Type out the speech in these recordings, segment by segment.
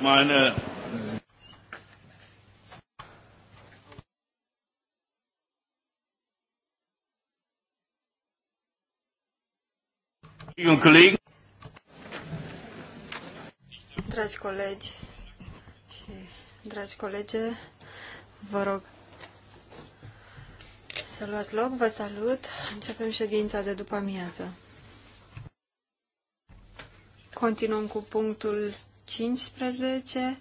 meine Dragi colegi și dragi colege, vă rog să luați loc, vă salut. Începem ședința de după amiază. Continuăm cu punctul 15,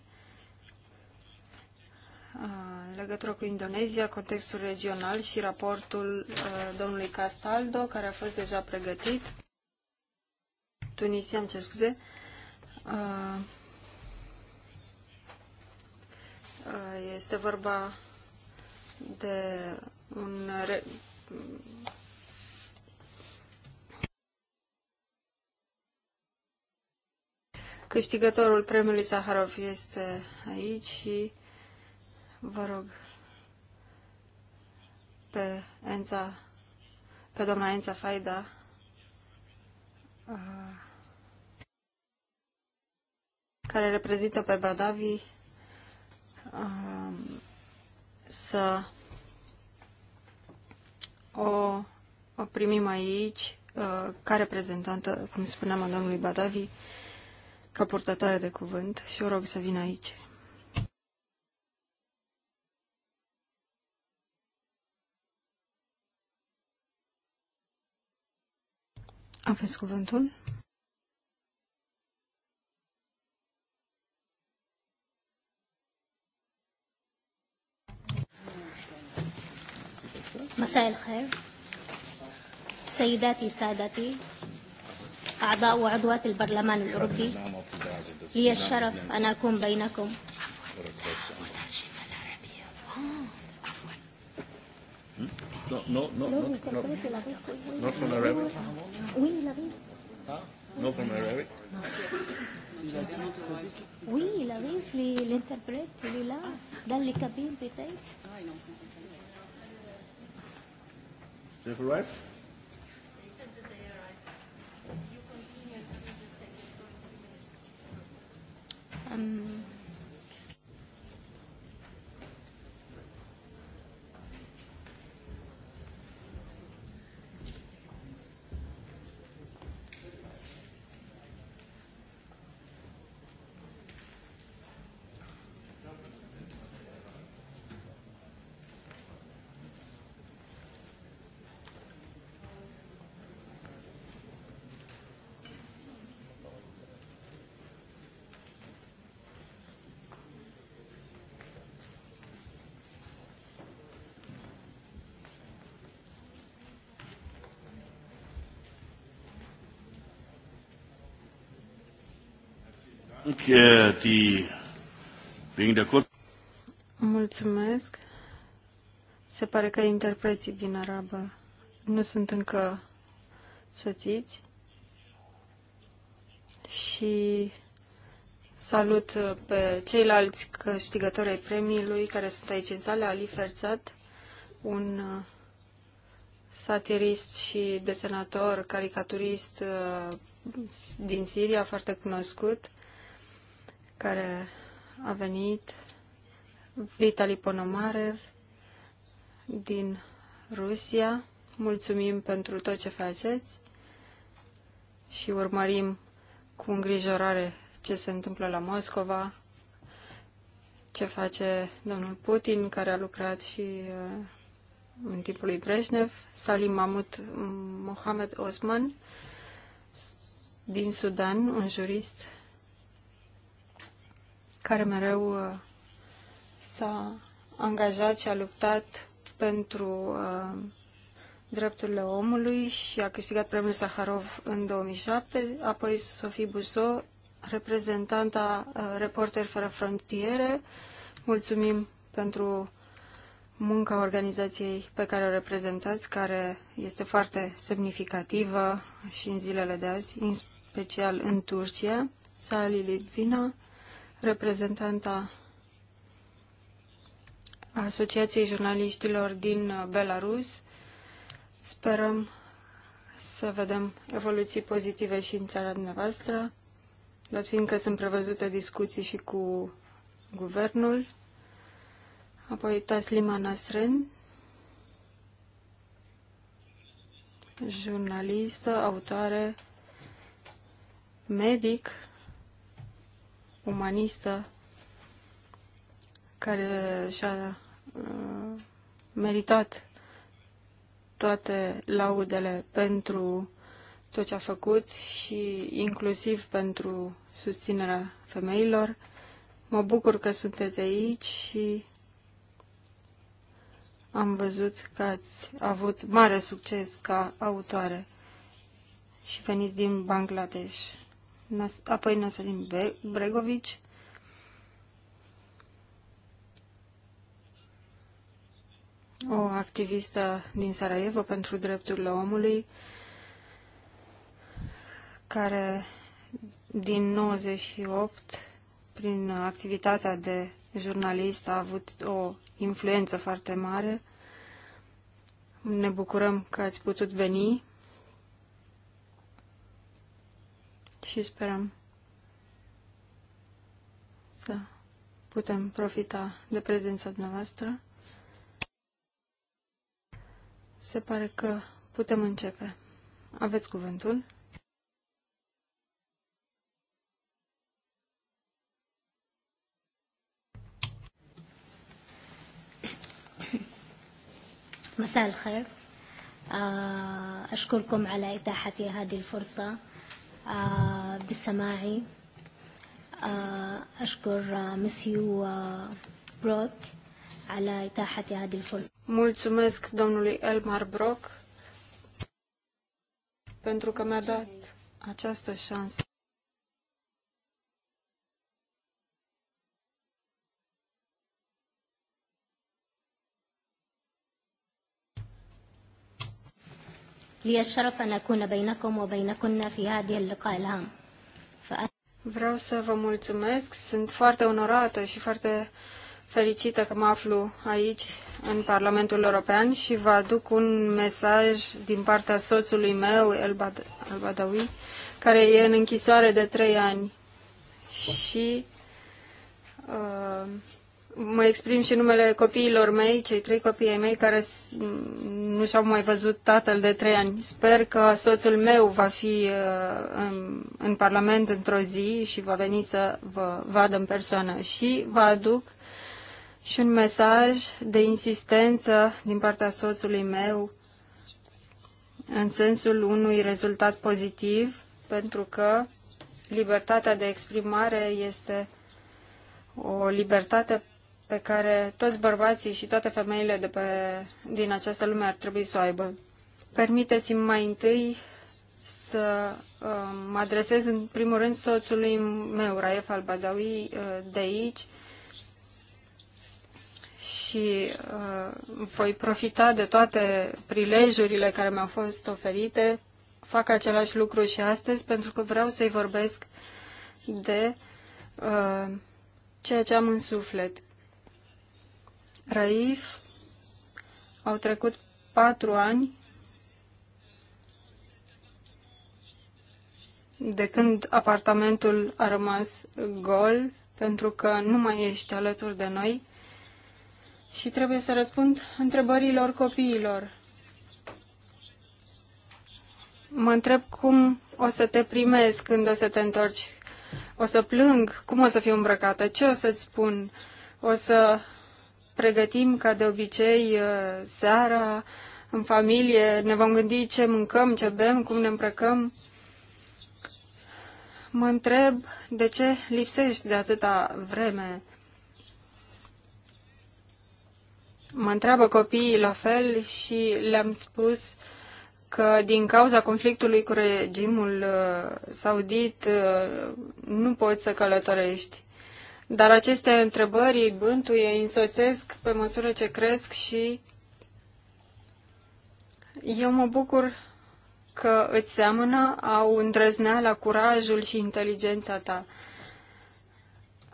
legătură cu Indonezia, contextul regional și raportul uh, domnului Castaldo, care a fost deja pregătit. Tunisia, îmi cer scuze. Uh, este vorba de un Câștigătorul premiului Saharov este aici și vă rog pe Enza, pe doamna Enza Faida ah, care reprezintă pe Badavi ah, să o, o primim aici ah, ca reprezentantă, cum spuneam, a domnului Badavi ca purtătoare de cuvânt și o rog să vină aici. Aveți cuvântul? مساء الخير سيداتي سادتي أعضاء وعضوات البرلمان الأوروبي لي الشرف أن أكون بينكم No, no, no, no, no, from Arabic. Oui, il avait. il arrive, il est là, dans les cabines peut-être. They've arrived? Um, Äh, Mulțumesc. Se pare că interpreții din arabă nu sunt încă soțiți și salut uh, pe ceilalți câștigători ai premiului care sunt aici în sală, Ali Ferzat, un uh, satirist și desenator, caricaturist uh, din Siria, foarte cunoscut, care a venit, Vitali Ponomarev din Rusia. Mulțumim pentru tot ce faceți și urmărim cu îngrijorare ce se întâmplă la Moscova, ce face domnul Putin, care a lucrat și uh, în timpul lui Brezhnev. Salim Mahmud Mohamed Osman din Sudan, un jurist care mereu uh, s-a angajat și a luptat pentru uh, drepturile omului și a câștigat premiul Saharov în 2007, apoi Sofie Buso, reprezentanta uh, Reporter fără frontiere. Mulțumim pentru munca organizației pe care o reprezentați, care este foarte semnificativă și în zilele de azi, în special în Turcia. Sali Litvina, reprezentanta Asociației Jurnaliștilor din Belarus. Sperăm să vedem evoluții pozitive și în țara dumneavoastră, dat fiindcă sunt prevăzute discuții și cu guvernul. Apoi Taslima Nasren, jurnalistă, autoare, medic, umanistă care și-a uh, meritat toate laudele pentru tot ce a făcut și inclusiv pentru susținerea femeilor. Mă bucur că sunteți aici și am văzut că ați avut mare succes ca autoare și veniți din Bangladesh apoi Năsălin Bregovici, o activistă din Sarajevo pentru drepturile omului, care din 98, prin activitatea de jurnalist, a avut o influență foarte mare. Ne bucurăm că ați putut veni și sperăm să putem profita de prezența dumneavoastră. Se pare că putem începe. Aveți cuvântul. مساء الخير أشكركم على إتاحتي هذه الفرصة بسماعي أشكر مسيو بروك على إتاحة هذه الفرصة ملتمسك دونولي ألمار بروك pentru că mi-a dat această șansă. لي الشرف أن أكون بينكم وبينكن في هذه اللقاء الهام Vreau să vă mulțumesc, sunt foarte onorată și foarte fericită că mă aflu aici în Parlamentul European și vă aduc un mesaj din partea soțului meu, El Badawi, care e în închisoare de trei ani și uh, mă exprim și numele copiilor mei, cei trei copii ai mei care nu și-au mai văzut tatăl de trei ani. Sper că soțul meu va fi uh, în, în Parlament într-o zi și va veni să vă vadă în persoană și vă aduc și un mesaj de insistență din partea soțului meu în sensul unui rezultat pozitiv, pentru că libertatea de exprimare este o libertate pe care toți bărbații și toate femeile de pe, din această lume ar trebui să o aibă. Permiteți-mi mai întâi să uh, mă adresez în primul rând soțului meu, Raef Albadawi, uh, de aici și uh, voi profita de toate prilejurile care mi-au fost oferite. Fac același lucru și astăzi pentru că vreau să-i vorbesc de uh, ceea ce am în suflet. Raif, au trecut patru ani de când apartamentul a rămas gol pentru că nu mai ești alături de noi și trebuie să răspund întrebărilor copiilor. Mă întreb cum o să te primezi când o să te întorci. O să plâng? Cum o să fiu îmbrăcată? Ce o să-ți spun? O să pregătim ca de obicei uh, seara în familie, ne vom gândi ce mâncăm, ce bem, cum ne îmbrăcăm. Mă întreb de ce lipsești de atâta vreme. Mă întreabă copiii la fel și le-am spus că din cauza conflictului cu regimul uh, saudit uh, nu poți să călătorești. Dar aceste întrebări bântuie, însoțesc pe măsură ce cresc și eu mă bucur că îți seamănă, au îndrăzneala, curajul și inteligența ta.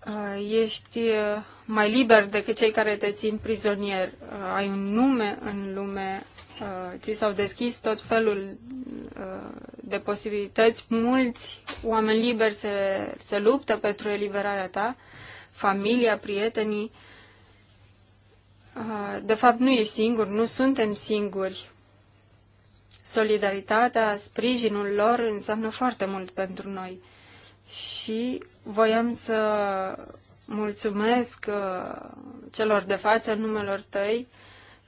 Uh, ești uh, mai liber decât cei care te țin prizonier. Uh, ai un nume în lume Uh, ți s-au deschis tot felul uh, de posibilități, mulți oameni liberi se, se luptă pentru eliberarea ta, familia, prietenii. Uh, de fapt, nu ești singur, nu suntem singuri. Solidaritatea, sprijinul lor înseamnă foarte mult pentru noi. Și voiam să mulțumesc celor de față, numelor tăi,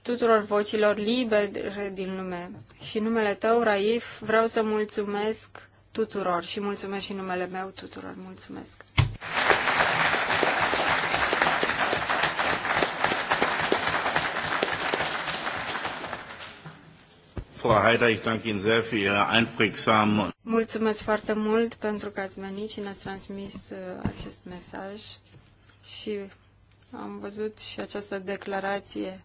tuturor vocilor libere din lume. Și numele tău, Raif, vreau să mulțumesc tuturor și mulțumesc și numele meu tuturor. Mulțumesc! Frau Heider, ich danke Ihnen sehr für Ihre einprägsamen Mulțumesc foarte mult pentru că ați venit și ne-ați transmis uh, acest mesaj și am văzut și această declarație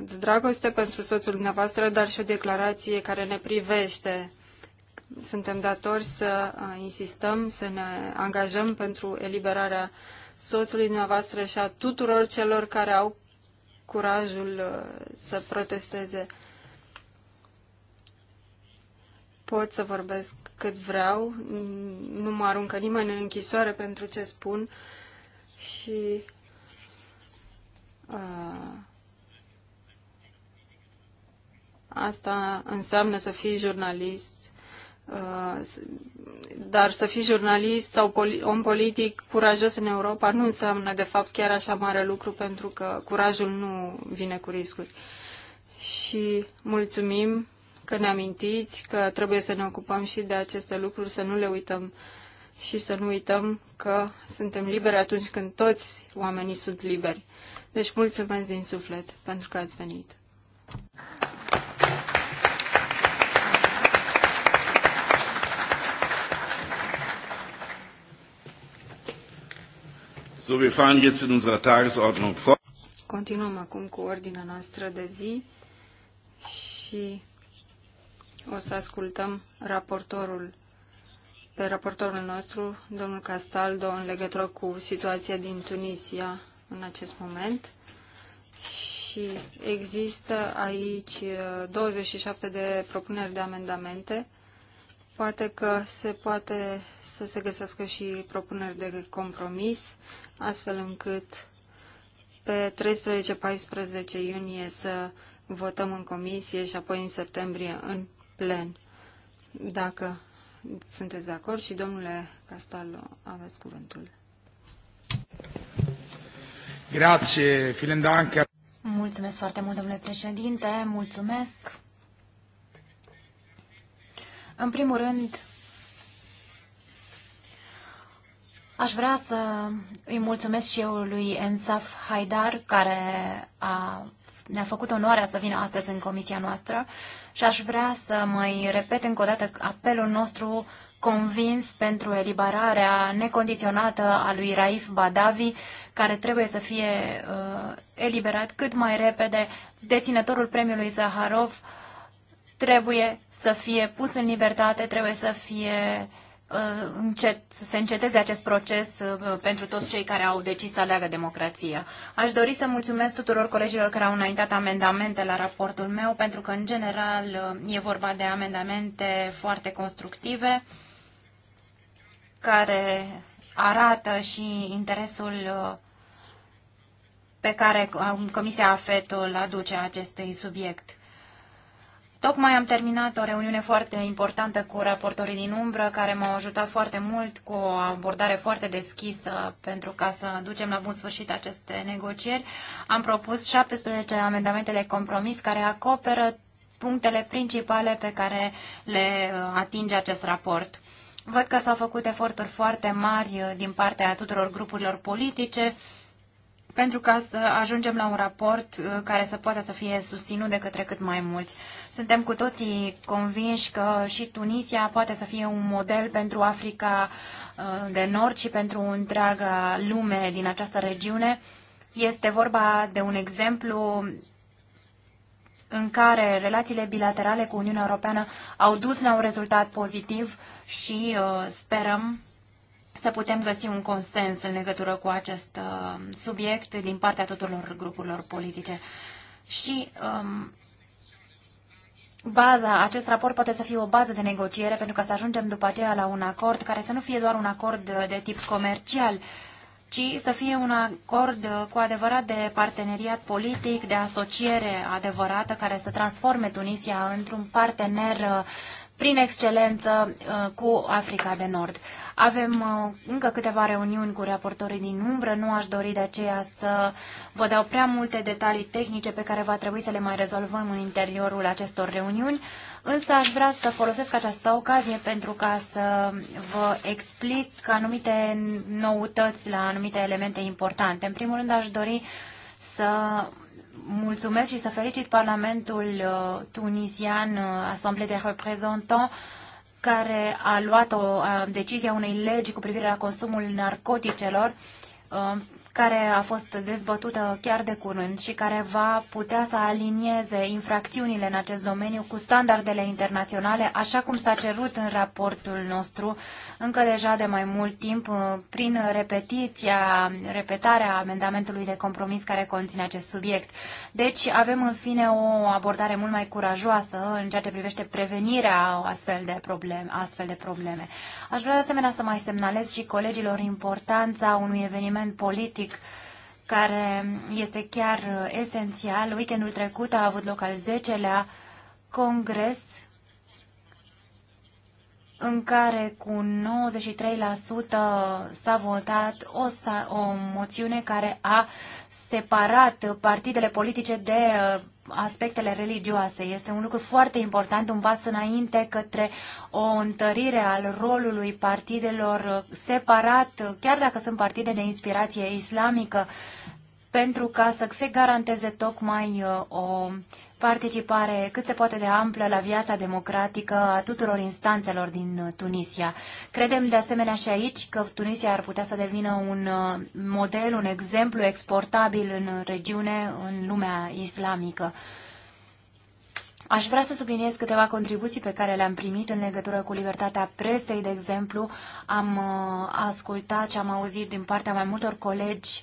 de dragoste pentru soțul dumneavoastră, dar și o declarație care ne privește. Suntem datori să uh, insistăm, să ne angajăm pentru eliberarea soțului dumneavoastră și a tuturor celor care au curajul uh, să protesteze. Pot să vorbesc cât vreau, nu mă aruncă nimeni în închisoare pentru ce spun și uh, Asta înseamnă să fii jurnalist, uh, dar să fii jurnalist sau om politic curajos în Europa nu înseamnă de fapt chiar așa mare lucru pentru că curajul nu vine cu riscuri. Și mulțumim că ne amintiți că trebuie să ne ocupăm și de aceste lucruri, să nu le uităm și să nu uităm că suntem liberi atunci când toți oamenii sunt liberi. Deci mulțumesc din suflet pentru că ați venit. So, wir fahren jetzt in unserer Tagesordnung fort. Continuăm acum cu ordinea noastră de zi și o să ascultăm raportorul pe raportorul nostru, domnul Castaldo, în legătură cu situația din Tunisia în acest moment. Și există aici 27 uh, de propuneri de amendamente Poate că se poate să se găsească și propuneri de compromis, astfel încât pe 13-14 iunie să votăm în comisie și apoi în septembrie în plen. Dacă sunteți de acord și domnule Castallo, aveți cuvântul. Grazie, vielen Dank. Mulțumesc foarte mult, domnule președinte, mulțumesc în primul rând, Aș vrea să îi mulțumesc și eu lui Ensaf Haidar, care a, ne-a făcut onoarea să vină astăzi în comisia noastră și aș vrea să mai repet încă o dată apelul nostru convins pentru eliberarea necondiționată a lui Raif Badavi, care trebuie să fie uh, eliberat cât mai repede, deținătorul premiului Zaharov, trebuie să fie pus în libertate, trebuie să fie uh, încet, să se înceteze acest proces uh, pentru toți cei care au decis să aleagă democrația. Aș dori să mulțumesc tuturor colegilor care au înaintat amendamente la raportul meu, pentru că, în general, uh, e vorba de amendamente foarte constructive, care arată și interesul pe care Comisia AFET îl aduce acestui subiect. Tocmai am terminat o reuniune foarte importantă cu raportorii din umbră, care m-au ajutat foarte mult cu o abordare foarte deschisă pentru ca să ducem la bun sfârșit aceste negocieri. Am propus 17 amendamente de compromis care acoperă punctele principale pe care le uh, atinge acest raport. Văd că s-au făcut eforturi foarte mari uh, din partea tuturor grupurilor politice pentru ca să ajungem la un raport uh, care să poată să fie susținut de către cât mai mulți. Suntem cu toții convinși că și Tunisia poate să fie un model pentru Africa uh, de Nord și pentru întreaga lume din această regiune. Este vorba de un exemplu în care relațiile bilaterale cu Uniunea Europeană au dus la un rezultat pozitiv și uh, sperăm să putem găsi un consens în legătură cu acest uh, subiect din partea tuturor grupurilor politice. Și um, baza, acest raport poate să fie o bază de negociere pentru ca să ajungem după aceea la un acord care să nu fie doar un acord de tip comercial, ci să fie un acord cu adevărat de parteneriat politic, de asociere adevărată care să transforme Tunisia într-un partener uh, prin excelență uh, cu Africa de Nord. Avem uh, încă câteva reuniuni cu raportorii din umbră, nu aș dori de aceea să vă dau prea multe detalii tehnice pe care va trebui să le mai rezolvăm în interiorul acestor reuniuni, însă aș vrea să folosesc această ocazie pentru ca să vă explic anumite noutăți la anumite elemente importante. În primul rând aș dori să mulțumesc și să felicit Parlamentul uh, tunisian, uh, Assemblée de représentants, care a luat o a, decizia unei legi cu privire la consumul narcoticelor uh, care a fost dezbătută chiar de curând și care va putea să alinieze infracțiunile în acest domeniu cu standardele internaționale, așa cum s-a cerut în raportul nostru încă deja de mai mult timp, uh, prin repetiția, repetarea amendamentului de compromis care conține acest subiect. Deci avem în fine o abordare mult mai curajoasă în ceea ce privește prevenirea astfel de probleme. Astfel de probleme. Aș vrea de asemenea să mai semnalez și colegilor importanța unui eveniment politic public care este chiar esențial. Weekendul trecut a avut loc al 10-lea congres în care cu 93% s-a votat o, o moțiune care a separat partidele politice de uh, aspectele religioase. Este un lucru foarte important, un pas înainte către o întărire al rolului partidelor uh, separat, uh, chiar dacă sunt partide de inspirație islamică, pentru ca să se garanteze tocmai o participare cât se poate de amplă la viața democratică a tuturor instanțelor din uh, Tunisia. Credem de asemenea și aici că Tunisia ar putea să devină un uh, model, un exemplu exportabil în regiune, în lumea islamică. Aș vrea să subliniez câteva contribuții pe care le-am primit în legătură cu libertatea presei, de exemplu. Am uh, ascultat și am auzit din partea mai multor colegi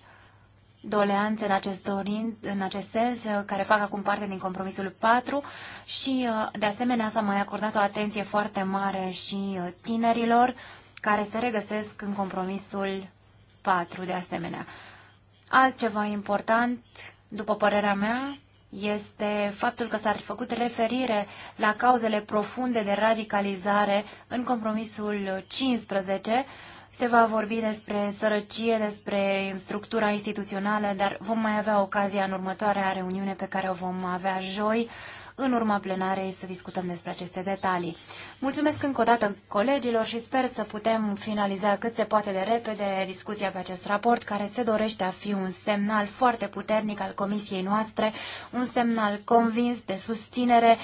doleanțe în acest, dorin, în acest sens, uh, care fac acum parte din compromisul 4 și, uh, de asemenea, s-a mai acordat o atenție foarte mare și uh, tinerilor, care se regăsesc în compromisul 4, de asemenea. Altceva important, după părerea mea, este faptul că s-a făcut referire la cauzele profunde de radicalizare în compromisul 15, se va vorbi despre sărăcie, despre structura instituțională, dar vom mai avea ocazia în următoarea reuniune pe care o vom avea joi în urma plenarei să discutăm despre aceste detalii. Mulțumesc încă o dată colegilor și sper să putem finaliza cât se poate de repede discuția pe acest raport, care se dorește a fi un semnal foarte puternic al comisiei noastre, un semnal convins de susținere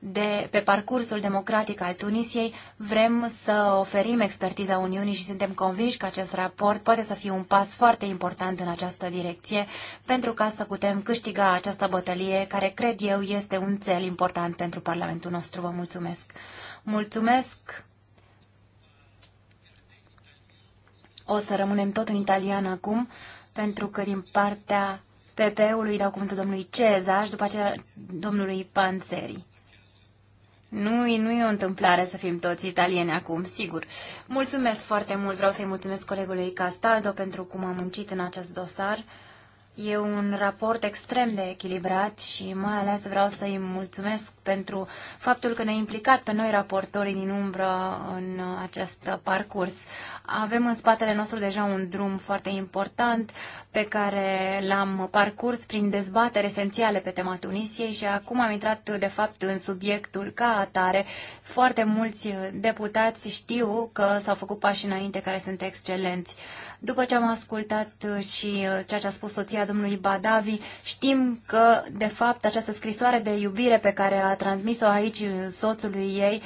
de, pe parcursul democratic al Tunisiei. Vrem să oferim expertiza Uniunii și suntem convinși că acest raport poate să fie un pas foarte important în această direcție pentru ca să putem câștiga această bătălie care, cred eu, este un cel important pentru Parlamentul nostru. Vă mulțumesc! Mulțumesc! O să rămânem tot în italian acum, pentru că din partea PP-ului dau cuvântul domnului și după aceea domnului Panzeri. Nu, nu e o întâmplare să fim toți italieni acum, sigur. Mulțumesc foarte mult, vreau să-i mulțumesc colegului Castaldo pentru cum a muncit în acest dosar. E un raport extrem de echilibrat și mai ales vreau să-i mulțumesc pentru faptul că ne-a implicat pe noi raportorii din umbră în acest parcurs. Avem în spatele nostru deja un drum foarte important pe care l-am parcurs prin dezbatere esențiale pe tema Tunisiei și acum am intrat de fapt în subiectul ca atare. Foarte mulți deputați știu că s-au făcut pași înainte care sunt excelenți. După ce am ascultat uh, și uh, ceea ce a spus soția domnului Badavi, știm că, de fapt, această scrisoare de iubire pe care a transmis-o aici uh, soțului ei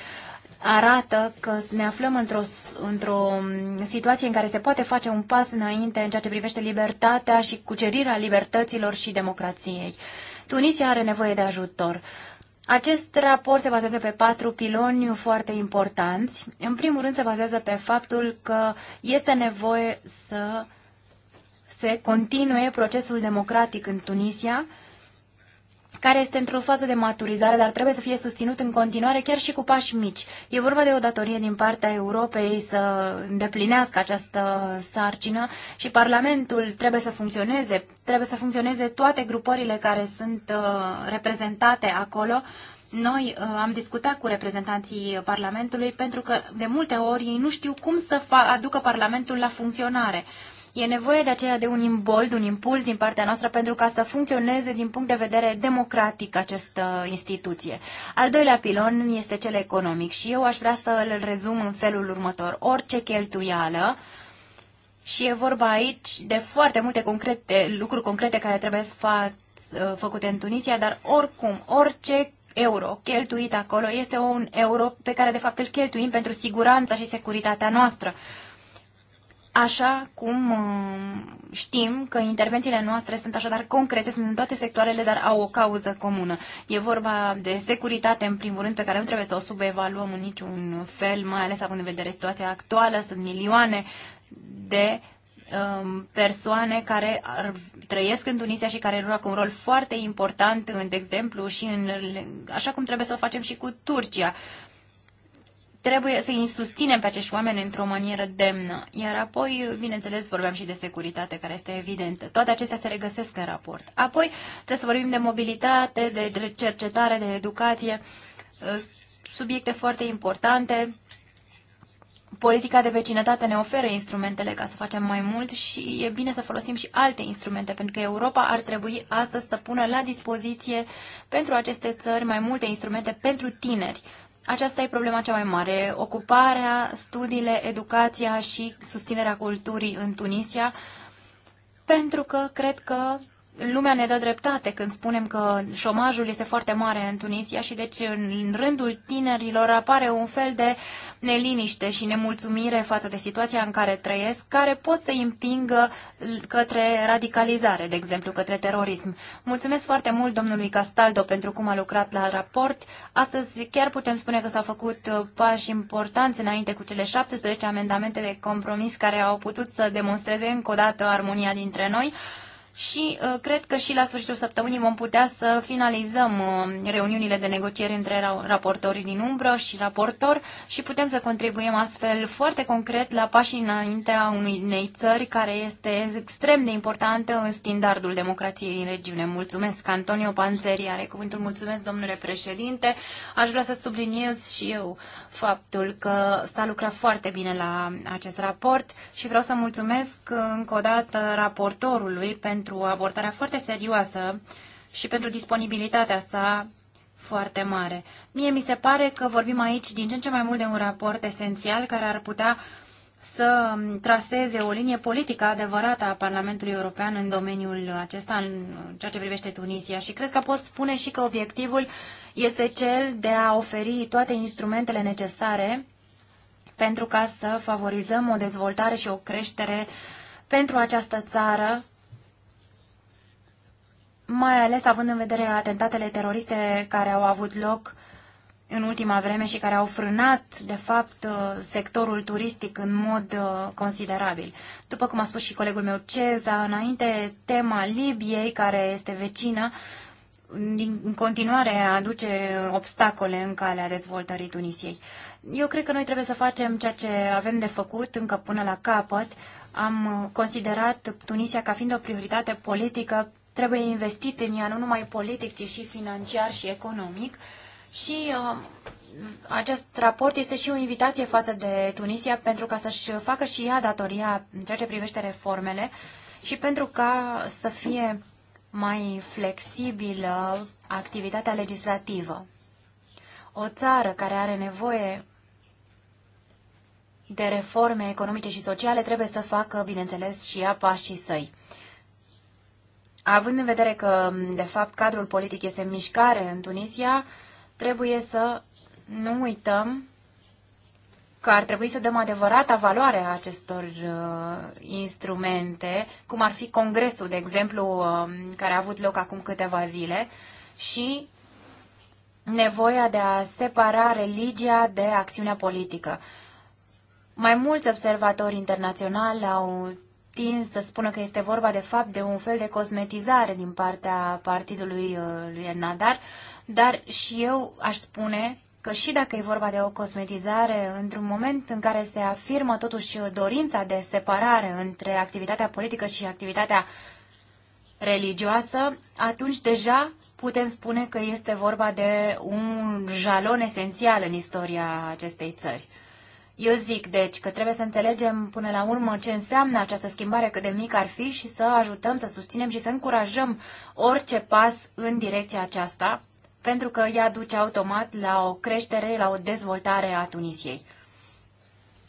arată că ne aflăm într-o, într-o um, situație în care se poate face un pas înainte în ceea ce privește libertatea și cucerirea libertăților și democrației. Tunisia are nevoie de ajutor. Acest raport se bazează pe patru piloni foarte importanți. În primul rând se bazează pe faptul că este nevoie să se continue procesul democratic în Tunisia care este într-o fază de maturizare, dar trebuie să fie susținut în continuare chiar și cu pași mici. E vorba de o datorie din partea Europei să îndeplinească această sarcină și Parlamentul trebuie să funcționeze, trebuie să funcționeze toate grupările care sunt uh, reprezentate acolo noi uh, am discutat cu reprezentanții Parlamentului pentru că de multe ori ei nu știu cum să aducă Parlamentul la funcționare. E nevoie de aceea de un imbold, un impuls din partea noastră pentru ca să funcționeze din punct de vedere democratic această instituție. Al doilea pilon este cel economic și eu aș vrea să îl rezum în felul următor. Orice cheltuială și e vorba aici de foarte multe concrete, lucruri concrete care trebuie fa- uh, făcute în Tunisia, dar oricum, orice euro cheltuit acolo este un euro pe care de fapt îl cheltuim pentru siguranța și securitatea noastră. Așa cum uh, știm că intervențiile noastre sunt așadar concrete, sunt în toate sectoarele, dar au o cauză comună. E vorba de securitate, în primul rând, pe care nu trebuie să o subevaluăm în niciun fel, mai ales având în vedere situația actuală. Sunt milioane de um, persoane care trăiesc în Tunisia și care joacă un rol foarte important, de exemplu, și în, așa cum trebuie să o facem și cu Turcia trebuie să îi susținem pe acești oameni într-o manieră demnă. Iar apoi, bineînțeles, vorbeam și de securitate, care este evidentă. Toate acestea se regăsesc în raport. Apoi, trebuie să vorbim de mobilitate, de cercetare, de educație, ă, subiecte foarte importante. Politica de vecinătate ne oferă instrumentele ca să facem mai mult și e bine să folosim și alte instrumente, pentru că Europa ar trebui astăzi să pună la dispoziție pentru aceste țări mai multe instrumente pentru tineri aceasta e problema cea mai mare. Ocuparea, studiile, educația și susținerea culturii în Tunisia, pentru că cred că lumea ne dă dreptate când spunem că șomajul este foarte mare în Tunisia și deci în rândul tinerilor apare un fel de neliniște și nemulțumire față de situația în care trăiesc, care pot să împingă către radicalizare, de exemplu, către terorism. Mulțumesc foarte mult domnului Castaldo pentru cum a lucrat la raport. Astăzi chiar putem spune că s-au făcut uh, pași importanți înainte cu cele 17 amendamente de compromis care au putut să demonstreze încă o dată armonia dintre noi și uh, cred că și la sfârșitul săptămânii vom putea să finalizăm uh, reuniunile de negocieri între ra raportorii din umbră și raportor și putem să contribuim astfel foarte concret la pașii înaintea unei țări care este extrem de importantă în standardul democrației din regiune. Mulțumesc, Antonio Panzeri are cuvântul. Mulțumesc, domnule președinte. Aș vrea să subliniez și eu faptul că s-a lucrat foarte bine la acest raport și vreau să mulțumesc uh, încă o dată raportorului pentru pentru abordarea foarte serioasă și pentru disponibilitatea sa foarte mare. Mie mi se pare că vorbim aici din ce în ce mai mult de un raport esențial care ar putea să traseze o linie politică adevărată a Parlamentului European în domeniul acesta, în ceea ce privește Tunisia. Și cred că pot spune și că obiectivul este cel de a oferi toate instrumentele necesare pentru ca să favorizăm o dezvoltare și o creștere pentru această țară mai ales având în vedere atentatele teroriste care au avut loc în ultima vreme și care au frânat, de fapt, uh, sectorul turistic în mod uh, considerabil. După cum a spus și colegul meu Ceza, înainte tema Libiei, care este vecină, în continuare aduce obstacole în calea dezvoltării Tunisiei. Eu cred că noi trebuie să facem ceea ce avem de făcut încă până la capăt. Am uh, considerat Tunisia ca fiind o prioritate politică Trebuie investit în ea nu numai politic, ci și financiar și economic. Și uh, acest raport este și o invitație față de Tunisia pentru ca să-și facă și ea datoria în ceea ce privește reformele și pentru ca să fie mai flexibilă activitatea legislativă. O țară care are nevoie de reforme economice și sociale trebuie să facă, bineînțeles, și ea pașii săi. Având în vedere că, de fapt, cadrul politic este în mișcare în Tunisia, trebuie să nu uităm că ar trebui să dăm adevărata valoare a acestor uh, instrumente, cum ar fi congresul, de exemplu, uh, care a avut loc acum câteva zile, și nevoia de a separa religia de acțiunea politică. Mai mulți observatori internaționali au tins să spună că este vorba de fapt de un fel de cosmetizare din partea partidului uh, lui Nadar, dar și eu aș spune că și dacă e vorba de o cosmetizare, într-un moment în care se afirmă totuși dorința de separare între activitatea politică și activitatea religioasă, atunci deja putem spune că este vorba de un jalon esențial în istoria acestei țări. Eu zic, deci, că trebuie să înțelegem până la urmă ce înseamnă această schimbare, cât de mic ar fi și să ajutăm, să susținem și să încurajăm orice pas în direcția aceasta, pentru că ea duce automat la o creștere, la o dezvoltare a Tunisiei.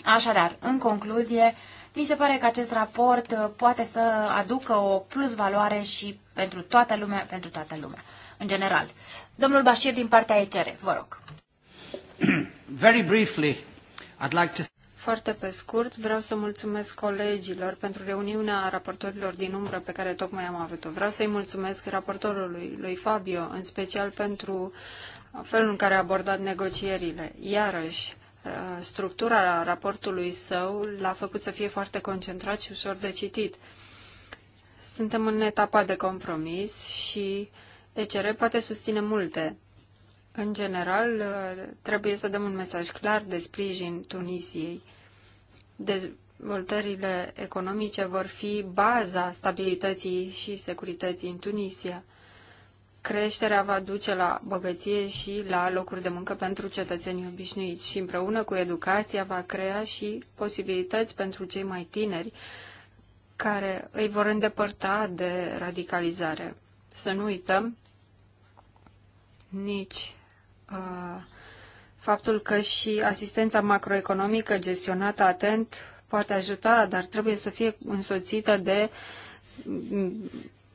Așadar, în concluzie, mi se pare că acest raport uh, poate să aducă o plus valoare și pentru toată lumea, pentru toată lumea, în general. Domnul Bashir, din partea ECR, vă rog. Very briefly, foarte pe scurt, vreau să mulțumesc colegilor pentru reuniunea raportorilor din umbră pe care tocmai am avut-o. Vreau să-i mulțumesc raportorului lui Fabio, în special pentru felul în care a abordat negocierile. Iarăși, structura raportului său l-a făcut să fie foarte concentrat și ușor de citit. Suntem în etapa de compromis și ECR poate susține multe în general, trebuie să dăm un mesaj clar de sprijin Tunisiei. Dezvoltările economice vor fi baza stabilității și securității în Tunisia. Creșterea va duce la bogăție și la locuri de muncă pentru cetățenii obișnuiți și împreună cu educația va crea și posibilități pentru cei mai tineri care îi vor îndepărta de radicalizare. Să nu uităm nici faptul că și asistența macroeconomică gestionată atent poate ajuta, dar trebuie să fie însoțită de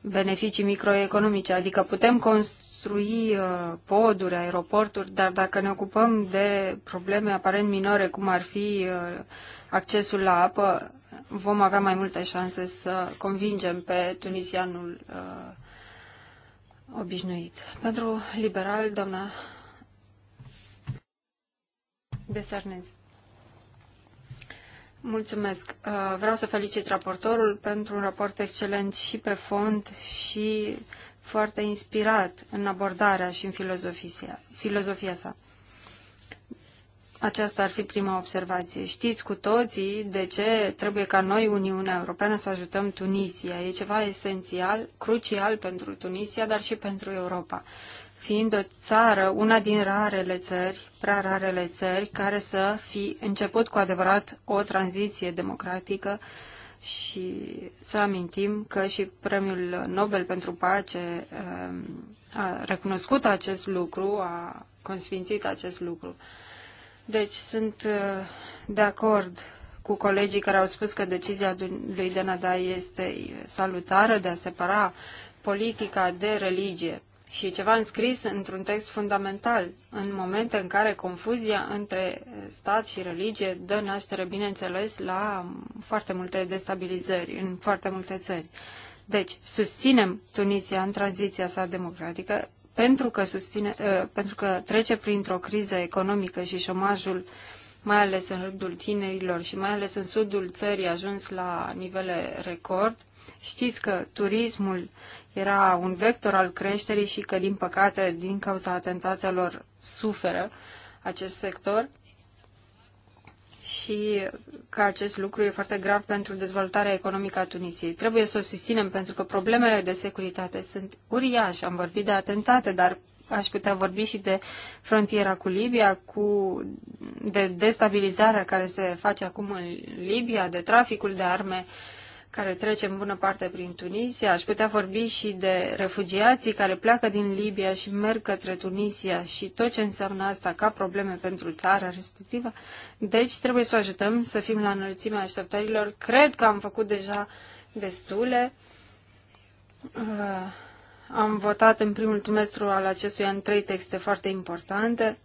beneficii microeconomice, adică putem construi poduri, aeroporturi, dar dacă ne ocupăm de probleme aparent minore, cum ar fi accesul la apă, vom avea mai multe șanse să convingem pe tunisianul uh, obișnuit. Pentru liberal, doamna desarnez. Mulțumesc. Uh, vreau să felicit raportorul pentru un raport excelent și pe fond și foarte inspirat în abordarea și în filozofia, filozofia sa. Aceasta ar fi prima observație. Știți cu toții de ce trebuie ca noi, Uniunea Europeană, să ajutăm Tunisia. E ceva esențial, crucial pentru Tunisia, dar și pentru Europa fiind o țară, una din rarele țări, prea rarele țări, care să fi început cu adevărat o tranziție democratică și să amintim că și Premiul Nobel pentru Pace um, a recunoscut acest lucru, a consfințit acest lucru. Deci sunt uh, de acord cu colegii care au spus că decizia lui Denada este salutară de a separa politica de religie și ceva înscris într-un text fundamental, în momente în care confuzia între stat și religie dă naștere, bineînțeles, la foarte multe destabilizări în foarte multe țări. Deci, susținem Tunisia în tranziția sa democratică pentru că, susține, ă, pentru că trece printr-o criză economică și șomajul, mai ales în rândul tinerilor și mai ales în sudul țării, a ajuns la nivele record. Știți că turismul era un vector al creșterii și că, din păcate, din cauza atentatelor suferă acest sector și că acest lucru e foarte grav pentru dezvoltarea economică a Tunisiei. Trebuie să o susținem pentru că problemele de securitate sunt uriașe. Am vorbit de atentate, dar aș putea vorbi și de frontiera cu Libia, cu, de destabilizarea care se face acum în Libia, de traficul de arme uh, care trece în bună parte prin Tunisia. Aș putea vorbi și de refugiații care pleacă din Libia și merg către Tunisia și tot ce înseamnă asta ca probleme pentru țara respectivă. Deci trebuie să o ajutăm să fim la înălțimea așteptărilor. Cred că am făcut deja destule. Uh, am votat în primul trimestru al acestui an trei texte foarte importante.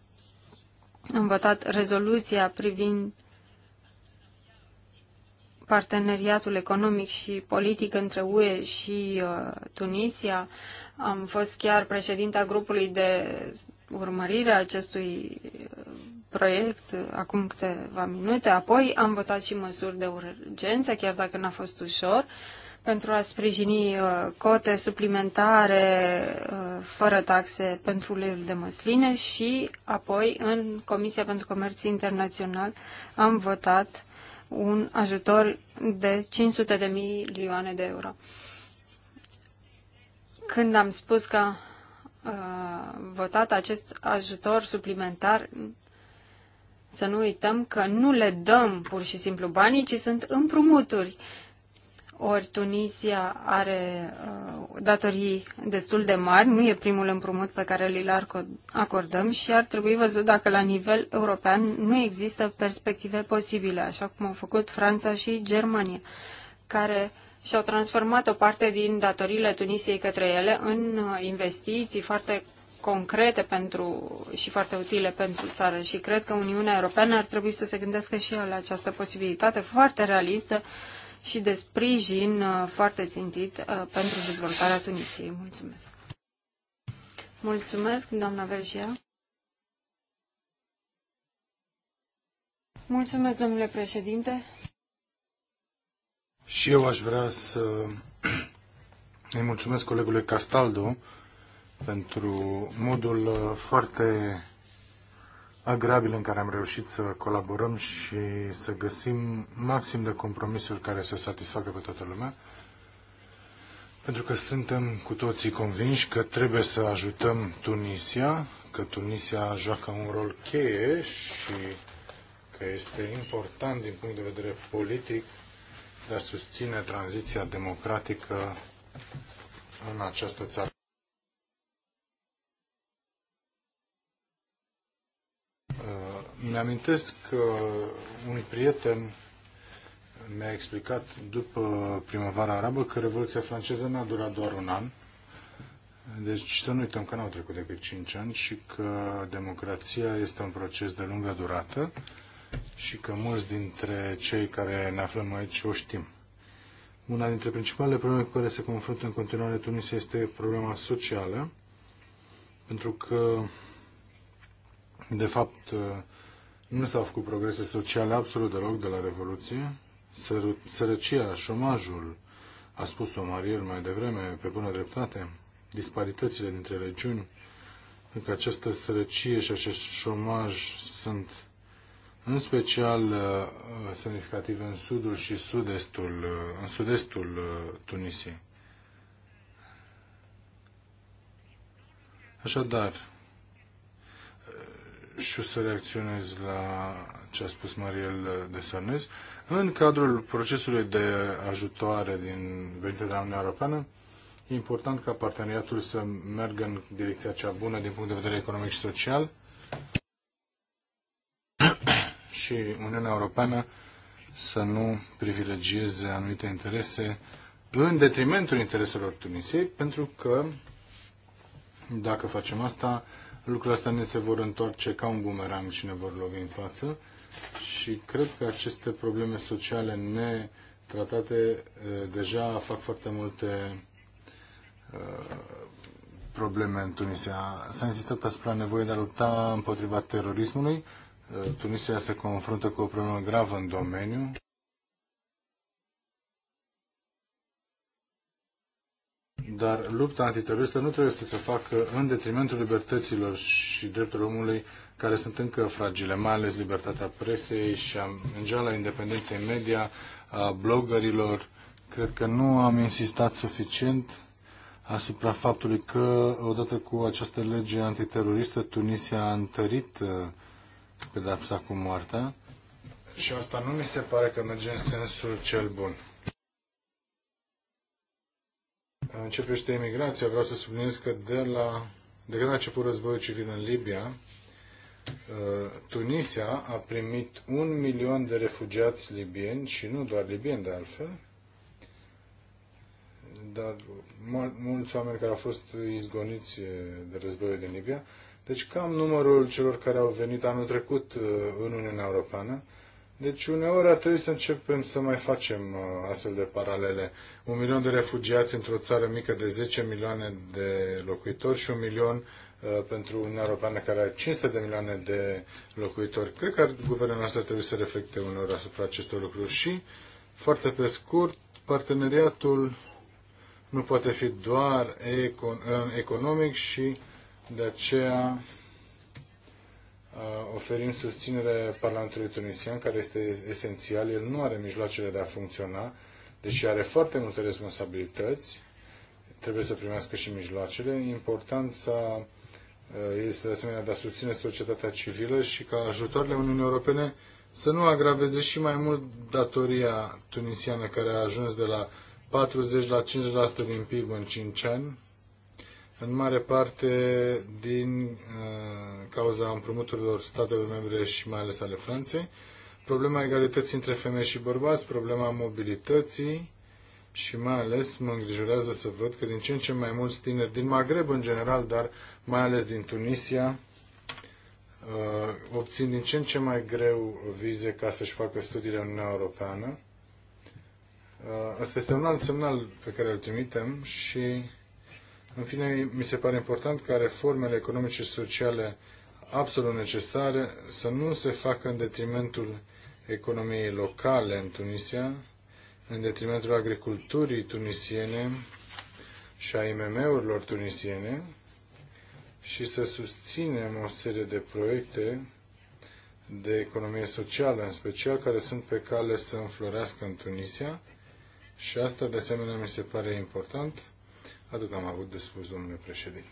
Am votat rezoluția privind parteneriatul economic și politic între UE și uh, Tunisia. Am fost chiar președinta grupului de urmărire a acestui uh, proiect uh, acum câteva minute. Apoi am votat și măsuri de urgență, chiar dacă n-a fost ușor, pentru a sprijini cote suplimentare fără taxe pentru uleiul de măsline și apoi în Comisia pentru Comerț Internațional am votat un ajutor de 500 de milioane de euro. Când am spus că a uh, votat acest ajutor suplimentar, să nu uităm că nu le dăm pur și simplu banii, ci sunt împrumuturi ori Tunisia are uh, datorii destul de mari, nu e primul împrumut pe care îl acordăm și ar trebui văzut dacă la nivel european nu există perspective posibile, așa cum au făcut Franța și Germania, care și-au transformat o parte din datoriile Tunisiei către ele în uh, investiții foarte concrete pentru, și foarte utile pentru țară și cred că Uniunea Europeană ar trebui să se gândească și la această posibilitate foarte realistă și de sprijin uh, foarte țintit uh, pentru dezvoltarea Tunisiei. Mulțumesc! Mulțumesc, doamna Vergea! Mulțumesc, domnule președinte! Și eu aș vrea să îi mulțumesc colegului Castaldo pentru modul uh, foarte agreabil în care am reușit să colaborăm și să găsim maxim de compromisuri care să satisfacă pe toată lumea, pentru că suntem cu toții convinși că trebuie să ajutăm Tunisia, că Tunisia joacă un rol cheie și că este important din punct de vedere politic de a susține tranziția democratică în această țară. Uh, mi-amintesc că unui prieten mi-a explicat după primăvara arabă că Revoluția franceză n-a durat doar un an, deci să nu uităm că n-au trecut decât 5 ani și că democrația este un proces de lungă durată și că mulți dintre cei care ne aflăm aici o știm. Una dintre principalele probleme cu care se confruntă în continuare Tunisia este problema socială, pentru că de fapt, uh, nu s-au făcut progrese sociale absolut deloc de la Revoluție. Sărăcia, șomajul, a spus-o marier mai devreme, pe bună dreptate, disparitățile dintre regiuni, că această sărăcie și acest șomaj sunt în special uh, semnificative în sudul și sud-estul, uh, în sud-estul Tunisiei. Așadar, și o să reacționez la ce a spus Mariel de Sarnez. În cadrul procesului de ajutoare din venită de la Uniunea Europeană, e important ca parteneriatul să meargă în direcția cea bună din punct de vedere economic și social și Uniunea Europeană să nu privilegieze anumite interese în detrimentul intereselor Tunisiei, pentru că dacă facem asta, lucrurile astea ne se vor întoarce ca un bumerang și ne vor lovi în față și cred că aceste probleme sociale netratate eh, deja fac foarte multe eh, probleme în Tunisia. S-a insistat asupra nevoie de a lupta împotriva terorismului. Eh, Tunisia se confruntă cu o problemă gravă în domeniu. dar lupta antiteroristă nu trebuie să se facă în detrimentul libertăților și drepturilor omului care sunt încă fragile, mai ales libertatea presei și în general a independenței media, a bloggerilor. Cred că nu am insistat suficient asupra faptului că odată cu această lege antiteroristă Tunisia a întărit uh, pedapsa cu moartea și asta nu mi se pare că merge în sensul cel bun. În ce privește emigrația, vreau să subliniez că de, la, de când a început războiul civil în Libia, uh, Tunisia a primit un milion de refugiați libieni și nu doar libieni de altfel, dar mulți oameni care au fost izgoniți uh, de războiul din Libia, deci cam numărul celor care au venit anul trecut uh, în Uniunea Europeană deci uneori ar trebui să începem să mai facem uh, astfel de paralele. Un milion de refugiați într-o țară mică de 10 milioane de locuitori și un milion uh, pentru Uniunea Europeană care are 500 de milioane de locuitori. Cred că guvernul nostru trebuie să reflecte uneori asupra acestor lucruri și, foarte pe scurt, parteneriatul nu poate fi doar econ uh, economic și de aceea Uh, oferim susținere Parlamentului tunisian, care este esențial. El nu are mijloacele de a funcționa, deși are foarte multe responsabilități, trebuie să primească și mijloacele. Importanța uh, este de asemenea de a susține societatea civilă și ca ajutoarele Uniunii Europene să nu agraveze și mai mult datoria tunisiană care a ajuns de la 40 la 50% din PIB în 5 ani în mare parte din uh, cauza împrumuturilor statelor membre și mai ales ale Franței, problema egalității între femei și bărbați, problema mobilității și mai ales mă îngrijorează să văd că din ce în ce mai mulți tineri din Maghreb în general, dar mai ales din Tunisia, uh, obțin din ce în ce mai greu vize ca să-și facă studiile în Uniunea Europeană. Uh, asta este un alt semnal pe care îl trimitem și în fine, mi se pare important ca reformele economice și sociale absolut necesare să nu se facă în detrimentul economiei locale în Tunisia, în detrimentul agriculturii tunisiene și a IMM-urilor tunisiene și să susținem o serie de proiecte de economie socială, în special, care sunt pe cale să înflorească în Tunisia și asta, de asemenea, mi se pare important Atât am avut de spus, domnule președinte.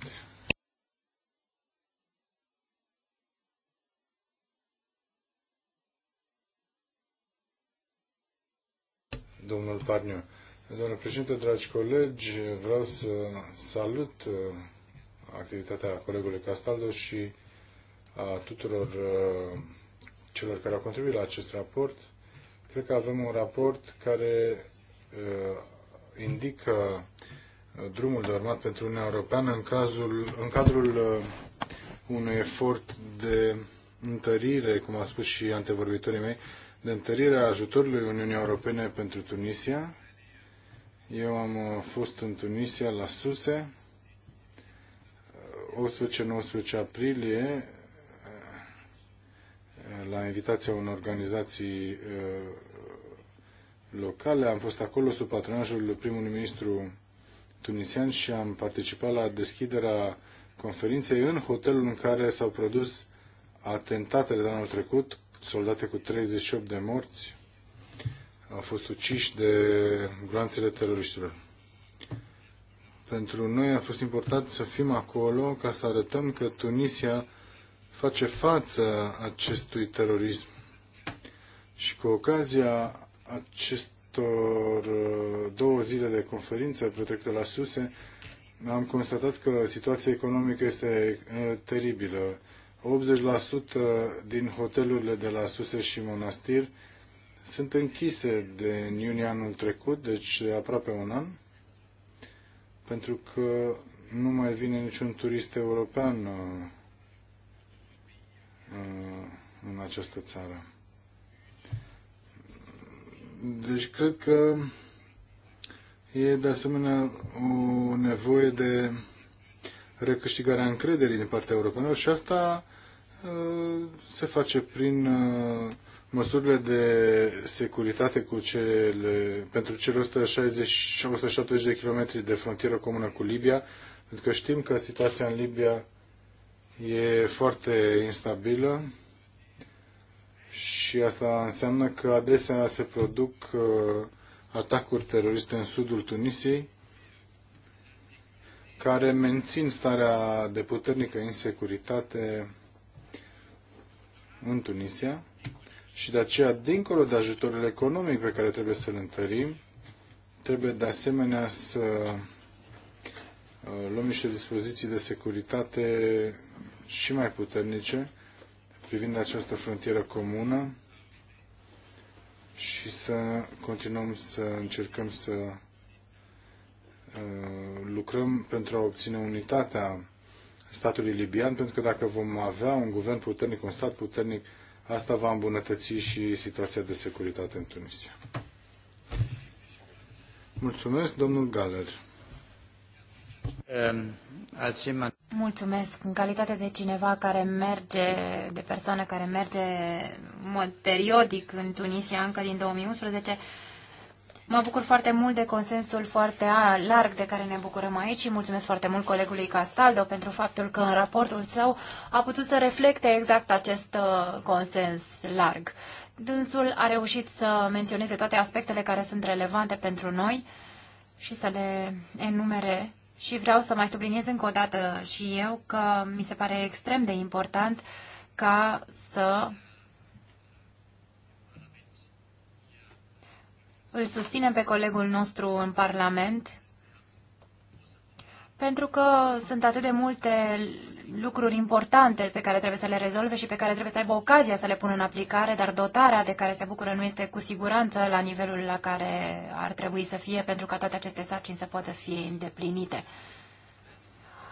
Domnul Parniu. Domnule președinte, dragi colegi, vreau să salut uh, activitatea colegului Castaldo și a tuturor uh, celor care au contribuit la acest raport. Cred că avem un raport care uh, indică drumul de urmat pentru Uniunea Europeană în, cazul, în cadrul uh, unui efort de întărire, cum a spus și antevorbitorii mei, de întărire a ajutorului Uniunii Europene pentru Tunisia. Eu am uh, fost în Tunisia la Suse, 18-19 uh, aprilie, la invitația unor organizații locale. Am fost acolo sub patronajul primului ministru tunisian și am participat la deschiderea conferinței în hotelul în care s-au produs atentatele de anul trecut, soldate cu 38 de morți, au fost uciși de groanțele teroriștilor. Pentru noi a fost important să fim acolo ca să arătăm că Tunisia face față acestui terorism. Și cu ocazia acest celor uh, două zile de conferință petrecută la Suse, am constatat că situația economică este uh, teribilă. 80% din hotelurile de la Suse și Monastir sunt închise de în iunie anul trecut, deci aproape un an, pentru că nu mai vine niciun turist european uh, în această țară. Deci cred că e de asemenea o nevoie de recâștigarea încrederii din partea europenilor și asta uh, se face prin uh, măsurile de securitate cu cele, pentru cele 160, 170 de kilometri de frontieră comună cu Libia, pentru că știm că situația în Libia e foarte instabilă și asta înseamnă că adesea se produc uh, atacuri teroriste în sudul Tunisiei care mențin starea de puternică insecuritate în Tunisia și de aceea, dincolo de ajutorul economic pe care trebuie să-l întărim, trebuie de asemenea să uh, luăm niște dispoziții de securitate și mai puternice privind această frontieră comună și să continuăm să încercăm să uh, lucrăm pentru a obține unitatea statului libian, pentru că dacă vom avea un guvern puternic, un stat puternic, asta va îmbunătăți și situația de securitate în Tunisia. Mulțumesc, domnul Galer. Ehm, mulțumesc. În calitate de cineva care merge, de persoană care merge în mod periodic în Tunisia încă din 2011, mă bucur foarte mult de consensul foarte larg de care ne bucurăm aici și mulțumesc foarte mult colegului Castaldo pentru faptul că în raportul său a putut să reflecte exact acest uh, consens larg. Dânsul a reușit să menționeze toate aspectele care sunt relevante pentru noi și să le enumere și vreau să mai subliniez încă o dată și eu că mi se pare extrem de important ca să îl susținem pe colegul nostru în Parlament, pentru că sunt atât de multe lucruri importante pe care trebuie să le rezolve și pe care trebuie să aibă ocazia să le pună în aplicare, dar dotarea de care se bucură nu este cu siguranță la nivelul la care ar trebui să fie pentru ca toate aceste sarcini să poată fi îndeplinite.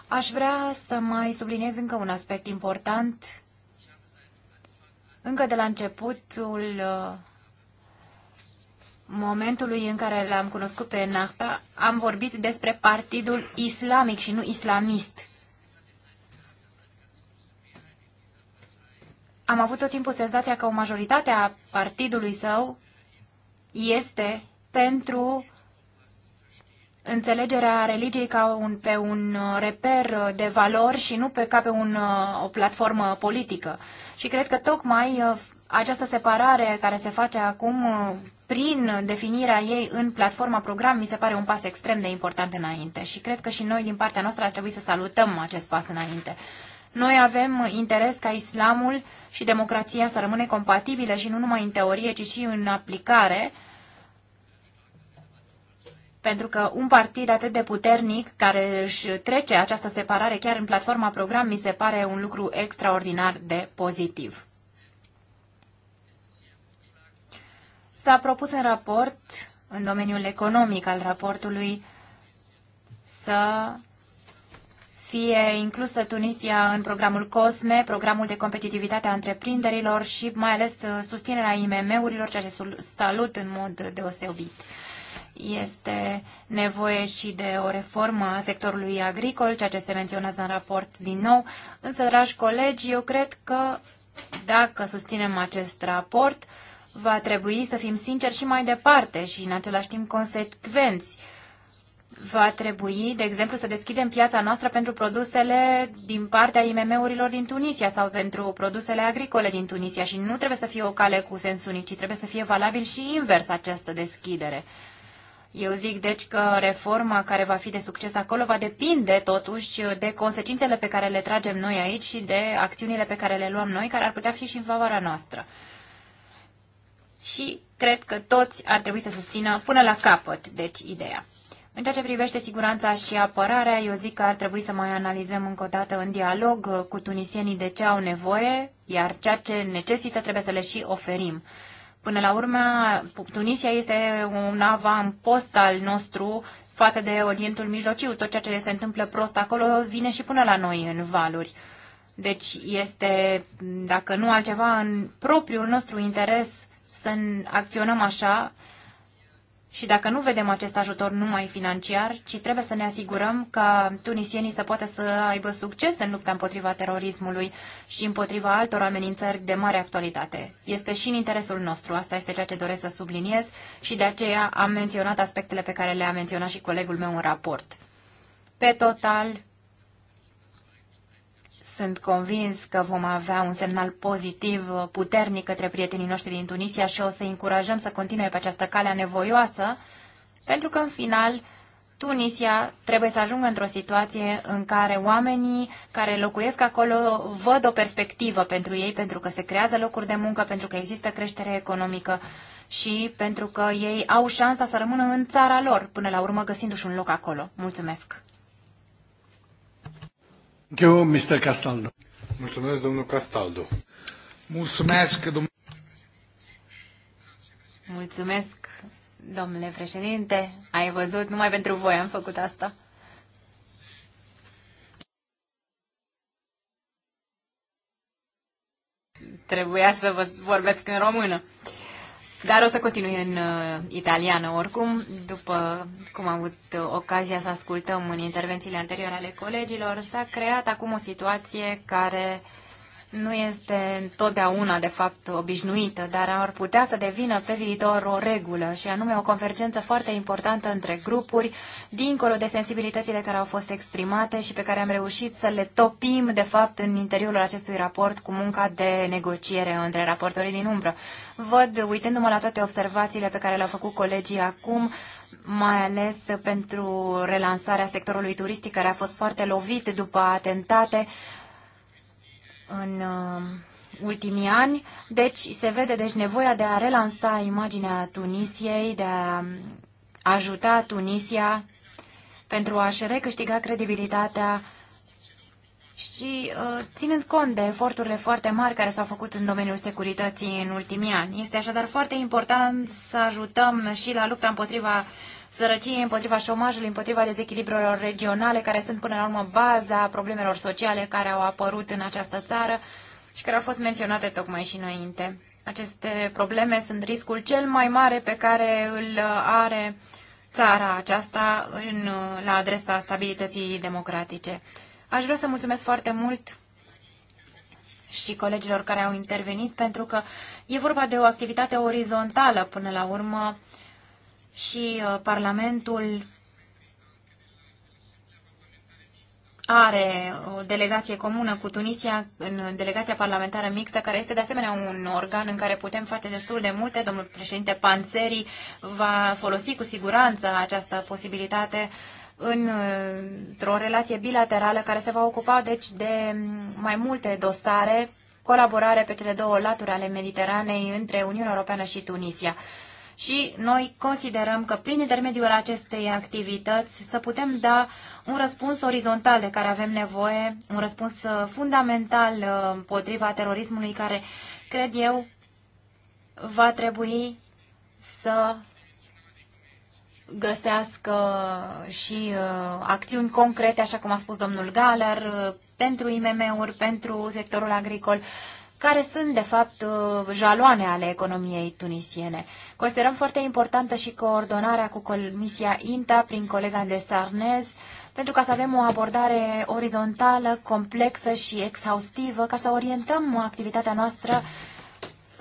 Aș vrea să mai subliniez încă un aspect important. Încă de la începutul uh, momentului în care l-am cunoscut pe Nahta, am vorbit despre Partidul Islamic și nu islamist. am avut tot timpul senzația că o majoritate a partidului său este pentru înțelegerea religiei ca un, pe un reper de valori și nu pe, ca pe un, o platformă politică. Și cred că tocmai uh, această separare care se face acum uh, prin definirea ei în platforma program mi se pare un pas extrem de important înainte și cred că și noi din partea noastră ar trebui să salutăm acest pas înainte. Noi avem interes ca islamul și democrația să rămâne compatibile și nu numai în teorie, ci și în aplicare, pentru că un partid atât de puternic care își trece această separare chiar în platforma program mi se pare un lucru extraordinar de pozitiv. S-a propus în raport, în domeniul economic al raportului, să fie inclusă Tunisia în programul COSME, programul de competitivitate a întreprinderilor și mai ales uh, susținerea IMM-urilor, ceea ce salut în mod deosebit. Este nevoie și de o reformă a sectorului agricol, ceea ce se menționează în raport din nou. Însă, dragi colegi, eu cred că dacă susținem acest raport, va trebui să fim sinceri și mai departe și în același timp consecvenți va trebui, de exemplu, să deschidem piața noastră pentru produsele din partea IMM-urilor din Tunisia sau pentru produsele agricole din Tunisia și nu trebuie să fie o cale cu sens unic, ci trebuie să fie valabil și invers această deschidere. Eu zic deci că reforma care va fi de succes acolo va depinde totuși de consecințele pe care le tragem noi aici și de acțiunile pe care le luăm noi, care ar putea fi și în favoarea noastră. Și cred că toți ar trebui să susțină până la capăt, deci, ideea. În ceea ce privește siguranța și apărarea, eu zic că ar trebui să mai analizăm încă o dată în dialog uh, cu tunisienii de ce au nevoie, iar ceea ce necesită trebuie să le și oferim. Până la urmă, Tunisia este un avampost al nostru față de Orientul Mijlociu. Tot ceea ce se întâmplă prost acolo vine și până la noi în valuri. Deci este, dacă nu altceva, în propriul nostru interes să acționăm așa și dacă nu vedem acest ajutor numai financiar, ci trebuie să ne asigurăm ca tunisienii să poată să aibă succes în lupta împotriva terorismului și împotriva altor amenințări de mare actualitate. Este și în interesul nostru, asta este ceea ce doresc să subliniez și de aceea am menționat aspectele pe care le-a menționat și colegul meu în raport. Pe total, sunt convins că vom avea un semnal pozitiv uh, puternic către prietenii noștri din Tunisia și o să încurajăm să continue pe această cale nevoioasă, pentru că în final Tunisia trebuie să ajungă într-o situație în care oamenii care locuiesc acolo văd o perspectivă pentru ei, pentru că se creează locuri de muncă, pentru că există creștere economică și pentru că ei au șansa să rămână în țara lor, până la urmă găsindu-și un loc acolo. Mulțumesc! Eu, Mr. Castaldo. Mulțumesc, domnul Castaldo. Mulțumesc, domnul... Mulțumesc, domnule președinte. Ai văzut, numai pentru voi am făcut asta. Trebuia să vă vorbesc în română. Uh, dar o să continui în uh, italiană oricum, după cum am avut uh, ocazia să ascultăm în intervențiile anterioare ale colegilor, s-a creat acum o situație care uh, nu este întotdeauna, de fapt, obișnuită, dar ar putea să devină pe viitor o regulă și anume o convergență foarte importantă între grupuri, dincolo de sensibilitățile care au fost exprimate și pe care am reușit să le topim, de fapt, în interiorul acestui raport cu munca de negociere între raportorii din umbră. Văd, uitându-mă la toate observațiile pe care le-au făcut colegii acum, mai ales pentru relansarea sectorului turistic care a fost foarte lovit după atentate, în um, ultimii ani. Deci se vede deci nevoia de a relansa imaginea Tunisiei, de a um, ajuta Tunisia pentru a-și recâștiga credibilitatea și uh, ținând cont de eforturile foarte mari care s-au făcut în domeniul securității în ultimii ani. Este așadar foarte important să ajutăm și la lupta împotriva sărăciei, împotriva șomajului, împotriva dezechilibrelor regionale, care sunt până la urmă baza problemelor sociale care au apărut în această țară și care au fost menționate tocmai și înainte. Aceste probleme sunt riscul cel mai mare pe care îl are țara aceasta în, la adresa stabilității democratice. Aș vrea să mulțumesc foarte mult și colegilor care au intervenit, pentru că e vorba de o activitate orizontală până la urmă și uh, Parlamentul are o delegație comună cu Tunisia în delegația parlamentară mixtă, care este de asemenea un organ în care putem face destul de multe. Domnul președinte Panțeri va folosi cu siguranță această posibilitate într-o uh, relație bilaterală care se va ocupa deci de mai multe dosare, colaborare pe cele două laturi ale Mediteranei între Uniunea Europeană și Tunisia și noi considerăm că prin intermediul acestei activități să putem da un răspuns orizontal de care avem nevoie, un răspuns uh, fundamental uh, împotriva terorismului care, cred eu, va trebui să găsească și uh, acțiuni concrete, așa cum a spus domnul Galer, uh, pentru IMM-uri, pentru sectorul agricol care sunt, de fapt, uh, jaloane ale economiei tunisiene. Considerăm foarte importantă și coordonarea cu Comisia INTA prin colega de Sarnez, pentru ca să avem o abordare orizontală, complexă și exhaustivă, ca să orientăm activitatea noastră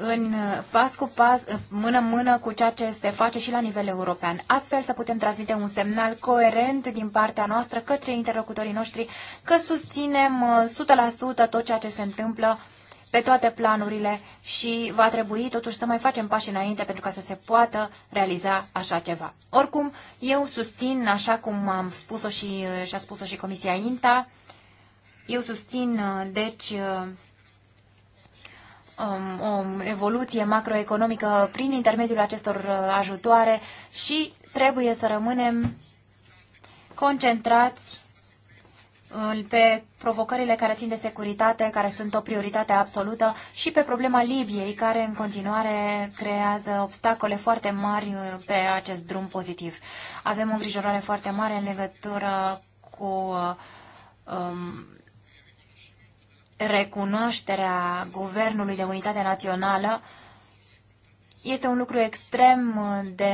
în pas cu pas, mână-mână cu ceea ce se face și la nivel european. Astfel să putem transmite un semnal coerent din partea noastră către interlocutorii noștri că susținem 100% uh, tot ceea ce se întâmplă pe toate planurile și va trebui totuși să mai facem pași înainte pentru ca să se poată realiza așa ceva. Oricum, eu susțin, așa cum am spus-o și, și a spus-o și Comisia INTA, eu susțin, deci, um, o evoluție macroeconomică prin intermediul acestor ajutoare și trebuie să rămânem concentrați pe provocările care țin de securitate, care sunt o prioritate absolută, și pe problema Libiei, care în continuare creează obstacole foarte mari uh, pe acest drum pozitiv. Avem o îngrijorare foarte mare în legătură cu uh, um, recunoașterea Guvernului de Unitate Națională uh, este un lucru extrem uh, de,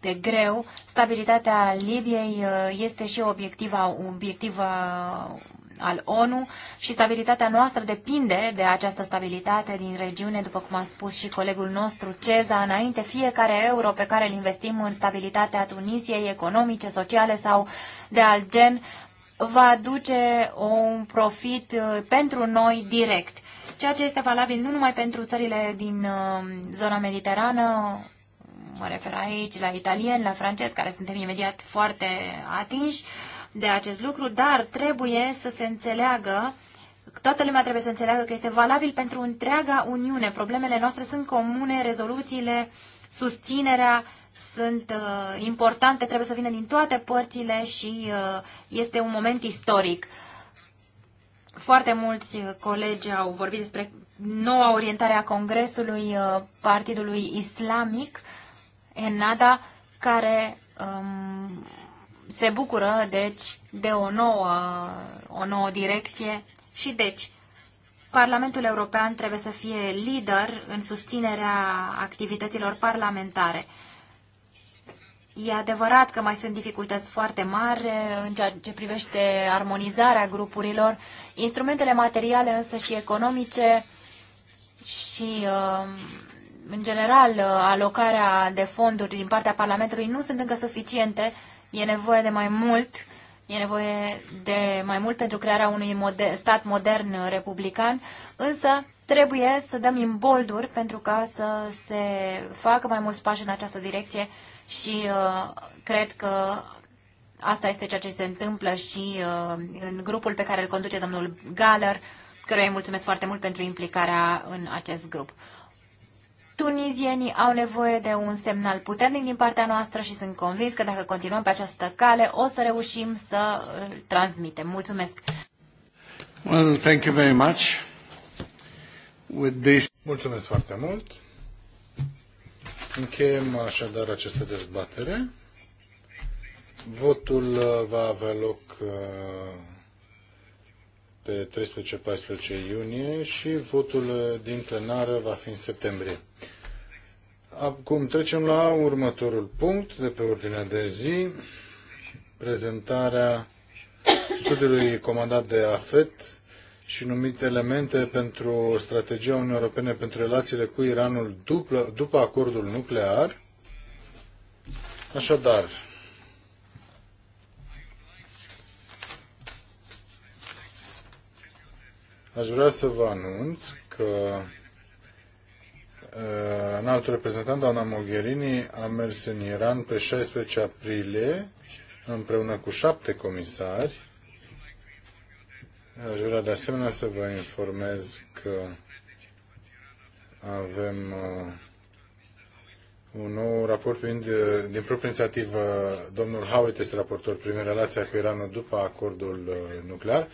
de greu. Stabilitatea Libiei uh, este și obiectiva, obiectiva uh, al ONU și stabilitatea noastră depinde de această stabilitate din regiune, după cum a spus și colegul nostru Ceza înainte, fiecare euro pe care îl investim în stabilitatea Tunisiei economice, sociale sau de alt gen va aduce un profit pentru noi direct ceea ce este valabil nu numai pentru țările din uh, zona mediterană, mă refer aici la italieni, la francezi, care suntem imediat foarte atinși de acest lucru, dar trebuie să se înțeleagă Toată lumea trebuie să înțeleagă că este valabil pentru întreaga Uniune. Problemele noastre sunt comune, rezoluțiile, susținerea sunt uh, importante, trebuie să vină din toate părțile și uh, este un moment istoric. Foarte mulți uh, colegi au vorbit despre noua orientare a Congresului uh, Partidului Islamic, enada care um, se bucură, deci, de o nouă, o nouă direcție și, deci, Parlamentul European trebuie să fie lider în susținerea activităților parlamentare. E adevărat că mai sunt dificultăți foarte mari eh, în ceea ce privește armonizarea grupurilor. Instrumentele materiale însă și economice și, ehm, în general, eh, alocarea de fonduri din partea Parlamentului nu sunt încă suficiente. E nevoie de mai mult. E nevoie de mai mult pentru crearea unui moder, stat modern eh, republican, însă trebuie să dăm imbolduri pentru ca să se facă mai mulți pași în această direcție și uh, cred că asta este ceea ce se întâmplă și uh, în grupul pe care îl conduce domnul Galer, căruia îi mulțumesc foarte mult pentru implicarea în acest grup. Tunizienii au nevoie de un semnal puternic din partea noastră și sunt convins că dacă continuăm pe această cale o să reușim să îl transmitem. Mulțumesc! Well, thank you very much. With this... Mulțumesc foarte mult! Încheiem așadar această dezbatere. Votul uh, va avea loc uh, pe 13-14 iunie și votul uh, din plenară va fi în septembrie. Acum trecem la următorul punct de pe ordinea de zi, prezentarea studiului comandat de AFET și numit elemente pentru strategia Uniunii Europene pentru relațiile cu Iranul după, după acordul nuclear. Așadar, aș vrea să vă anunț că uh, în altul reprezentant, doamna Mogherini, a mers în Iran pe 16 aprilie împreună cu șapte comisari Aș vrea de asemenea să vă informez că avem uh, un nou raport de, uh, din propria inițiativă, domnul Howitt este raportor prin relația cu Iranul după acordul uh, nuclear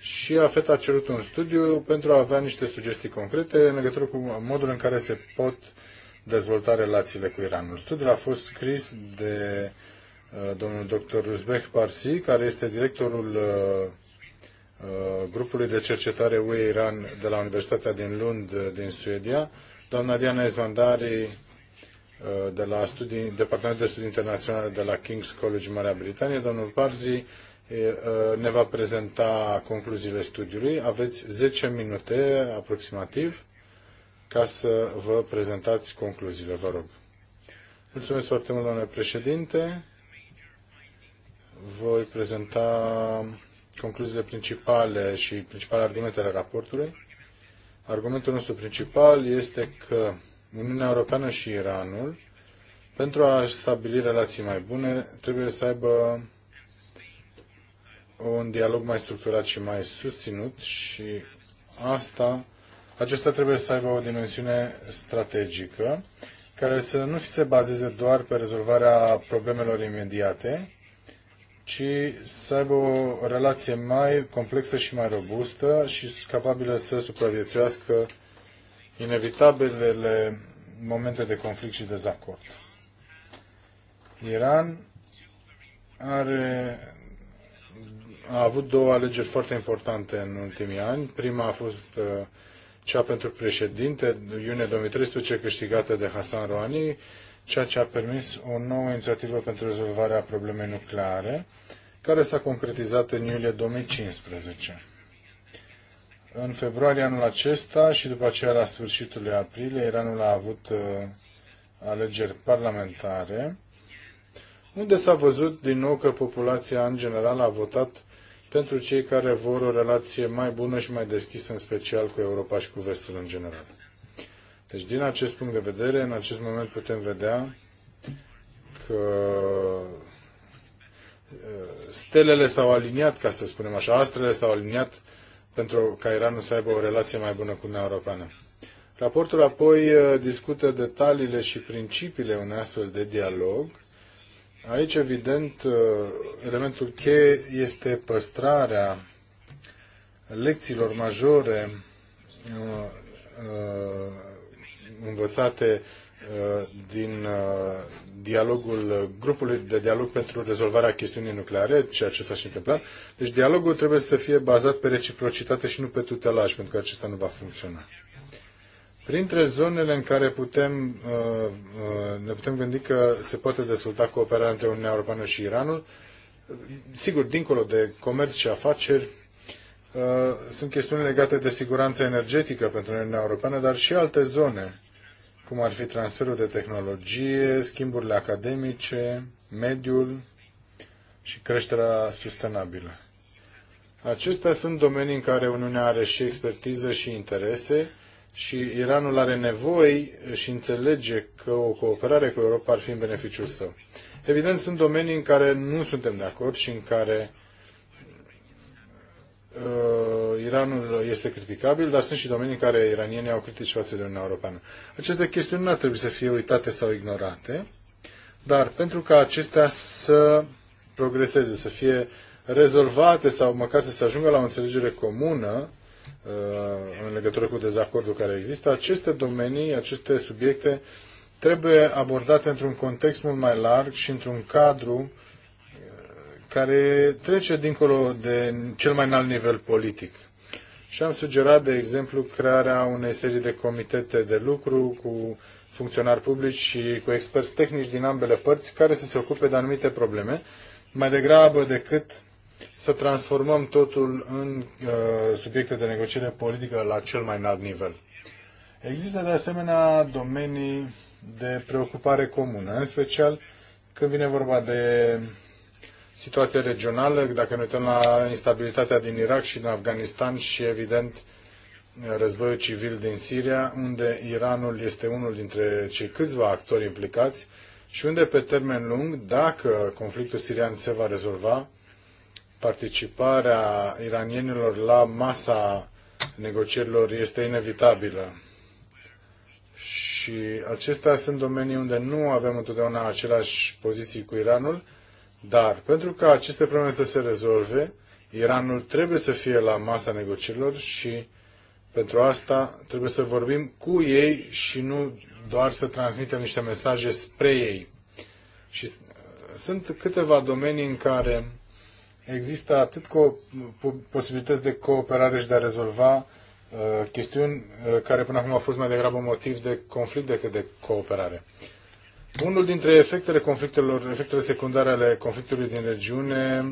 și AFET a cerut un studiu pentru a avea niște sugestii concrete în legătură cu modul în care se pot dezvolta relațiile cu Iranul. Studiul a fost scris de domnul dr. Ruzbeh Parsi, care este directorul Uh, grupului de cercetare UE Iran de la Universitatea din Lund uh, din Suedia, doamna Diana Ezvandari uh, de la studii, Departamentul de Studii Internaționale de la King's College Marea Britanie, domnul Parzi ne va prezenta concluziile studiului. Aveți 10 minute aproximativ ca să vă prezentați concluziile, vă rog. Mulțumesc foarte mult, domnule președinte. Voi prezenta concluziile principale și principalele argumente ale raportului. Argumentul nostru principal este că Uniunea Europeană și Iranul, pentru a stabili relații mai bune, trebuie să aibă un dialog mai structurat și mai susținut și asta, acesta trebuie să aibă o dimensiune strategică care să nu se bazeze doar pe rezolvarea problemelor imediate, ci să aibă o relație mai complexă și mai robustă și capabilă să supraviețuiască inevitabilele momente de conflict și dezacord. Iran are, a avut două alegeri foarte importante în ultimii ani. Prima a fost uh, cea pentru președinte, iunie 2013, câștigată de Hassan Rouhani, ceea ce a permis o nouă inițiativă pentru rezolvarea problemei nucleare, care s-a concretizat în iulie 2015. În februarie anul acesta și după aceea la sfârșitul lui aprilie, Iranul a avut uh, alegeri parlamentare, unde s-a văzut din nou că populația în general a votat pentru cei care vor o relație mai bună și mai deschisă, în special cu Europa și cu Vestul în general. Deci, din acest punct de vedere, în acest moment putem vedea că uh, stelele s-au aliniat, ca să spunem așa, astrele s-au aliniat pentru ca Iranul să aibă o relație mai bună cu Uniunea Europeană. Raportul apoi uh, discută detaliile și principiile unui astfel de dialog. Aici, evident, uh, elementul cheie este păstrarea lecțiilor majore învățate uh, din uh, dialogul uh, grupului de dialog pentru rezolvarea chestiunii nucleare, ceea ce s-a și întâmplat. Deci dialogul trebuie să fie bazat pe reciprocitate și nu pe tutelaj, pentru că acesta nu va funcționa. Printre zonele în care putem, ne putem gândi că se poate dezvolta cooperarea între Uniunea Europeană și Iranul, sigur, dincolo de comerț și afaceri, sunt chestiuni legate de siguranța energetică pentru Uniunea Europeană, dar și alte zone cum ar fi transferul de tehnologie, schimburile academice, mediul și creșterea sustenabilă. Acestea sunt domenii în care Uniunea are și expertiză și interese și Iranul are nevoi și înțelege că o cooperare cu Europa ar fi în beneficiul său. Evident, sunt domenii în care nu suntem de acord și în care Uh, Iranul este criticabil, dar sunt și domenii în care iranienii au critici față de Uniunea Europeană. Aceste chestiuni nu ar trebui să fie uitate sau ignorate, dar pentru ca acestea să progreseze, să fie rezolvate sau măcar să se ajungă la o înțelegere comună uh, în legătură cu dezacordul care există, aceste domenii, aceste subiecte trebuie abordate într-un context mult mai larg și într-un cadru uh, care trece dincolo de cel mai înalt nivel politic. Și am sugerat, de exemplu, crearea unei serii de comitete de lucru cu funcționari publici și cu experți tehnici din ambele părți care să se ocupe de anumite probleme, mai degrabă decât să transformăm totul în uh, subiecte de negociere politică la cel mai înalt nivel. Există de asemenea domenii de preocupare comună, în special când vine vorba de situație regională, dacă ne uităm la instabilitatea din Irak și din Afganistan și, evident, războiul civil din Siria, unde Iranul este unul dintre cei câțiva actori implicați și unde, pe termen lung, dacă conflictul sirian se va rezolva, participarea iranienilor la masa negocierilor este inevitabilă. Și acestea sunt domenii unde nu avem întotdeauna aceleași poziții cu Iranul, dar pentru ca aceste probleme să se rezolve, Iranul trebuie să fie la masa negocierilor și pentru asta trebuie să vorbim cu ei și nu doar să transmitem niște mesaje spre ei. Și sunt câteva domenii în care există atât co- posibilități de cooperare și de a rezolva uh, chestiuni uh, care până acum au fost mai degrabă motiv de conflict decât de cooperare. Uh, unul dintre efectele conflictelor, efectele secundare ale conflictului din regiune,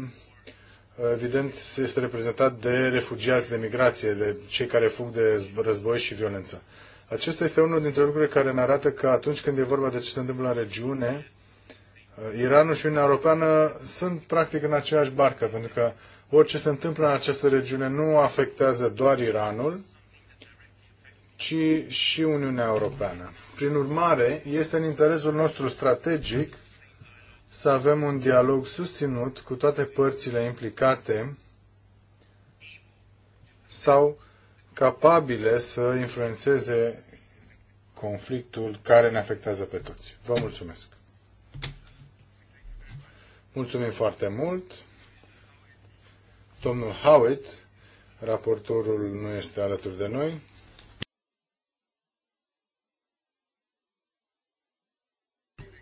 evident, se este reprezentat de refugiați, de migrație, de cei care fug de război și violență. Acesta este unul dintre lucrurile care ne arată că atunci când e vorba de ce se întâmplă în regiune, eh, Iranul și Uniunea Europeană sunt practic în aceeași barcă, pentru că orice se întâmplă în această regiune nu afectează doar Iranul, ci și Uniunea Europeană. Prin urmare, este în interesul nostru strategic să avem un dialog susținut cu toate părțile implicate sau capabile să influențeze conflictul care ne afectează pe toți. Vă mulțumesc! Mulțumim foarte mult! Domnul Howitt, raportorul nu este alături de noi.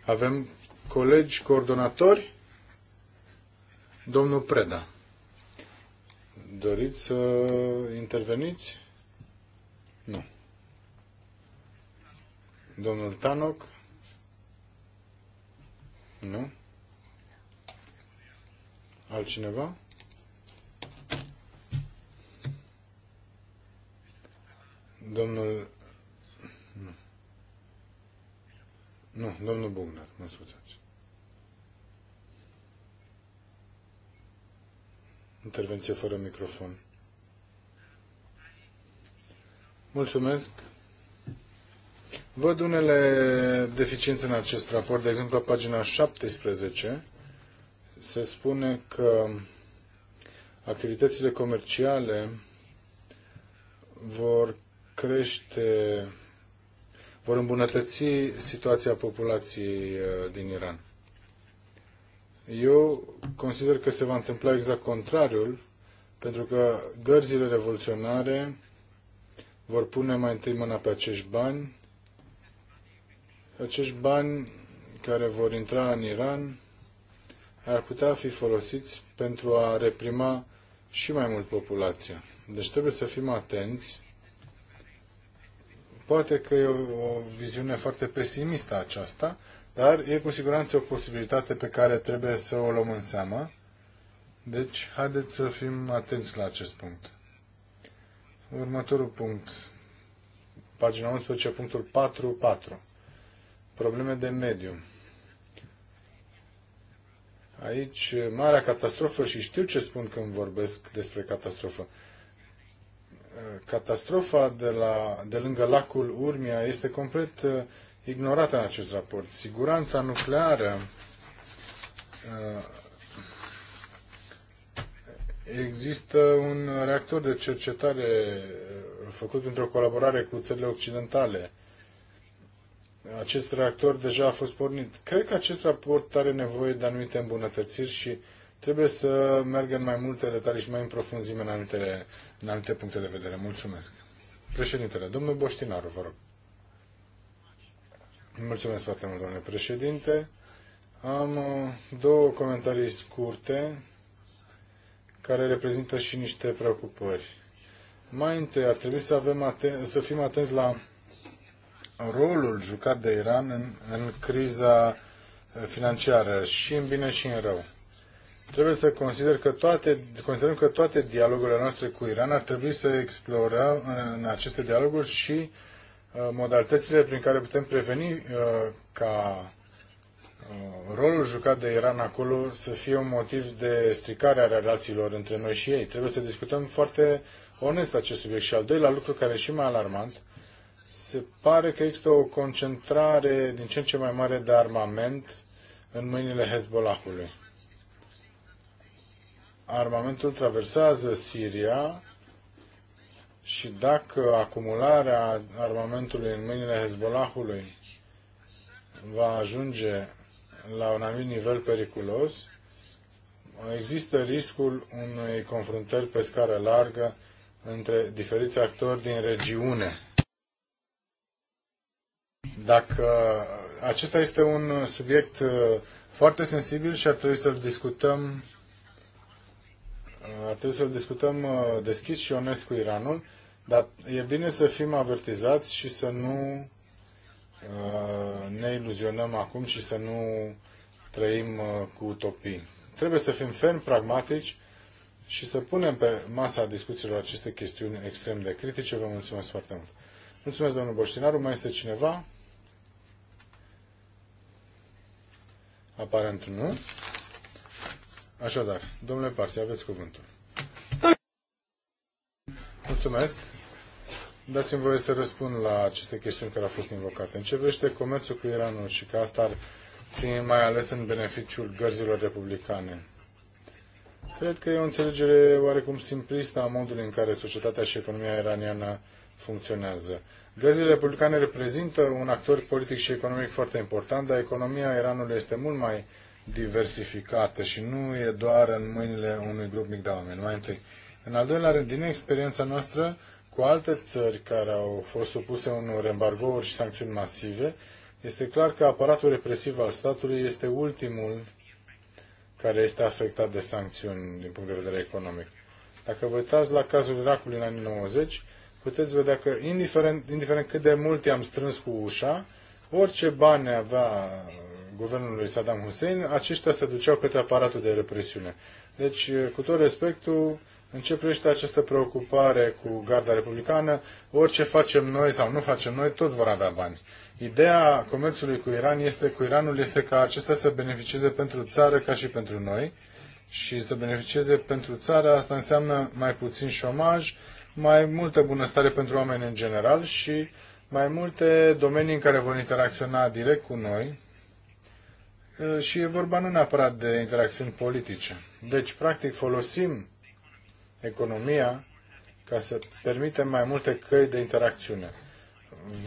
Avem colegi coordonatori? Domnul Preda. Doriți să interveniți? Nu. Domnul Tanoc? Nu? Altcineva? Domnul Nu, domnul Bugner, mă scuzați. Intervenție fără microfon. Mulțumesc. Văd unele deficiențe în acest raport. De exemplu, la pagina 17 se spune că activitățile comerciale vor crește vor îmbunătăți situația populației uh, din Iran. Eu consider că se va întâmpla exact contrariul, pentru că gărzile revoluționare vor pune mai întâi mâna pe acești bani, acești bani care vor intra în Iran ar putea fi folosiți pentru a reprima și mai mult populația. Deci trebuie să fim atenți Poate că e o, o viziune foarte pesimistă aceasta, dar e cu siguranță o posibilitate pe care trebuie să o luăm în seamă. Deci, haideți să fim atenți la acest punct. Următorul punct, pagina 11, punctul 4.4. Probleme de mediu. Aici, marea catastrofă, și știu ce spun când vorbesc despre catastrofă, catastrofa de, la, de lângă lacul Urmia este complet uh, ignorată în acest raport. Siguranța nucleară uh, există un reactor de cercetare uh, făcut într-o colaborare cu țările occidentale. Acest reactor deja a fost pornit. Cred că acest raport are nevoie de anumite îmbunătățiri și uh, Trebuie să meargă în mai multe detalii și mai în profunzime în anumite, în anumite puncte de vedere. Mulțumesc. Președintele, domnul Boștinaru, vă rog. Mulțumesc foarte mult, domnule președinte. Am uh, două comentarii scurte care reprezintă și niște preocupări. Mai întâi, ar trebui să, avem aten- să fim atenți la rolul jucat de Iran în, în criza uh, financiară, și în bine și în rău trebuie să consider că toate, considerăm că toate dialogurile noastre cu Iran ar trebui să explorăm în aceste dialoguri și uh, modalitățile prin care putem preveni uh, ca uh, rolul jucat de Iran acolo să fie un motiv de stricare a relațiilor între noi și ei. Trebuie să discutăm foarte onest acest subiect. Și al doilea lucru care e și mai alarmant, se pare că există o concentrare din ce în ce mai mare de armament în mâinile Hezbollahului armamentul traversează Siria și dacă acumularea armamentului în mâinile Hezbollahului va ajunge la un anumit nivel periculos, există riscul unei confruntări pe scară largă între diferiți actori din regiune. Dacă acesta este un subiect uh, foarte sensibil și ar trebui să-l discutăm ar trebui să-l discutăm uh, deschis și onest cu Iranul, dar e bine să fim avertizați și să nu uh, ne iluzionăm acum și să nu trăim uh, cu utopii. Trebuie să fim ferm pragmatici și să punem pe masa discuțiilor aceste chestiuni extrem de critice. Vă mulțumesc foarte mult. Mulțumesc, domnul Boștinaru. Mai este cineva? Aparent nu. Așadar, domnule Parsi, aveți cuvântul. Mulțumesc. Dați-mi voie să răspund la aceste chestiuni care au fost invocate. În ce comerțul cu Iranul și că asta ar fi mai ales în beneficiul gărzilor republicane. Cred că e o înțelegere oarecum simplistă a modului în care societatea și economia iraniană funcționează. Gărzile republicane reprezintă un actor politic și economic foarte important, dar economia Iranului este mult mai diversificate și nu e doar în mâinile unui grup mic de oameni, mai întâi. În al doilea rând, din experiența noastră cu alte țări care au fost supuse unor embargouri și sancțiuni masive, este clar că aparatul represiv al statului este ultimul care este afectat de sancțiuni din punct de vedere economic. Dacă vă uitați la cazul Irakului în anii 90, puteți vedea că, indiferent, indiferent cât de mult i-am strâns cu ușa, orice bani avea guvernului Saddam Hussein, aceștia se duceau către aparatul de represiune. Deci, cu tot respectul, în ce privește această preocupare cu garda republicană, orice facem noi sau nu facem noi, tot vor avea bani. Ideea comerțului cu, Iran este, cu Iranul este ca acesta să beneficieze pentru țară ca și pentru noi și să beneficieze pentru țară asta înseamnă mai puțin șomaj, mai multă bunăstare pentru oameni în general și mai multe domenii în care vor interacționa direct cu noi, Eh, și e vorba nu neapărat de interacțiuni politice. Deci, practic, folosim economia ca să permitem mai multe căi de interacțiune.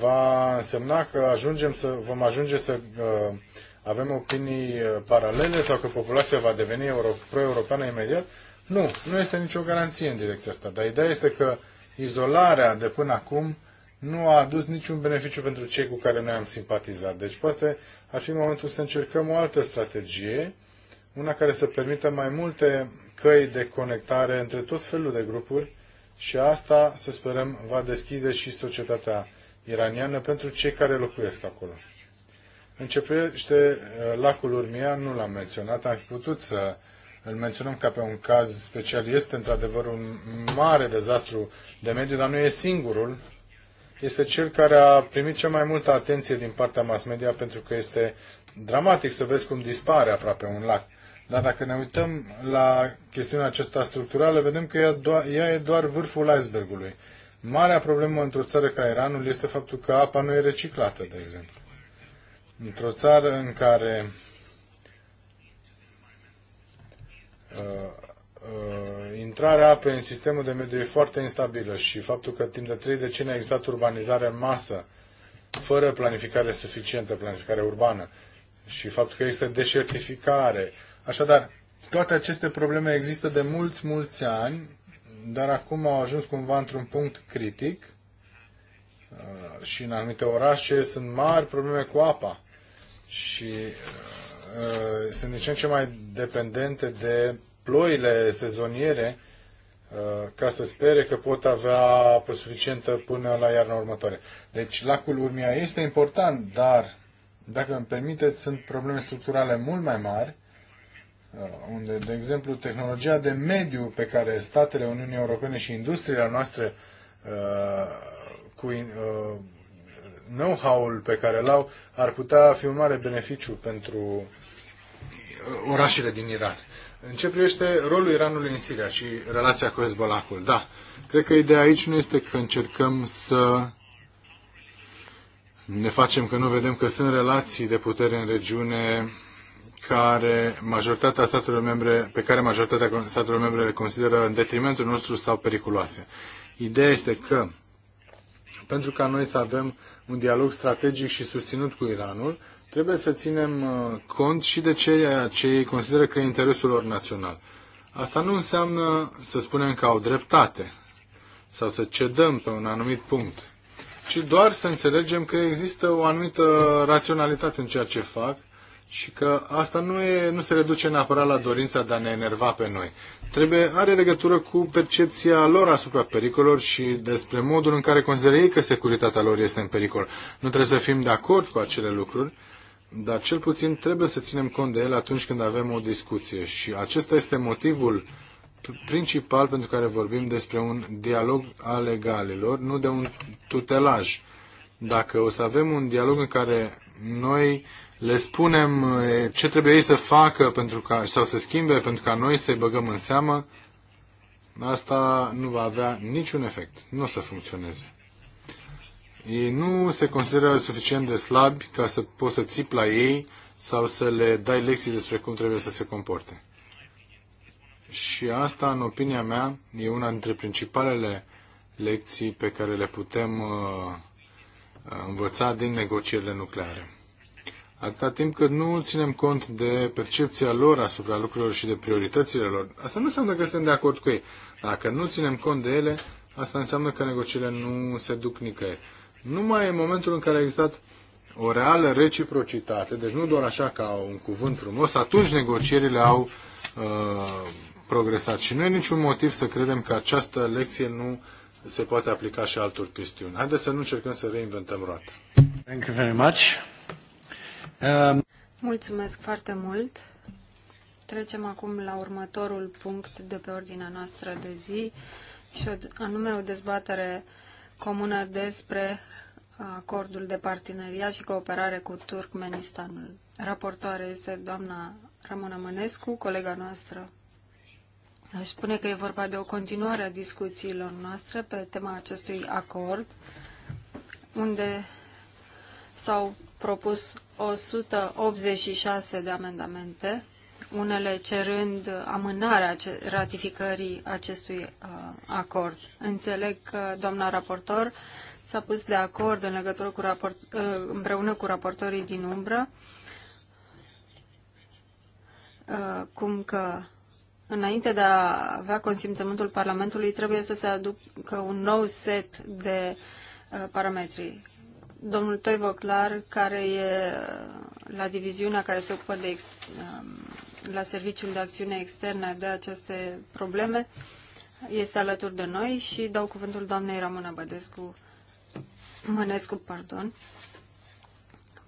Va însemna că ajungem să, vom ajunge să uh, avem opinii eh, paralele sau că populația va deveni euro, pro-europeană imediat? Nu, nu este nicio garanție în direcția asta. Dar ideea este că izolarea de până acum nu a adus niciun beneficiu pentru cei cu care noi am simpatizat. Deci poate ar fi momentul să încercăm o altă strategie, una care să permită mai multe căi de conectare între tot felul de grupuri și asta, să sperăm, va deschide și societatea iraniană pentru cei care locuiesc acolo. Începește uh, lacul Urmia, nu l-am menționat, am putut să îl menționăm ca pe un caz special. Este într-adevăr un mare dezastru de mediu, dar nu e singurul este cel care a primit cea mai multă atenție din partea mass media pentru că este dramatic să vezi cum dispare aproape un lac. Dar dacă ne uităm la chestiunea aceasta structurală, vedem că ea, doar, ea e doar vârful icebergului. Marea problemă într-o țară ca Iranul este faptul că apa nu e reciclată, de exemplu. Într-o țară în care uh, Uh, intrarea apei în sistemul de mediu e foarte instabilă și faptul că timp de trei decenii a existat urbanizare în masă, fără planificare suficientă, planificare urbană, și faptul că există deșertificare. Așadar, toate aceste probleme există de mulți, mulți ani, dar acum au ajuns cumva într-un punct critic uh, și în anumite orașe sunt mari probleme cu apa și uh, sunt din ce în ce mai dependente de ploile sezoniere uh, ca să spere că pot avea apă suficientă până la iarna următoare. Deci lacul Urmia este important, dar dacă îmi permiteți, sunt probleme structurale mult mai mari, uh, unde, de exemplu, tehnologia de mediu pe care statele Uniunii Europene și industriile noastre uh, cu know-how-ul pe care îl au, ar putea fi un mare beneficiu pentru orașele din Iran. În ce privește rolul Iranului în Siria și relația cu Hezbollahul, da, cred că ideea aici nu este că încercăm să ne facem că nu vedem că sunt relații de putere în regiune care majoritatea statelor membre, pe care majoritatea statelor membre le consideră în detrimentul nostru sau periculoase. Ideea este că pentru ca noi să avem un dialog strategic și susținut cu Iranul, Trebuie să ținem uh, cont și de ceea ce ei consideră că e interesul lor național. Asta nu înseamnă să spunem că au dreptate sau să cedăm pe un anumit punct, ci doar să înțelegem că există o anumită raționalitate în ceea ce fac și că asta nu, e, nu se reduce neapărat la dorința de a ne enerva pe noi. Trebuie, are legătură cu percepția lor asupra pericolor și despre modul în care consideră ei că securitatea lor este în pericol. Nu trebuie să fim de acord cu acele lucruri, dar cel puțin trebuie să ținem cont de ele atunci când avem o discuție. Și acesta este motivul principal pentru care vorbim despre un dialog al legalilor, nu de un tutelaj. Dacă o să avem un dialog în care noi le spunem eh, ce trebuie ei să facă pentru ca, sau să schimbe pentru ca noi să-i băgăm în seamă, asta nu va avea niciun efect. Nu o să funcționeze. Ei nu se consideră suficient de slabi ca să poți să țip la ei sau să le dai lecții despre cum trebuie să se comporte. Și asta, în opinia mea, e una dintre principalele lecții pe care le putem uh, uh, învăța din negocierile nucleare. Atâta timp cât nu ținem cont de percepția lor asupra lucrurilor și de prioritățile lor, asta nu înseamnă că suntem de acord cu ei. Dacă nu ținem cont de ele, asta înseamnă că negocierile nu se duc nicăieri. Numai în momentul în care a existat o reală reciprocitate, deci nu doar așa ca un cuvânt frumos, atunci negocierile au uh, progresat. Și nu e niciun motiv să credem că această lecție nu se poate aplica și altor chestiuni. Haideți să nu încercăm să reinventăm roata. Thank you very much. Um... Mulțumesc foarte mult. Trecem acum la următorul punct de pe ordinea noastră de zi și anume o dezbatere comună despre acordul de parteneriat și cooperare cu Turkmenistanul. Raportoare este doamna Ramona Mănescu, colega noastră. Aș spune că e vorba de o continuare a discuțiilor noastre pe tema acestui acord, unde s-au propus 186 de amendamente unele cerând amânarea ratificării acestui uh, acord. Înțeleg că doamna raportor s-a pus de acord în legătură cu raport, uh, împreună cu raportorii din umbră, uh, cum că înainte de a avea consimțământul Parlamentului trebuie să se aducă un nou set de parametri domnul Toivo Clar, care e la diviziunea care se ocupă de um, la Serviciul de Acțiune Externă de aceste probleme, este alături de noi și dau cuvântul doamnei Ramona Bădescu, Mănescu, pardon,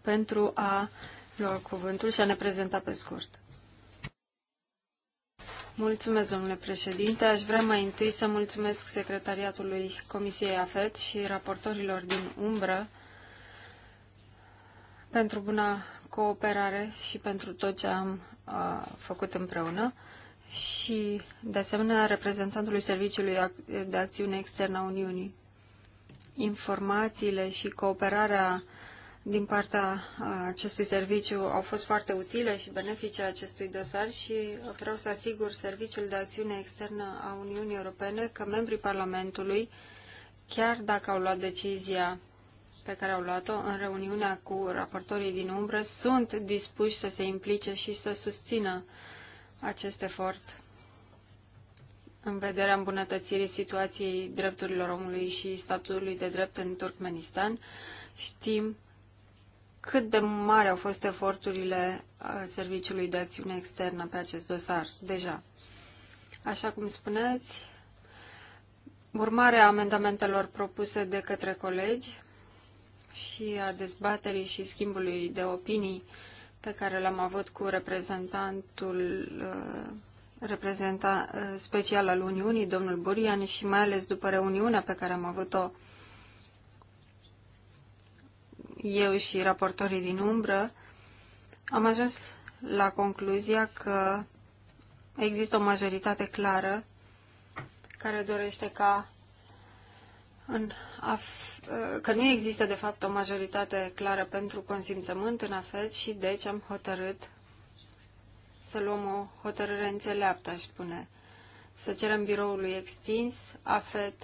pentru a lua cuvântul și a ne prezenta pe scurt. Mulțumesc, domnule președinte. Aș vrea mai întâi să mulțumesc secretariatului Comisiei AFET și raportorilor din umbră pentru buna cooperare și pentru tot ce am făcut împreună și, de asemenea, reprezentantului Serviciului de Acțiune Externă a Uniunii. Informațiile și cooperarea din partea acestui serviciu au fost foarte utile și benefice acestui dosar și vreau să asigur Serviciul de Acțiune Externă a Uniunii Europene că membrii Parlamentului, chiar dacă au luat decizia pe care au luat-o în reuniunea cu raportorii din umbră sunt dispuși să se implice și să susțină acest efort în vederea îmbunătățirii situației drepturilor omului și statului de drept în Turkmenistan. Știm cât de mari au fost eforturile uh, Serviciului de Acțiune Externă pe acest dosar deja. Așa cum spuneți, urmarea amendamentelor propuse de către colegi, și a dezbaterii și schimbului de opinii pe care l-am avut cu reprezentantul uh, reprezenta, uh, special al Uniunii, domnul Burian, și mai ales după reuniunea pe care am avut-o eu și raportorii din umbră, am ajuns la concluzia că există o majoritate clară care dorește ca în af că nu există, de fapt, o majoritate clară pentru consimțământ în afet și deci am hotărât să luăm o hotărâre înțeleaptă, aș spune. Să cerem biroului extins, AFET,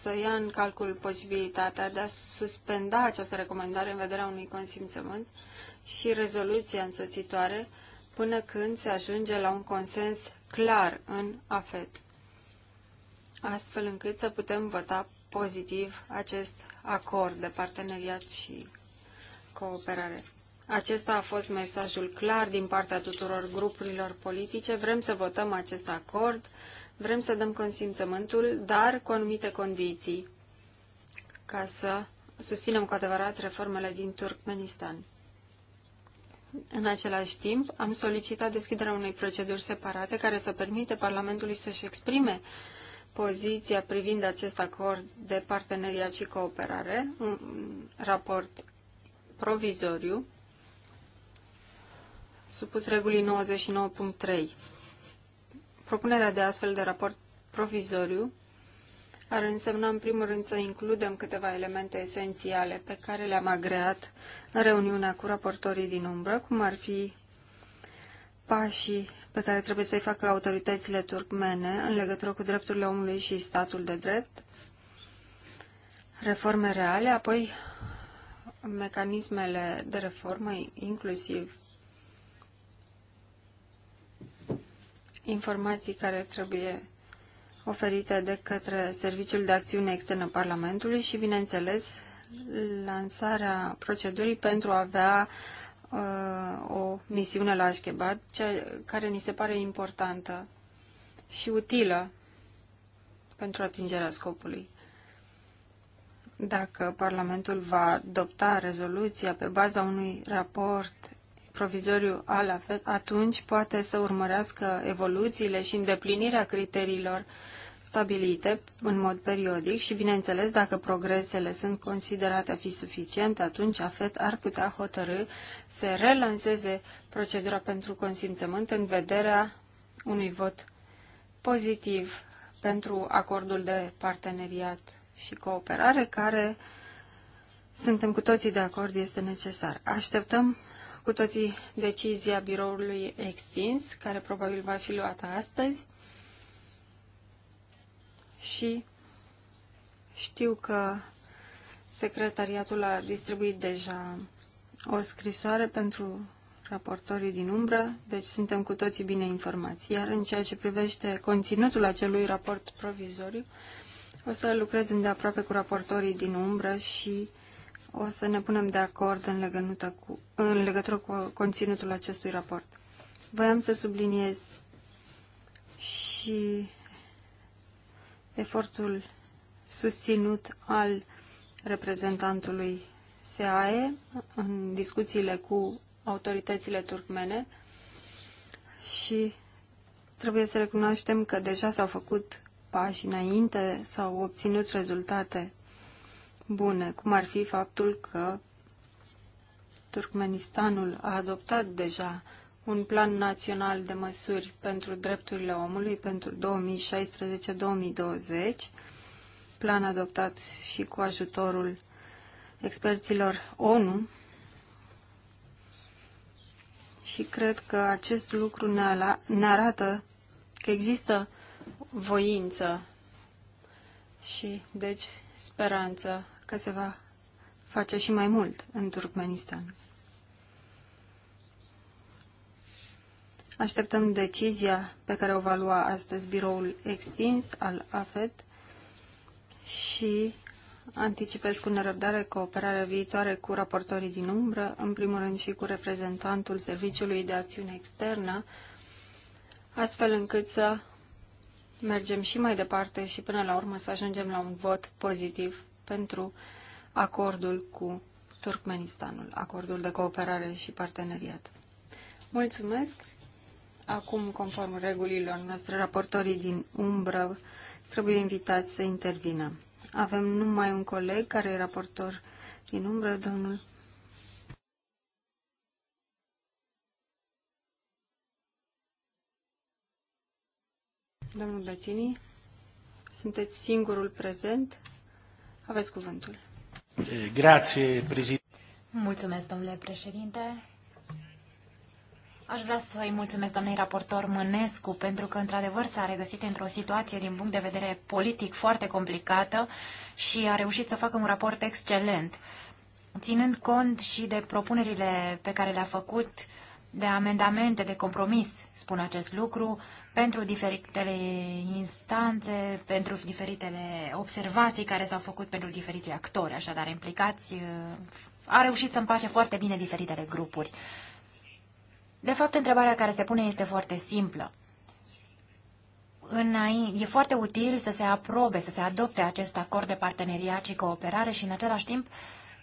să ia în calcul posibilitatea de a suspenda această recomandare în vederea unui consimțământ și rezoluția însoțitoare până când se ajunge la un consens clar în AFET, astfel încât să putem vota pozitiv acest acord de parteneriat și cooperare. Acesta a fost mesajul clar din partea tuturor grupurilor politice. Vrem să votăm acest acord, vrem să dăm consimțământul, dar cu anumite condiții, ca să susținem cu adevărat reformele din Turkmenistan. În același timp, am solicitat deschiderea unei proceduri separate care să permite Parlamentului să-și exprime uh, poziția privind acest acord de parteneriat și cooperare, un raport provizoriu, supus regulii 99.3. Propunerea de astfel de raport provizoriu ar însemna, în primul rând, să includem câteva elemente esențiale pe care le-am agreat în reuniunea cu raportorii din umbră, cum ar fi pașii pe care trebuie să-i facă autoritățile turcmene în legătură cu drepturile omului și statul de drept, reforme reale, apoi mecanismele de reformă, inclusiv informații care trebuie oferite de către Serviciul de Acțiune Externă Parlamentului și, bineînțeles, lansarea procedurii pentru a avea Uh, o misiune la Ashkebat, cea care ni se pare importantă și utilă pentru atingerea scopului. Dacă Parlamentul va adopta rezoluția pe baza unui raport provizoriu al AFET, atunci poate să urmărească evoluțiile și îndeplinirea criteriilor stabilite în mod periodic și, bineînțeles, dacă progresele sunt considerate a fi suficiente, atunci AFET ar putea hotărâ să relanseze procedura pentru consimțământ în vederea unui vot pozitiv pentru acordul de parteneriat și cooperare, care suntem cu toții de acord este necesar. Așteptăm cu toții decizia biroului extins, care probabil va fi luată astăzi, și știu că secretariatul a distribuit deja o scrisoare pentru raportorii din umbră, deci suntem cu toții bine informați. Iar în ceea ce privește conținutul acelui raport provizoriu, o să lucrez îndeaproape cu raportorii din umbră și o să ne punem de acord în, cu, în legătură cu conținutul acestui raport. Voiam să subliniez și efortul susținut al reprezentantului SAE în discuțiile cu autoritățile turcmene și trebuie să recunoaștem că deja s-au făcut pași înainte, s-au obținut rezultate bune, cum ar fi faptul că Turkmenistanul a adoptat deja un plan național de măsuri pentru drepturile omului pentru 2016-2020, plan adoptat și cu ajutorul experților ONU și cred că acest lucru ne arată că există voință și, deci, speranță că se va face și mai mult în Turkmenistan. Așteptăm decizia pe care o va lua astăzi biroul extins al AFET și anticipez cu nerăbdare cooperarea viitoare cu raportorii din umbră, în primul rând și cu reprezentantul Serviciului de Acțiune Externă, astfel încât să mergem și mai departe și până la urmă să ajungem la un vot pozitiv pentru acordul cu Turkmenistanul, acordul de cooperare și parteneriat. Mulțumesc! Acum, conform regulilor noastre, raportorii din umbră trebuie invitați să intervină. Avem numai un coleg care e raportor din umbră, domnul Domnul Bettini, sunteți singurul prezent. Aveți cuvântul. președinte. Mulțumesc, domnule președinte. Aș vrea să îi mulțumesc doamnei raportor Mănescu pentru că, într-adevăr, s-a regăsit într-o situație din punct de vedere politic foarte complicată și a reușit să facă un raport excelent, ținând cont și de propunerile pe care le-a făcut de amendamente de compromis, spun acest lucru, pentru diferitele instanțe, pentru diferitele observații care s-au făcut pentru diferiții actori, așadar implicați, a reușit să împace foarte bine diferitele grupuri. De fapt, întrebarea care se pune este foarte simplă. Înainte, e foarte util să se aprobe, să se adopte acest acord de parteneriat și cooperare și în același timp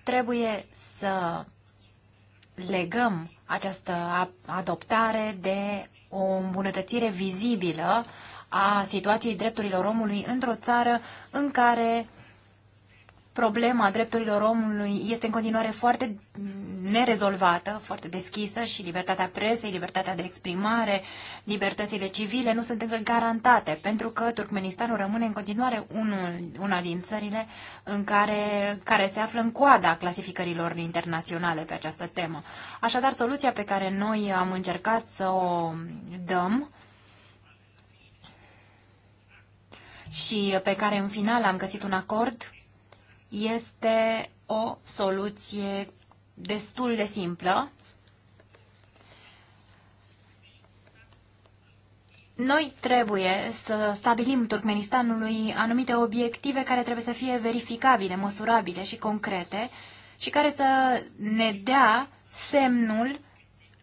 trebuie să legăm această adoptare de o îmbunătățire vizibilă a situației drepturilor omului într-o țară în care problema drepturilor omului este în continuare foarte nerezolvată, foarte deschisă și libertatea presei, libertatea de exprimare, libertățile civile nu sunt încă garantate, pentru că Turkmenistanul rămâne în continuare unul, una din țările în care, care se află în coada clasificărilor internaționale pe această temă. Așadar, soluția pe care noi am încercat să o dăm și pe care în final am găsit un acord este o soluție destul de simplă. Noi trebuie să stabilim Turkmenistanului anumite obiective care trebuie să fie verificabile, măsurabile și concrete și care să ne dea semnul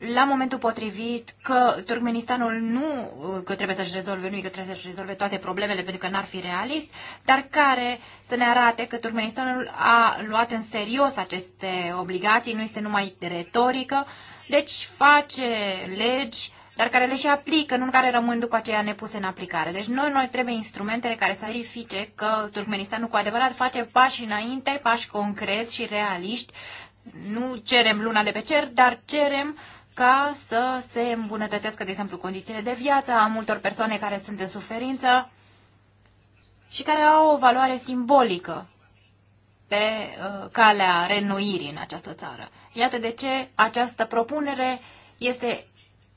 la momentul potrivit că Turkmenistanul nu că trebuie să-și rezolve, nu că trebuie să-și rezolve toate problemele pentru că n-ar fi realist, dar care să ne arate că Turkmenistanul a luat în serios aceste obligații, nu este numai retorică, deci face legi, dar care le și aplică, nu care rămân după aceea nepuse în aplicare. Deci noi, noi trebuie instrumentele care să verifice că Turkmenistanul cu adevărat face pași înainte, pași concreți și realiști. Nu cerem luna de pe cer, dar cerem uh, ca să se îmbunătățească, de exemplu, condițiile de viață a multor persoane care sunt în suferință și care au o valoare simbolică pe uh, calea renuirii în această țară. Iată de ce această propunere este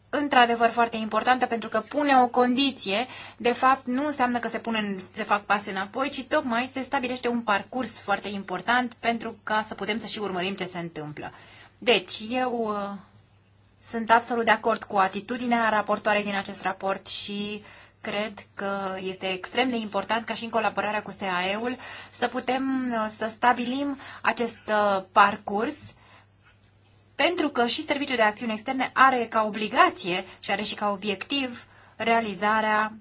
într-adevăr foarte importantă pentru că pune o condiție, de fapt nu înseamnă că se, pune, se fac pase înapoi, ci tocmai se stabilește un parcurs foarte important pentru ca să putem să și urmărim ce se întâmplă. Deci, eu uh, sunt absolut de acord cu atitudinea raportoarei din acest raport și cred că este extrem de important ca și în colaborarea cu SAE-ul să putem uh, să stabilim acest uh, parcurs pentru că și Serviciul de Acțiune Externe are ca obligație și are și ca obiectiv realizarea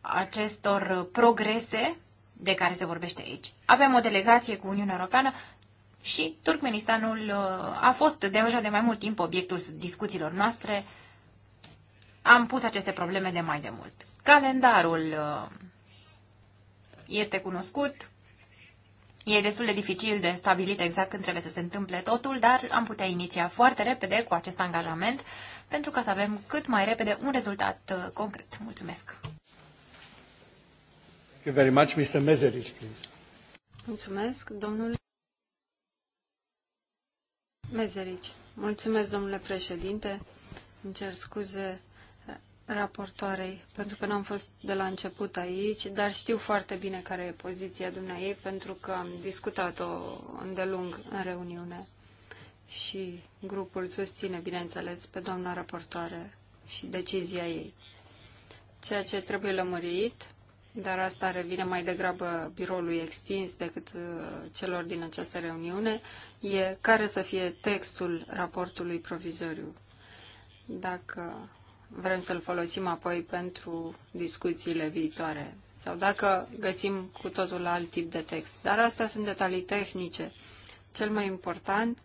acestor uh, progrese de care se vorbește aici. Avem o delegație cu Uniunea Europeană și Turkmenistanul uh, a fost deja de mai mult timp obiectul discuțiilor noastre. Am pus aceste probleme de mai de mult. Calendarul uh, este cunoscut, e destul de dificil de stabilit exact când trebuie să se întâmple totul, dar am putea iniția foarte repede cu acest angajament pentru ca să avem cât mai repede un rezultat uh, concret. Mulțumesc! Thank you very much, Mr. Mezerich, please. Mulțumesc, domnul Mezerici. Mulțumesc, domnule președinte. Îmi cer scuze raportoarei, pentru că n-am fost de la început aici, dar știu foarte bine care e poziția dumneai, pentru că am discutat-o îndelung în reuniune. Și grupul susține, bineînțeles, pe doamna raportoare și decizia ei. Ceea ce trebuie lămurit dar asta revine mai degrabă biroului extins decât uh, celor din această reuniune, e care să fie textul raportului provizoriu. Dacă vrem să-l folosim apoi pentru discuțiile viitoare sau dacă găsim cu totul alt tip de text. Dar astea sunt detalii tehnice. Cel mai important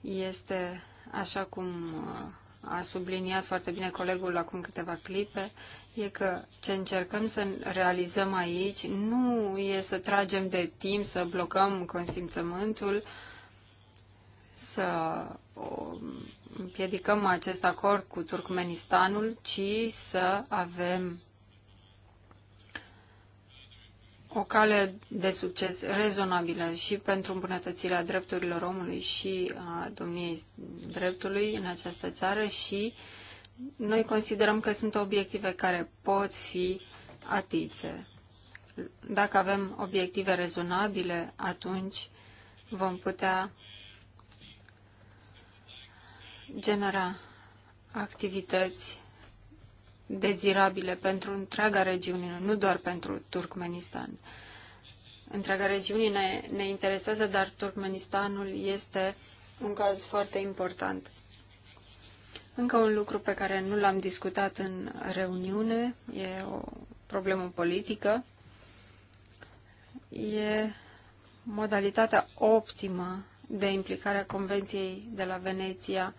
este, așa cum uh, a subliniat foarte bine colegul acum câteva clipe, e că ce încercăm să realizăm aici nu e să tragem de timp, să blocăm consimțământul, să împiedicăm acest acord cu Turkmenistanul, ci să avem o cale de succes rezonabilă și pentru îmbunătățirea drepturilor omului și a domniei dreptului în această țară și uh, noi considerăm că sunt obiective care pot fi atinse. Dacă avem obiective rezonabile, atunci vom putea genera activități dezirabile pentru întreaga regiune, nu doar pentru Turkmenistan. Întreaga regiune ne, ne interesează, dar Turkmenistanul este un caz foarte important. Încă un lucru pe care nu l-am discutat în reuniune, e o problemă politică, e modalitatea optimă de implicare a Convenției de la Veneția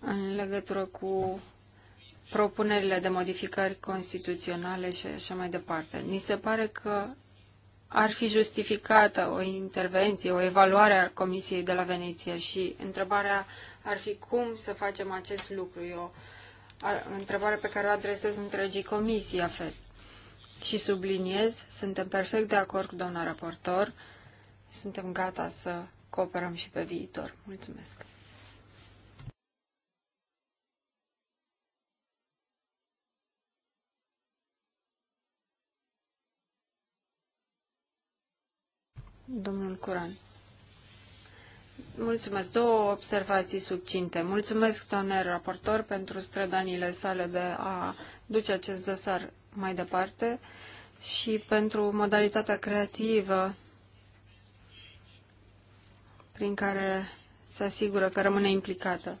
în legătură cu propunerile de modificări constituționale și așa mai departe. Ni se pare că ar fi justificată o intervenție, o evaluare a Comisiei de la Veneția și întrebarea ar fi cum să facem acest lucru. E o întrebare pe care o adresez întregii comisii a FED. Și subliniez, suntem perfect de acord cu doamna raportor, suntem gata să cooperăm și pe viitor. Mulțumesc! Domnul Curan. Mulțumesc. Două observații subcinte. Mulțumesc, doamne raportor, pentru strădanile sale de a duce acest dosar mai departe și pentru modalitatea creativă prin care se asigură că rămâne implicată.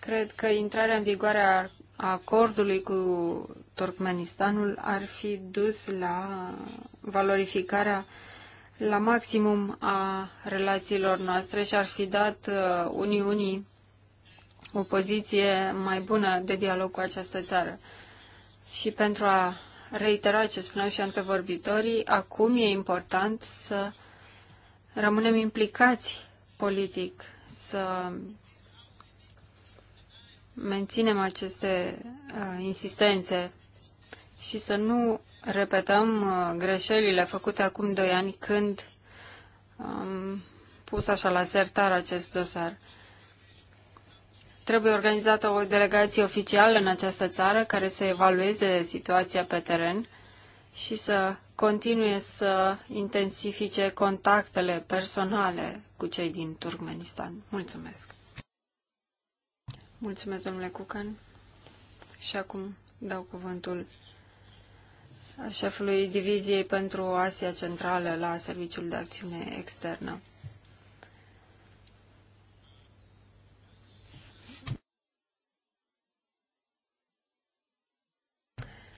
Cred că intrarea în vigoare a acordului cu Turkmenistanul ar fi dus la valorificarea uh, la maximum a relațiilor noastre și ar fi dat uh, Uniunii o poziție mai bună de dialog cu această țară. Și pentru a reitera ce spuneau și antevorbitorii, acum e important să rămânem implicați politic, să menținem aceste uh, insistențe și să nu repetăm uh, greșelile făcute acum doi ani când am pus așa la sertar acest dosar. Trebuie organizată o delegație oficială în această țară care să evalueze situația pe teren și să continue să intensifice contactele personale cu cei din Turkmenistan. Mulțumesc! Mulțumesc, domnule Cucan. Și acum dau cuvântul șefului Diviziei pentru Asia Centrală la Serviciul de Acțiune Externă.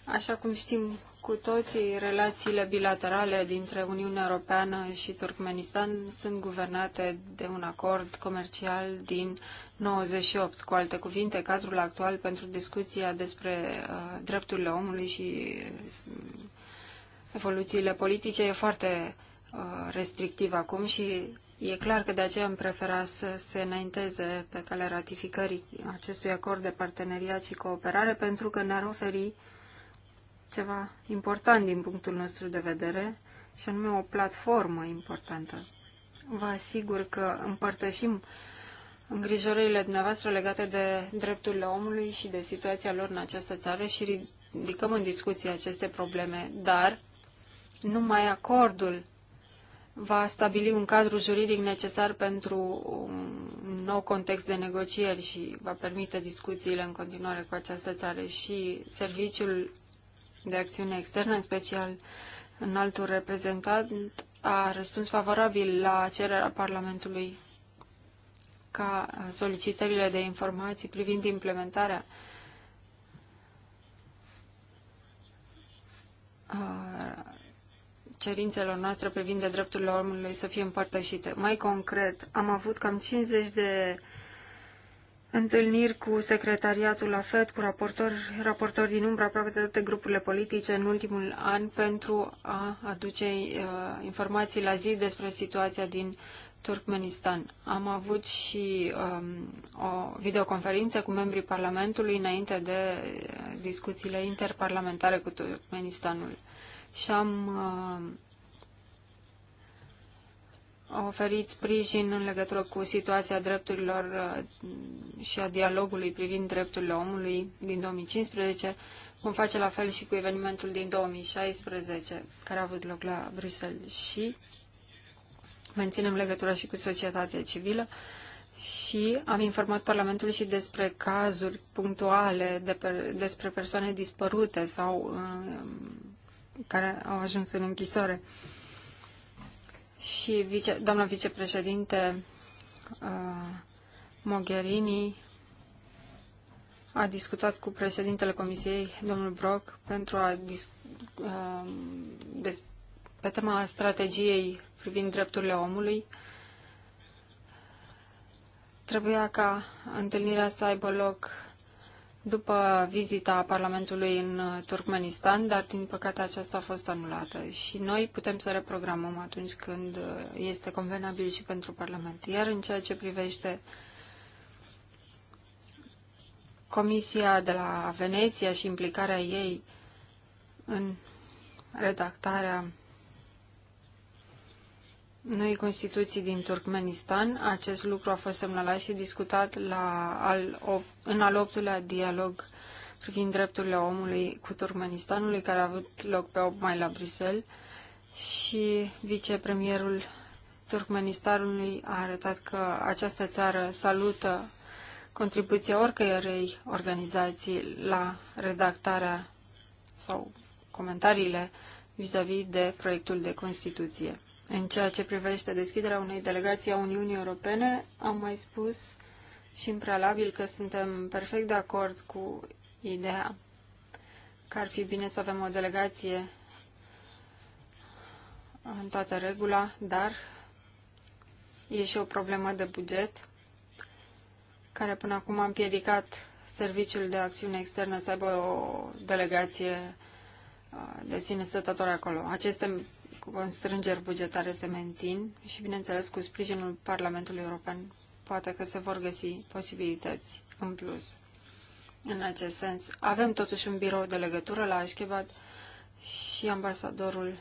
Așa cum știm cu toții, relațiile bilaterale dintre Uniunea Europeană și Turkmenistan sunt guvernate de un acord comercial din 98. Cu alte cuvinte, cadrul actual pentru discuția despre uh, drepturile omului și uh, evoluțiile politice e foarte uh, restrictiv acum și e clar că de aceea am prefera să se înainteze pe calea ratificării acestui acord de parteneriat și cooperare pentru că ne-ar oferi uh, ceva important din punctul nostru de vedere și anume o platformă importantă. Vă asigur că împărtășim îngrijorările dumneavoastră legate de drepturile omului și de situația lor în această țară și ridicăm în discuție aceste probleme, dar numai acordul va stabili un cadru juridic necesar pentru un nou context de negocieri și va permite discuțiile în continuare cu această țară și serviciul de acțiune externă, în special în altul reprezentant, a răspuns favorabil la cererea Parlamentului ca solicitările de informații privind implementarea cerințelor noastre privind de drepturile omului să fie împărtășite. Mai concret, am avut cam 50 de întâlniri cu secretariatul AFET, cu raportori, raportori din umbră, aproape de toate grupurile politice în ultimul an pentru a aduce uh, informații la zi despre situația din Turkmenistan. Am avut și um, o videoconferință cu membrii Parlamentului înainte de discuțiile interparlamentare cu Turkmenistanul și am uh, oferit sprijin în legătură cu situația drepturilor uh, și a dialogului privind drepturile omului din 2015. cum face la fel și cu evenimentul din 2016 care a avut loc la Bruxelles și menținem legătura și cu societatea civilă și am informat Parlamentul și despre cazuri punctuale de pe, despre persoane dispărute sau uh, care au ajuns în închisoare. Uh, și vice, doamna vicepreședinte uh, Mogherini a discutat cu președintele Comisiei, domnul Brock, pentru a dis, uh, des, pe tema strategiei privind drepturile omului. Trebuia ca întâlnirea să aibă loc după vizita Parlamentului în Turkmenistan, dar din păcate aceasta a fost anulată și noi putem să reprogramăm atunci când uh, este convenabil și pentru Parlament. Iar în ceea ce privește Comisia de la Veneția și implicarea ei în redactarea noi Constituții din Turkmenistan. Acest lucru a fost semnalat și discutat la al, în al optulea dialog privind drepturile omului cu Turkmenistanului, care a avut loc pe 8 mai la Bruxelles și vicepremierul Turkmenistanului a arătat că această țară salută contribuția oricărei organizații la redactarea sau comentariile vis-a-vis -vis de proiectul de Constituție. În ceea ce privește deschiderea unei delegații a Uniunii Europene, am mai spus și în prealabil că suntem perfect de acord cu ideea că ar fi bine să avem o delegație în toată regula, dar e și o problemă de buget care până acum a împiedicat Serviciul de Acțiune Externă să aibă o delegație uh, de sine stătătoare acolo. Aceste cu constrângeri bugetare se mențin și, bineînțeles, cu sprijinul Parlamentului European poate că se vor găsi posibilități în plus. În acest sens, avem totuși un birou de legătură la Ashkebat și ambasadorul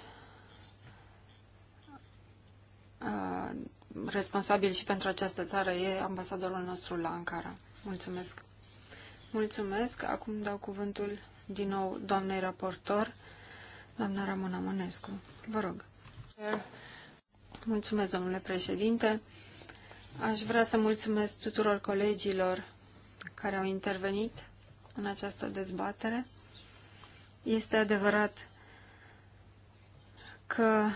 uh, responsabil și pentru această țară e ambasadorul nostru la Ankara. Mulțumesc! Mulțumesc! Acum dau cuvântul din nou doamnei raportor Doamna Ramona Monescu, vă rog. Mulțumesc, domnule președinte. Aș vrea să mulțumesc tuturor colegilor care au intervenit în această dezbatere. Este adevărat că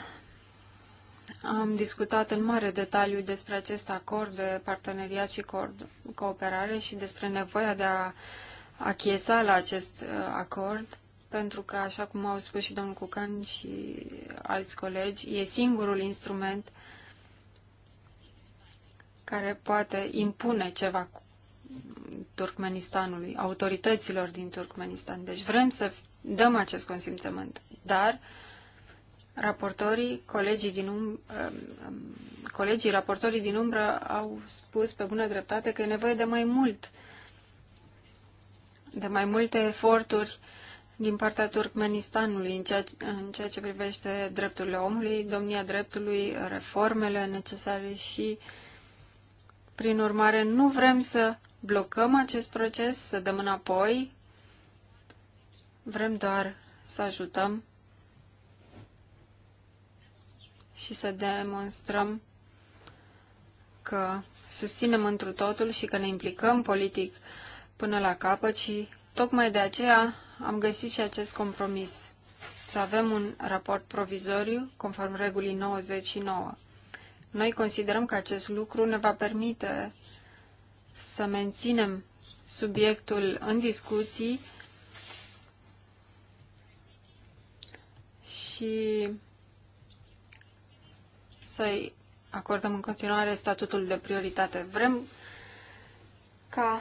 am discutat în mare detaliu despre acest acord de parteneriat și cooperare și despre nevoia de a achiesa la acest uh, acord pentru că, așa cum au spus și domnul Cucan și alți colegi, e singurul instrument care poate impune ceva Turkmenistanului, autorităților din Turkmenistan. Deci vrem să dăm acest consimțământ, dar raportorii, colegii din um, um colegii raportorii din umbră au spus pe bună dreptate că e nevoie de mai mult, de mai multe eforturi din partea Turkmenistanului în ceea, în ceea ce privește drepturile omului, domnia dreptului, reformele necesare și, prin urmare, nu vrem să blocăm acest proces, să dăm înapoi. Vrem doar să ajutăm și să demonstrăm că susținem întru totul și că ne implicăm politic până la capăt și tocmai de aceea am găsit și acest compromis. Să avem un raport provizoriu, conform regulii 99. Noi considerăm că acest lucru ne va permite să menținem subiectul în discuții și să-i acordăm în continuare statutul de prioritate. Vrem ca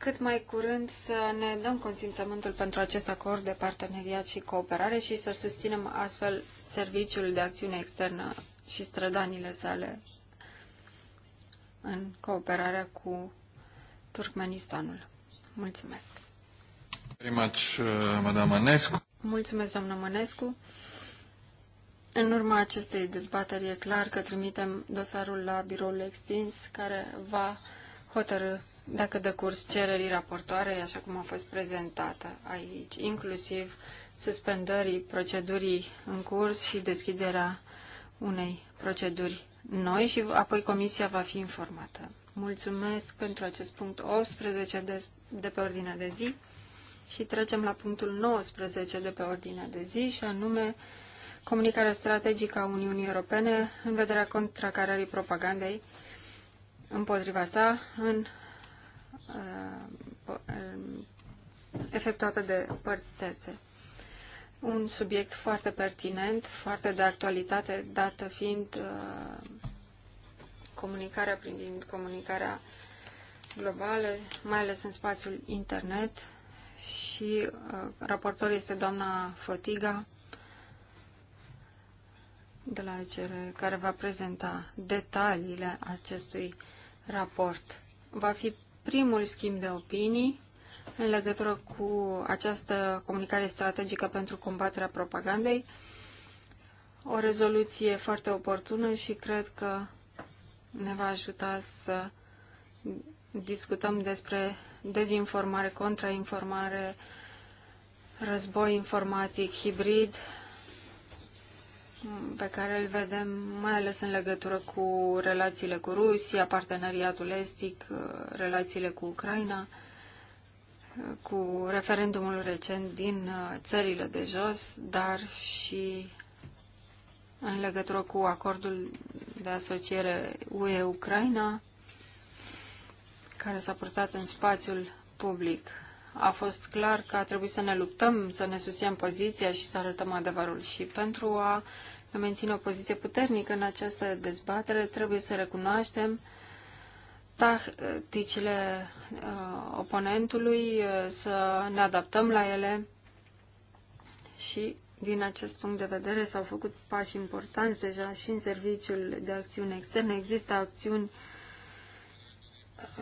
cât mai curând să ne dăm consimțământul pentru acest acord de parteneriat și cooperare și să susținem astfel Serviciul de Acțiune Externă și strădanile sale în cooperarea cu Turkmenistanul. Mulțumesc! Very much, uh, Madame Mănescu. Mulțumesc, doamnă Mănescu. În urma acestei dezbateri e clar că trimitem dosarul la biroul extins care va hotărâ dacă dă curs cererii raportoare, așa cum a fost prezentată aici, inclusiv suspendării procedurii în curs și deschiderea unei proceduri noi și apoi comisia va fi informată. Mulțumesc pentru acest punct 18 de, de pe ordinea de zi și trecem la punctul 19 de pe ordinea de zi și anume comunicarea strategică a Uniunii Europene în vederea contracarării propagandei împotriva sa în Uh, um, efectuată de părți terțe. Un subiect foarte pertinent, foarte de actualitate, dată fiind uh, comunicarea prin comunicarea globală, mai ales în spațiul internet și uh, raportor este doamna Fotiga de la ECR, care va prezenta detaliile acestui raport. Va fi primul schimb de opinii în legătură cu această comunicare strategică pentru combaterea propagandei. O rezoluție foarte oportună și cred că ne va ajuta să discutăm despre dezinformare, contrainformare, război informatic hibrid pe care îl vedem mai ales în legătură cu relațiile cu Rusia, parteneriatul estic, relațiile cu Ucraina, cu referendumul recent din uh, țările de jos, dar și în legătură cu acordul de asociere UE-Ucraina, care s-a purtat în spațiul public a fost clar că a trebuit să ne luptăm, să ne susținem poziția și să arătăm adevărul. Și pentru a menține o poziție puternică în această dezbatere, trebuie să recunoaștem tacticile uh, oponentului, uh, să ne adaptăm la ele și din acest punct de vedere s-au făcut pași importanți deja și în serviciul de acțiune externă. Există acțiuni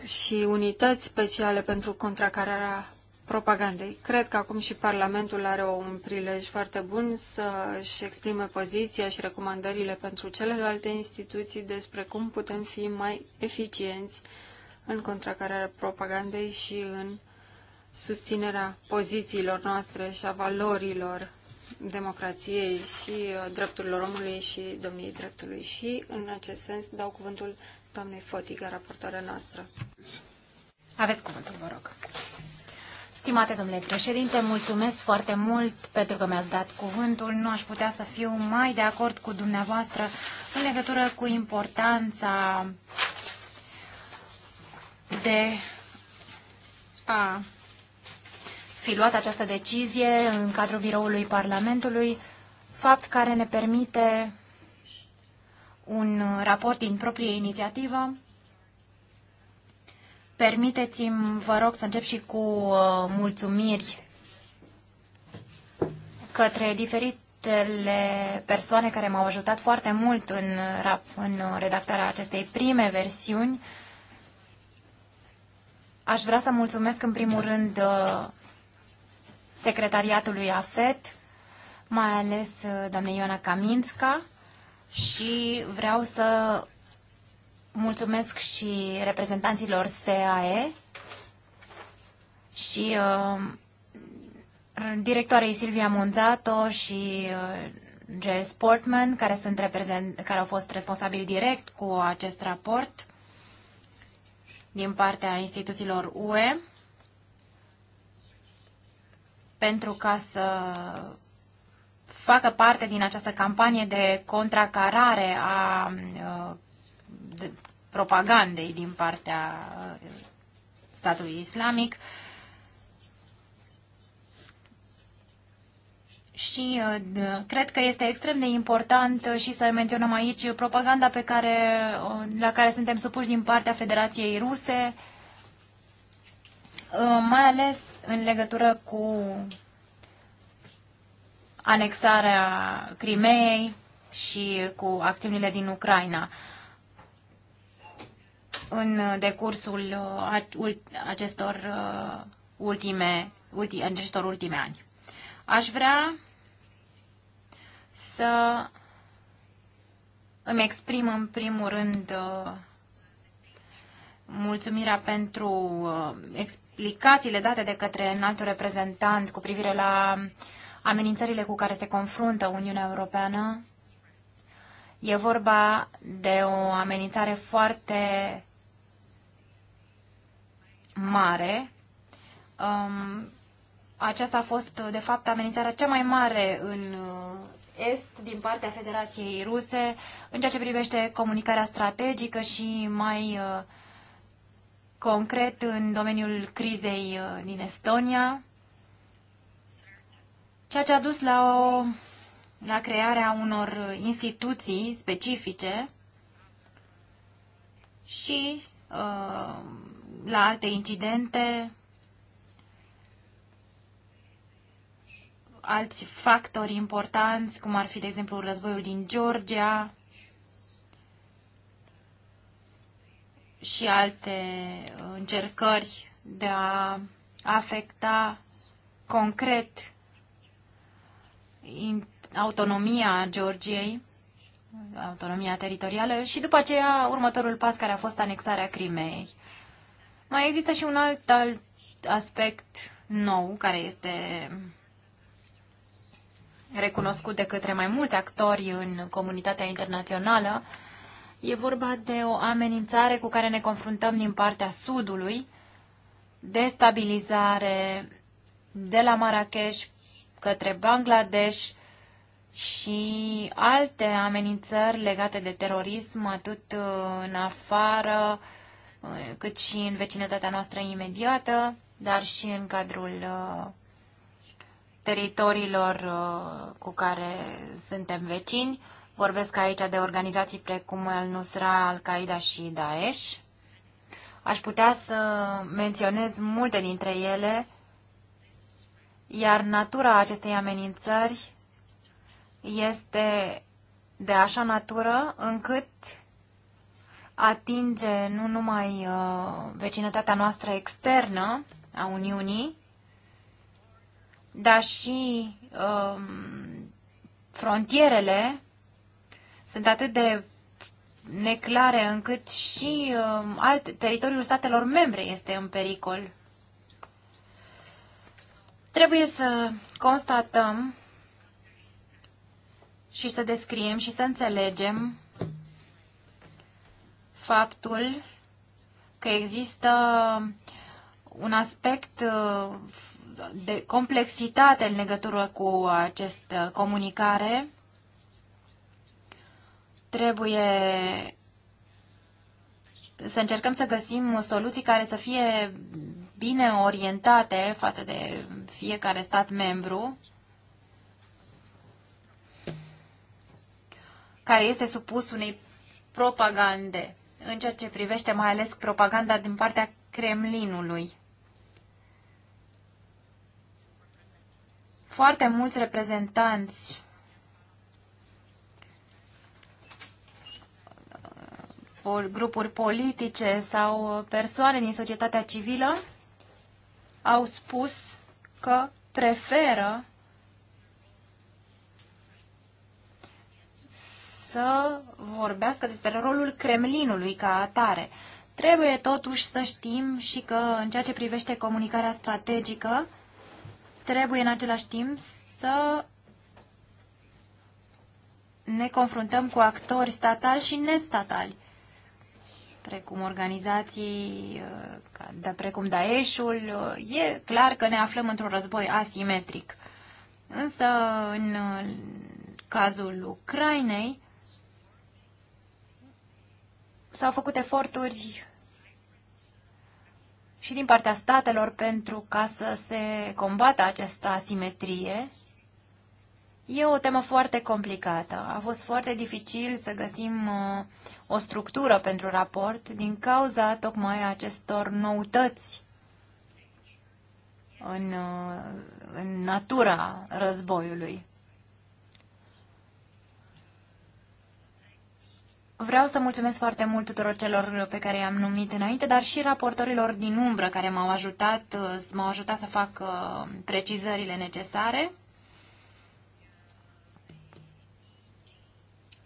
și unități speciale pentru contracararea propagandei. Cred că acum și Parlamentul are un prilej foarte bun să-și exprime poziția și recomandările pentru celelalte instituții despre cum putem fi mai eficienți în contracararea propagandei și în susținerea pozițiilor noastre și a valorilor democrației și uh, drepturilor omului și domniei dreptului. Și în acest sens dau cuvântul doamnei Fotiga, raportoarea noastră. Aveți cuvântul, vă rog. Stimate domnule președinte, mulțumesc foarte mult pentru că mi-ați dat cuvântul. Nu aș putea să fiu mai de acord cu dumneavoastră în legătură cu importanța de a fi luat această decizie în cadrul biroului Parlamentului, fapt care ne permite un raport din proprie inițiativă Permiteți-mi, vă rog, să încep și cu uh, mulțumiri către diferitele persoane care m-au ajutat foarte mult în, în redactarea acestei prime versiuni. Aș vrea să mulțumesc în primul rând uh, secretariatului AFET, mai ales uh, doamnei Ioana Kaminska și vreau să Mulțumesc și reprezentanților SAE și uh, directoarei Silvia Monzato și uh, Jill Sportman, care, sunt reprezent- care au fost responsabili direct cu acest raport din partea instituțiilor UE pentru ca să facă parte din această campanie de contracarare a uh, propagandei din partea uh, statului islamic și uh, cred că este extrem de important uh, și să menționăm aici propaganda pe care, la care suntem supuși din partea Federației Ruse, mai ales în legătură cu anexarea Crimeei și cu acțiunile din Ucraina în decursul uh, acestor uh, ultime, ulti, acestor ultime ani. Aș vrea să îmi exprim în primul rând uh, mulțumirea pentru explicațiile date de către înaltul reprezentant cu privire la amenințările cu care se confruntă Uniunea Europeană. E vorba de o amenințare foarte mare. Um, aceasta a fost, de fapt, amenințarea cea mai mare în uh, Est din partea Federației Ruse în ceea ce privește comunicarea strategică și mai uh, concret în domeniul crizei uh, din Estonia, ceea ce a dus la, o, la crearea unor instituții specifice și uh, la alte incidente, alți factori importanți, cum ar fi, de exemplu, războiul din Georgia și alte încercări de a afecta concret autonomia Georgiei, autonomia teritorială și după aceea următorul pas care a fost anexarea Crimeei. Mai există și un alt, alt aspect nou care este recunoscut de către mai mulți actori în comunitatea internațională. E vorba de o amenințare cu care ne confruntăm din partea Sudului, destabilizare de la Marrakesh către Bangladesh și alte amenințări legate de terorism, atât în afară cât și în vecinătatea noastră imediată, dar și în cadrul uh, teritoriilor uh, cu care suntem vecini. Vorbesc aici de organizații precum Al-Nusra, Al-Qaeda și Daesh. Aș putea să menționez multe dintre ele, iar natura acestei amenințări este de așa natură încât atinge nu numai uh, vecinătatea noastră externă a Uniunii, dar și um, frontierele sunt atât de neclare încât și um, alt, teritoriul statelor membre este în pericol. Trebuie să constatăm și să descriem și să înțelegem faptul că există un aspect uh, de complexitate în legătură cu această comunicare. Trebuie să încercăm să găsim soluții care să fie bine orientate față de fiecare stat membru, care este supus unei propagande în ceea ce privește mai ales propaganda din partea Kremlinului. Foarte mulți reprezentanți grupuri politice sau persoane din societatea civilă au spus că preferă să vorbească despre rolul Kremlinului ca atare. Trebuie totuși să știm și că în ceea ce privește comunicarea strategică, trebuie în același timp să ne confruntăm cu actori statali și nestatali, precum organizații de uh, precum Daeshul. Uh, e clar că ne aflăm într-un război asimetric. Însă, în uh, cazul Ucrainei, S-au făcut eforturi și din partea statelor pentru ca să se combată această asimetrie. E o temă foarte complicată. A fost foarte dificil să găsim uh, o structură pentru raport din cauza tocmai acestor noutăți în, uh, în natura războiului. Vreau să mulțumesc foarte mult tuturor celor pe care i-am numit înainte, dar și raportorilor din umbră care m-au ajutat, uh, m-au ajutat să fac uh, precizările necesare.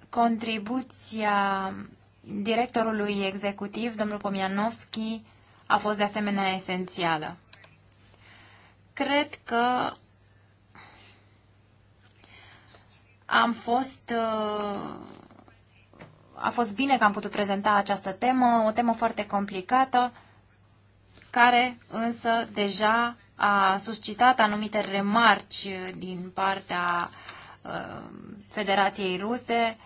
Contribuția directorului executiv, domnul Pomianovski, a fost de asemenea esențială. Cred că am fost uh, a fost bine că am putut prezenta această temă, o temă foarte complicată, care însă deja a suscitat anumite remarci din partea uh, Federației Ruse.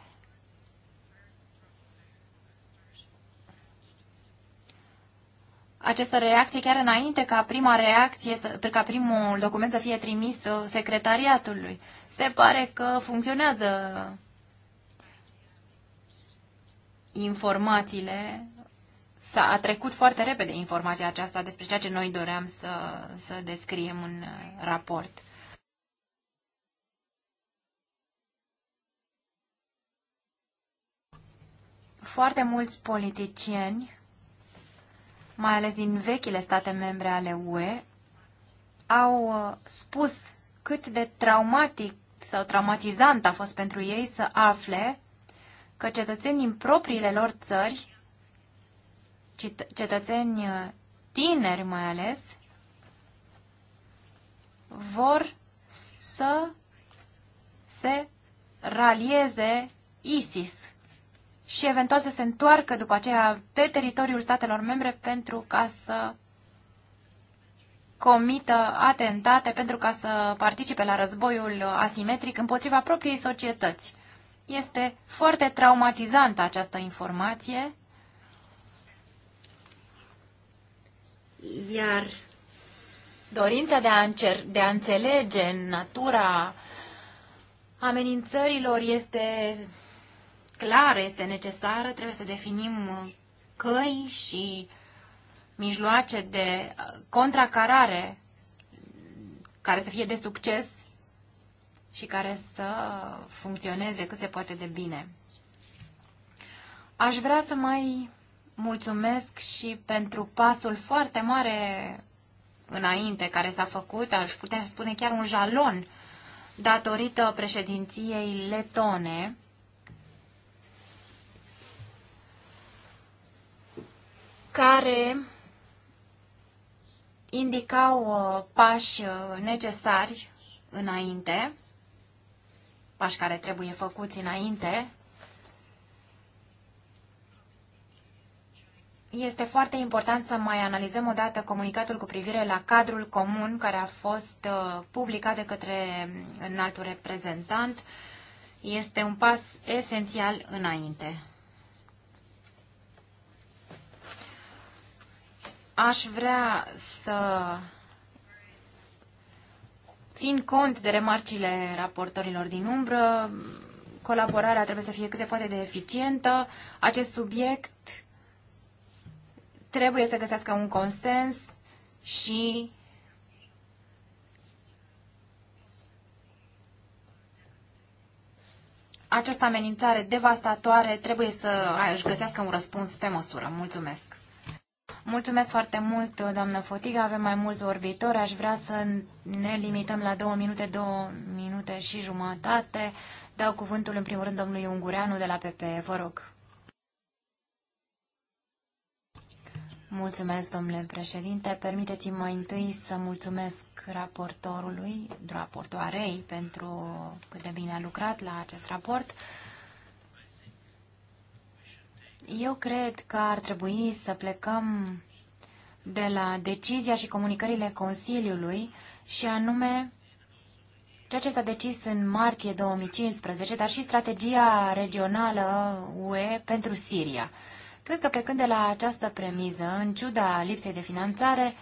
Această reacție chiar înainte ca prima reacție, ca primul document să fie trimis uh, secretariatului. Se pare că funcționează informațiile, s-a a trecut foarte repede informația aceasta despre ceea ce noi doream să, să descriem în uh, raport. Foarte mulți politicieni, mai ales din vechile state membre ale UE, au uh, spus cât de traumatic sau traumatizant a fost pentru ei să afle că cetățenii în propriile lor țări, cetățeni uh, tineri mai ales, vor să se ralieze ISIS și eventual să se întoarcă după aceea pe teritoriul statelor membre pentru ca să comită atentate, pentru ca să participe la războiul asimetric împotriva propriei societăți. Este foarte traumatizantă această informație. Iar dorința de a, încer- de a înțelege natura amenințărilor este clară, este necesară, trebuie să definim căi și mijloace de contracarare care să fie de succes și care să funcționeze cât se poate de bine. Aș vrea să mai mulțumesc și pentru pasul foarte mare înainte care s-a făcut, aș putea spune chiar un jalon, datorită președinției letone. care indicau uh, pași uh, necesari înainte pași care trebuie făcuți înainte, este foarte important să mai analizăm odată comunicatul cu privire la cadrul comun care a fost uh, publicat de către înaltul reprezentant. Este un pas esențial înainte. Aș vrea să țin cont de remarcile raportorilor din umbră, colaborarea trebuie să fie cât se poate de eficientă, acest subiect trebuie să găsească un consens și această amenințare devastatoare trebuie să își găsească un răspuns pe măsură. Mulțumesc! Mulțumesc foarte mult, doamnă Fotiga. Avem mai mulți vorbitori. Aș vrea să ne limităm la două minute, două minute și jumătate. Dau cuvântul în primul rând domnului Ungureanu de la PP. Vă rog. Mulțumesc, domnule președinte. Permiteți-mi mai întâi să mulțumesc raportorului, raportoarei, pentru cât de bine a lucrat la acest raport. Eu cred că ar trebui să plecăm de la decizia și comunicările Consiliului și anume ceea ce s-a decis în martie 2015, dar și strategia regională UE pentru Siria. Cred că plecând de la această premiză, în ciuda lipsei de finanțare,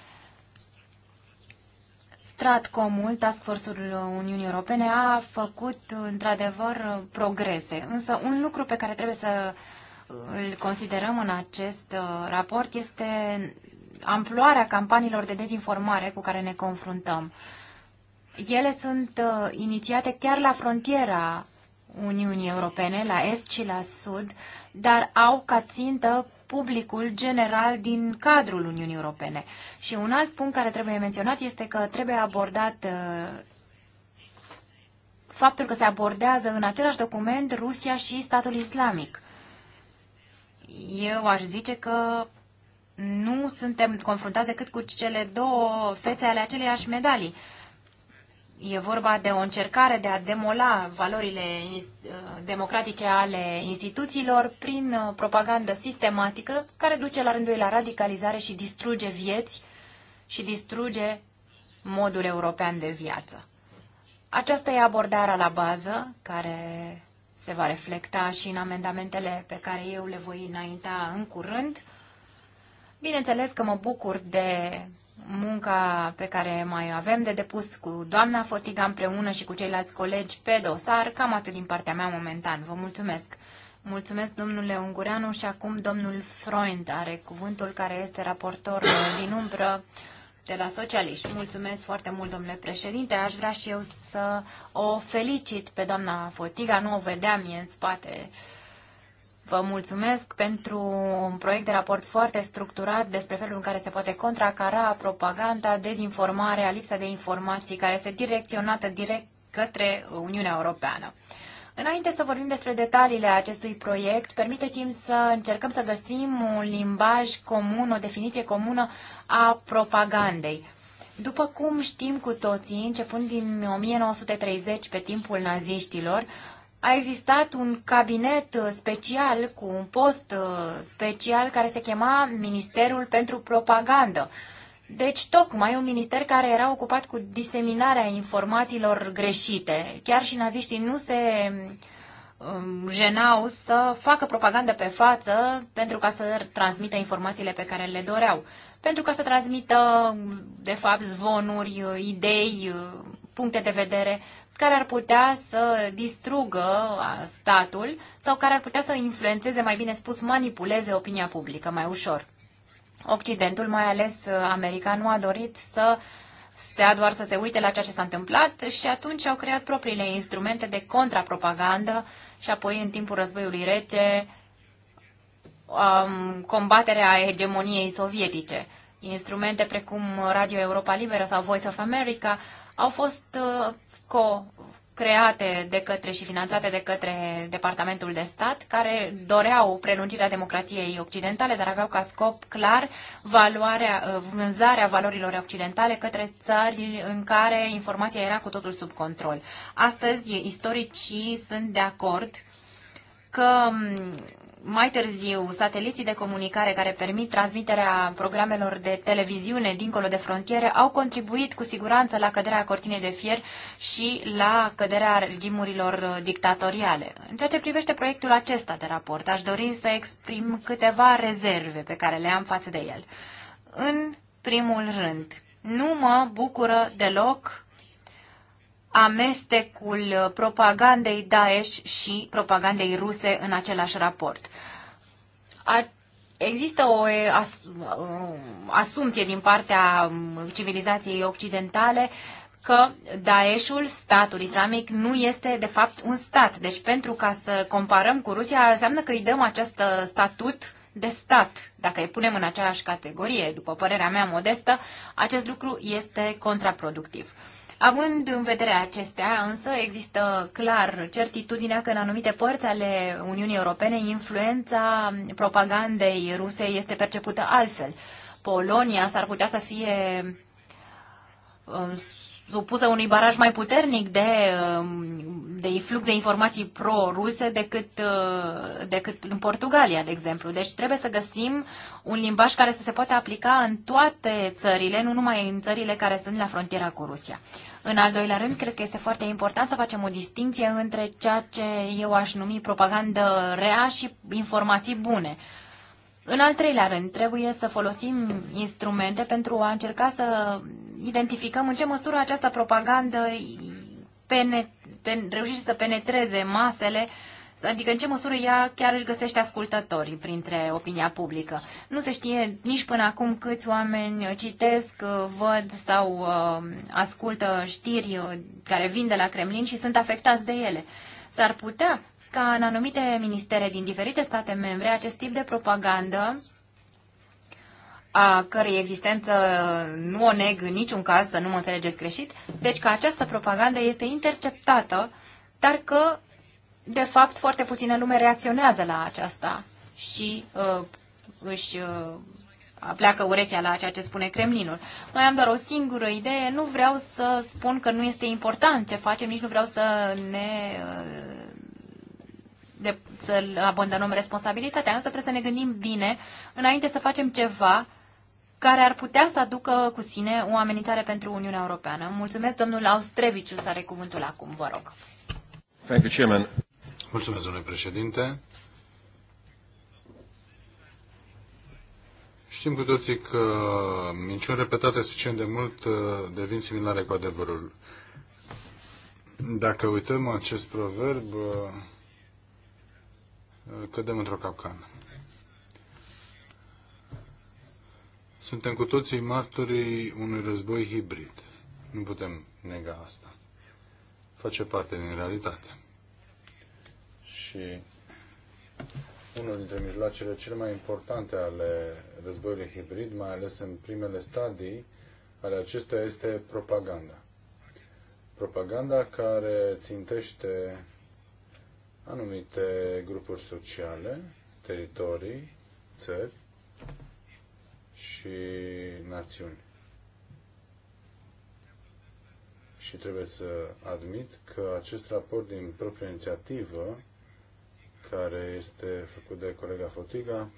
Stratcomul, Task Force-ul Uniunii Europene, a făcut într-adevăr progrese. Însă un lucru pe care trebuie să îl considerăm în acest uh, raport este amploarea campaniilor de dezinformare cu care ne confruntăm. Ele sunt uh, inițiate chiar la frontiera Uniunii Europene, la est și la sud, dar au ca țintă publicul general din cadrul Uniunii Europene. Și un alt punct care trebuie menționat este că trebuie abordat uh, faptul că se abordează în același document Rusia și statul islamic eu aș zice că nu suntem confruntați decât cu cele două fețe ale aceleiași medalii. E vorba de o încercare de a demola valorile democratice ale instituțiilor prin uh, propagandă sistematică care duce la rândul ei la radicalizare și distruge vieți și distruge modul european de viață. Aceasta e abordarea la bază care se va reflecta și în amendamentele pe care eu le voi înainta în curând. Bineînțeles că mă bucur de munca pe care mai avem de depus cu doamna Fotiga împreună și cu ceilalți colegi pe dosar. Cam atât din partea mea momentan. Vă mulțumesc! Mulțumesc, domnule Ungureanu, și acum domnul Freund are cuvântul care este raportor din umbră de la socialiști. Mulțumesc foarte mult, domnule președinte. Aș vrea și eu să o felicit pe doamna Fotiga. Nu o vedeam mie în spate. Vă mulțumesc pentru un proiect de raport foarte structurat despre felul în care se poate contracara propaganda, dezinformarea, lipsa de informații care este direcționată direct către Uniunea Europeană. Înainte să vorbim despre detaliile acestui proiect, permiteți-mi să încercăm să găsim un limbaj comun, o definiție comună a propagandei. După cum știm cu toții, începând din 1930, pe timpul naziștilor, a existat un cabinet special cu un post special care se chema Ministerul pentru Propagandă. Deci, tocmai un minister care era ocupat cu diseminarea informațiilor greșite. Chiar și naziștii nu se um, jenau să facă propagandă pe față pentru ca să transmită informațiile pe care le doreau. Pentru ca să transmită, de fapt, zvonuri, idei, puncte de vedere care ar putea să distrugă statul sau care ar putea să influențeze, mai bine spus, manipuleze opinia publică mai ușor. Occidentul, mai ales uh, America, nu a dorit să stea doar să se uite la ceea ce s-a întâmplat și atunci au creat propriile instrumente de contrapropagandă și apoi în timpul războiului rece um, combaterea hegemoniei sovietice. Instrumente precum Radio Europa Liberă sau Voice of America au fost uh, co create de către și finanțate de către Departamentul de Stat, care doreau prelungirea democrației occidentale, dar aveau ca scop clar valoarea, vânzarea valorilor occidentale către țări în care informația era cu totul sub control. Astăzi, istoricii sunt de acord că mai târziu sateliții de comunicare care permit transmiterea programelor de televiziune dincolo de frontiere au contribuit cu siguranță la căderea cortinei de fier și la căderea regimurilor dictatoriale. În ceea ce privește proiectul acesta de raport, aș dori să exprim câteva rezerve pe care le am față de el. În primul rând, nu mă bucură deloc amestecul propagandei Daesh și propagandei ruse în același raport. A, există o as, um, asumție din partea um, civilizației occidentale că Daeshul, statul islamic, nu este de fapt un stat. Deci pentru ca să comparăm cu Rusia, înseamnă că îi dăm acest uh, statut de stat. Dacă îi punem în aceeași categorie, după părerea mea modestă, acest lucru este contraproductiv. Având în vedere acestea, însă, există clar certitudinea că în anumite părți ale Uniunii Europene influența propagandei ruse este percepută altfel. Polonia s-ar putea să fie uh, supusă unui baraj mai puternic de, um, de flux de informații pro-ruse decât, uh, decât în Portugalia, de exemplu. Deci trebuie să găsim un limbaj care să se poată aplica în toate țările, nu numai în țările care sunt la frontiera cu Rusia. În al doilea rând, cred că este foarte important să facem o distinție între ceea ce eu aș numi propagandă rea și informații bune. În al treilea rând, trebuie să folosim instrumente pentru a încerca să identificăm în ce măsură această propagandă pene, pen, reușește să penetreze masele Adică în ce măsură ea chiar își găsește ascultători printre opinia publică. Nu se știe nici până acum câți oameni citesc, văd sau uh, ascultă știri uh, care vin de la Kremlin și sunt afectați de ele. S-ar putea ca în anumite ministere din diferite state membre acest tip de propagandă a cărei existență nu o neg în niciun caz, să nu mă înțelegeți greșit, deci că această propagandă este interceptată, dar că, de fapt, foarte puțină lume reacționează la aceasta și uh, își uh, pleacă urechea la ceea ce spune Kremlinul. Mai am doar o singură idee, nu vreau să spun că nu este important ce facem, nici nu vreau să ne uh, de, să abandonăm responsabilitatea, însă trebuie să ne gândim bine înainte să facem ceva care ar putea să aducă cu sine o amenințare pentru Uniunea Europeană. Mulțumesc, domnul Austreviciu, să are cuvântul acum, vă rog. Thank you, Chairman. Mulțumesc, domnule președinte. Știm cu toții că minciuni repetate suficient de mult uh, devin similare cu adevărul. Dacă uităm acest proverb, uh, cădem într-o capcană. Suntem cu toții martorii unui război hibrid. Nu putem nega asta. Face parte din realitate. Și unul dintre mijloacele cele mai importante ale războiului hibrid, mai ales în primele stadii ale acestuia, este propaganda. Propaganda care țintește anumite grupuri sociale, teritorii, țări și națiuni. Și trebuie să admit că acest raport din proprie inițiativă, care este făcut de colega Fotiga,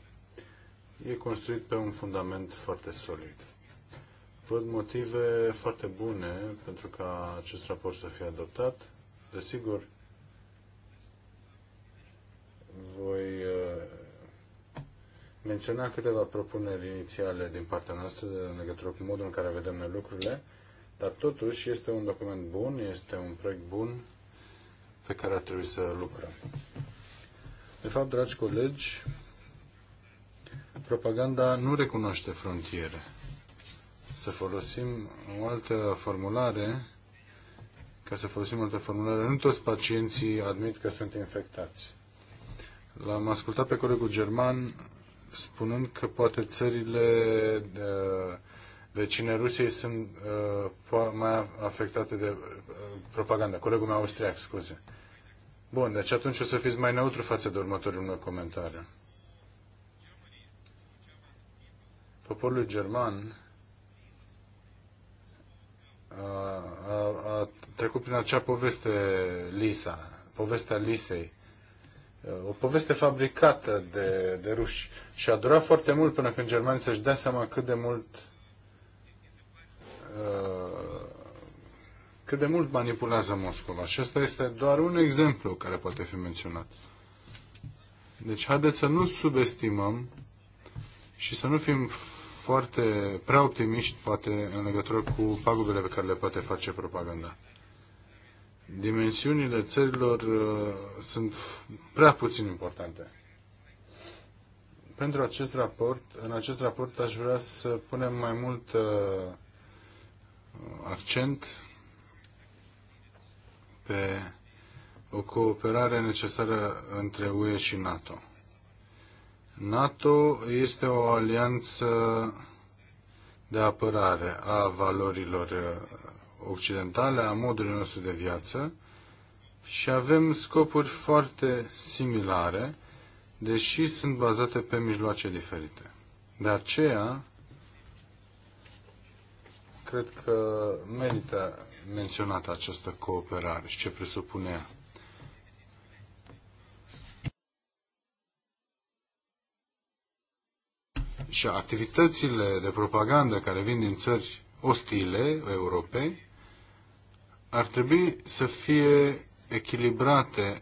e construit pe un fundament foarte solid. Văd motive foarte bune pentru ca acest raport să fie adoptat. Desigur, voi uh, menționa câteva propuneri inițiale din partea noastră în legătură cu modul în care vedem noi lucrurile, dar totuși este un document bun, este un proiect bun pe care ar trebui să lucrăm. De fapt, dragi colegi, propaganda nu recunoaște frontiere. Să folosim o altă formulare, ca să folosim o altă formulare, nu toți pacienții admit că sunt infectați. L-am ascultat pe colegul german spunând că poate țările uh, vecine Rusiei sunt uh, mai afectate de uh, propaganda. Colegul meu austriac, scuze. Bun, deci atunci o să fiți mai neutru față de următorul meu comentariu. Poporul german a, a, a trecut prin acea poveste Lisa, povestea Lisei, o poveste fabricată de, de ruși. Și a durat foarte mult până când germanii să-și dea seama cât de mult uh, cât de mult manipulează Moscova. Și ăsta este doar un exemplu care poate fi menționat. Deci haideți să nu subestimăm și să nu fim foarte prea optimiști, poate, în legătură cu pagubele pe care le poate face propaganda dimensiunile țărilor uh, sunt prea puțin importante. Pentru acest raport, în acest raport aș vrea să punem mai mult uh, accent pe o cooperare necesară între UE și NATO. NATO este o alianță de apărare a valorilor uh, occidentale, a modului nostru de viață și avem scopuri foarte similare, deși sunt bazate pe mijloace diferite. De aceea, cred că merită menționată această cooperare și ce presupune ea. și activitățile de propagandă care vin din țări ostile Europei ar trebui să fie echilibrate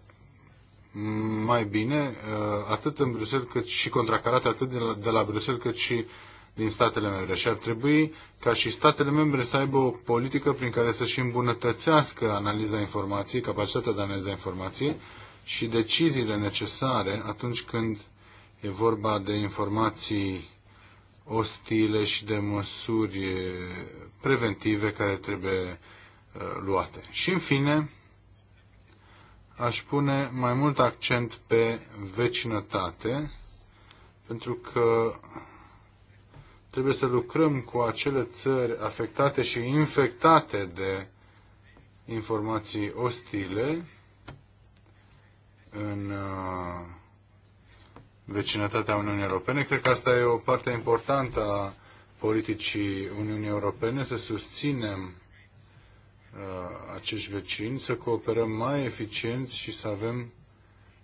mai bine, uh, atât în Bruxelles cât și contracarate atât de la, de la Bruxelles cât și din statele membre. Și ar trebui ca și statele membre să aibă o politică prin care să-și îmbunătățească analiza informației, capacitatea de analiza informației și deciziile necesare atunci când e vorba de informații ostile și de măsuri preventive care trebuie Uh, luate. Și în fine, aș pune mai mult accent pe vecinătate, pentru că trebuie să lucrăm cu acele țări afectate și infectate de informații ostile în uh, vecinătatea Uniunii Europene. Cred că asta e o parte importantă a politicii Uniunii Europene, să susținem Uh, acești vecini, să cooperăm mai eficienți și să avem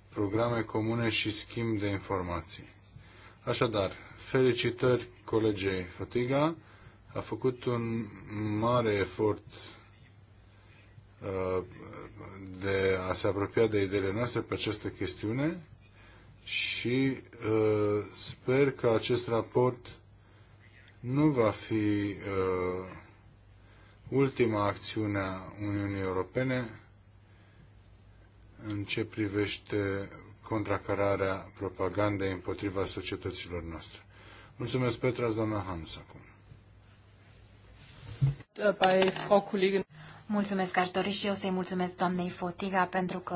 programe comune și schimb de informații. Așadar, felicitări colegei Fatiga, a făcut un mare efort uh, de a se apropia de ideile noastre pe această chestiune și uh, sper că acest raport nu va fi uh, ultima acțiune a Uniunii Europene în ce privește contracararea propagandei împotriva societăților noastre. Mulțumesc, Petra, doamna Hans, acum. Mulțumesc, aș dori și eu să-i mulțumesc doamnei Fotiga pentru că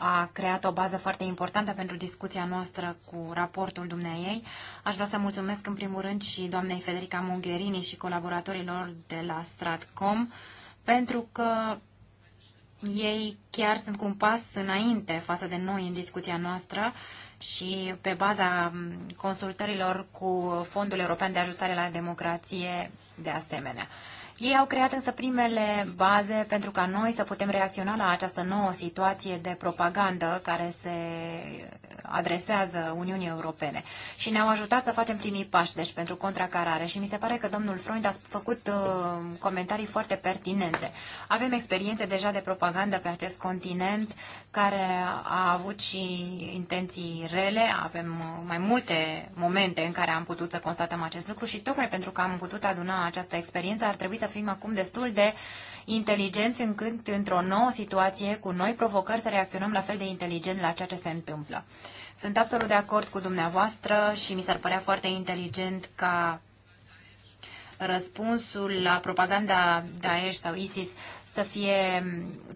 a creat o bază foarte importantă pentru discuția noastră cu raportul dumneaei. Aș vrea să mulțumesc în primul rând și doamnei Federica Mungherini și colaboratorilor de la Stratcom pentru că ei chiar sunt cu un pas înainte față de noi în discuția noastră și pe baza consultărilor cu Fondul European de Ajustare la Democrație de asemenea. Ei au creat însă primele baze pentru ca noi să putem reacționa la această nouă situație de propagandă care se adresează Uniunii Europene și ne-au ajutat să facem primii pași, deci pentru contracarare și mi se pare că domnul Freund a făcut uh, comentarii foarte pertinente. Avem experiențe deja de propagandă pe acest continent care a avut și intenții rele, avem uh, mai multe momente în care am putut să constatăm acest lucru și tocmai pentru că am putut aduna această experiență ar trebui să să fim acum destul de inteligenți încât într-o nouă situație, cu noi provocări, să reacționăm la fel de inteligent la ceea ce se întâmplă. Sunt absolut de acord cu dumneavoastră și mi s-ar părea foarte inteligent ca răspunsul la propaganda Daesh sau ISIS să fie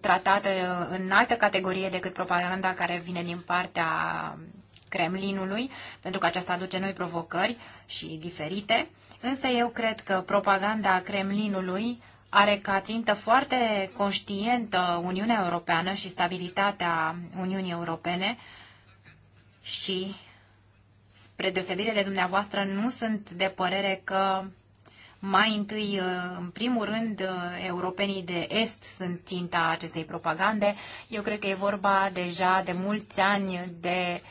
tratată în altă categorie decât propaganda care vine din partea Kremlinului, pentru că aceasta aduce noi provocări și diferite. Însă eu cred că propaganda Kremlinului are ca țintă foarte conștientă Uniunea Europeană și stabilitatea Uniunii Europene și, spre deosebire de dumneavoastră, nu sunt de părere că mai întâi, în primul rând, europenii de Est sunt ținta acestei propagande. Eu cred că e vorba deja de mulți ani de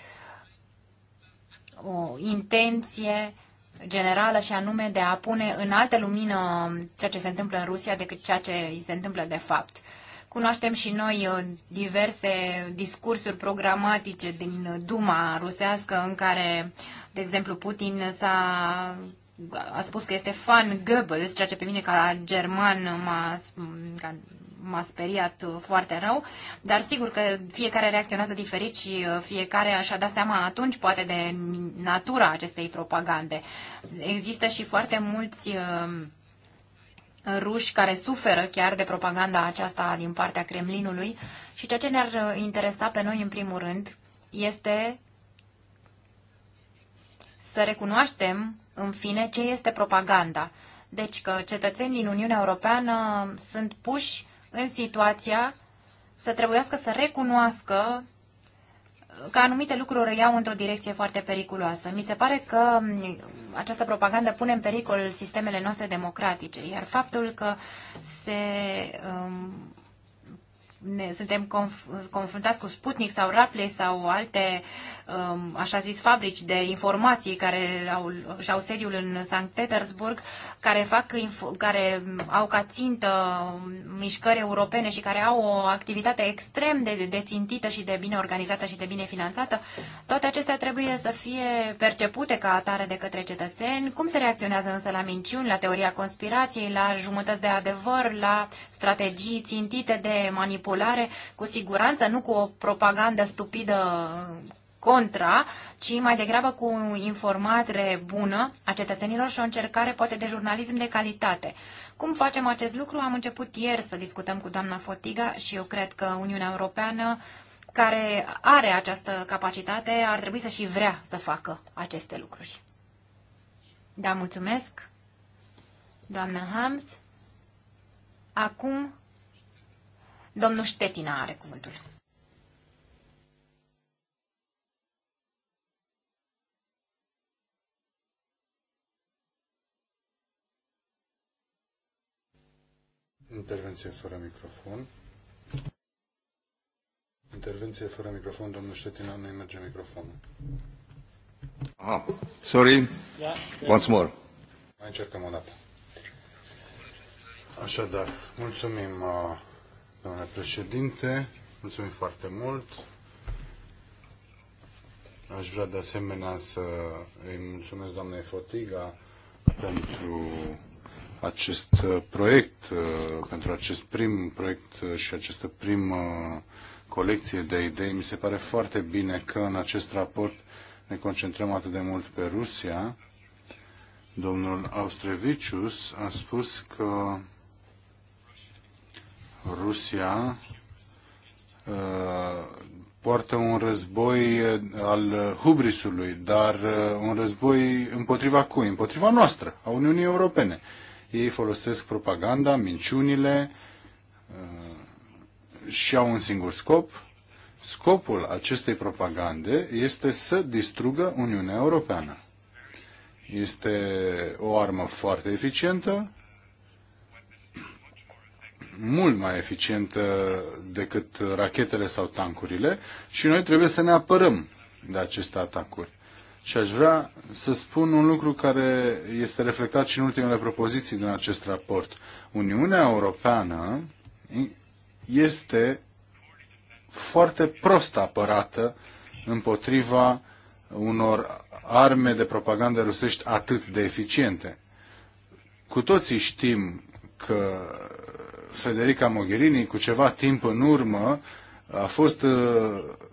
o intenție generală și anume de a pune în altă lumină ceea ce se întâmplă în Rusia decât ceea ce îi se întâmplă de fapt. Cunoaștem și noi uh, diverse discursuri programatice din Duma rusească în care, de exemplu, Putin s-a a spus că este fan Goebbels, ceea ce pe mine ca german, ca m-a speriat uh, foarte rău, dar sigur că fiecare reacționează diferit și uh, fiecare și-a dat seama atunci poate de natura acestei propagande. Există și foarte mulți um, ruși care suferă chiar de propaganda aceasta din partea Kremlinului și ceea ce ne-ar uh, interesa pe noi în primul rând este să recunoaștem în fine ce este propaganda. Deci că cetățenii din Uniunea Europeană sunt puși în situația să trebuiască să recunoască că anumite lucruri iau într-o direcție foarte periculoasă. Mi se pare că această propagandă pune în pericol sistemele noastre democratice, iar faptul că se um, ne suntem conf- confruntați cu Sputnik sau Raple sau alte, um, așa zis, fabrici de informații care au, și-au sediul în Sankt Petersburg, care, fac care au ca țintă um, mișcări europene și care au o activitate extrem de, de și de bine organizată și de bine finanțată, toate acestea trebuie să fie percepute ca atare de către cetățeni. Cum se reacționează însă la minciuni, la teoria conspirației, la jumătăți de adevăr, la strategii țintite de manipulare, cu siguranță nu cu o propagandă stupidă contra, ci mai degrabă cu informare bună a cetățenilor și o încercare poate de jurnalism de calitate. Cum facem acest lucru? Am început ieri să discutăm cu doamna Fotiga și eu cred că Uniunea Europeană care are această capacitate ar trebui să și vrea să facă aceste lucruri. Da, mulțumesc. Doamna Hams. Acum, domnul Ștetina are cuvântul. Intervenție fără microfon. Intervenție fără microfon, domnul Ștetina, nu merge microfonul. Aha, sorry, yeah, da. yeah. once more. Mai încercăm o dată. Așadar, mulțumim, uh, domnule președinte, mulțumim foarte mult. Aș vrea de asemenea să îi mulțumesc doamnei Fotiga pentru acest uh, proiect, uh, pentru acest prim proiect și această primă colecție de idei. Mi se pare foarte bine că în acest raport ne concentrăm atât de mult pe Rusia. Domnul Austrevicius a spus că Rusia uh, poartă un război uh, al uh, hubrisului, dar un război împotriva cui? Împotriva noastră, a Uniunii Europene. Ei folosesc propaganda, minciunile și au un singur scop. Scopul acestei propagande este să distrugă Uniunea Europeană. Este o armă foarte eficientă mult mai eficientă decât rachetele sau tancurile și noi trebuie să ne apărăm de aceste atacuri. Și aș vrea să spun un lucru care este reflectat și în ultimele propoziții din acest raport. Uniunea Europeană este foarte prost apărată împotriva unor arme de propagandă rusești atât de eficiente. Cu toții știm că Federica Mogherini, cu ceva timp în urmă, a fost uh,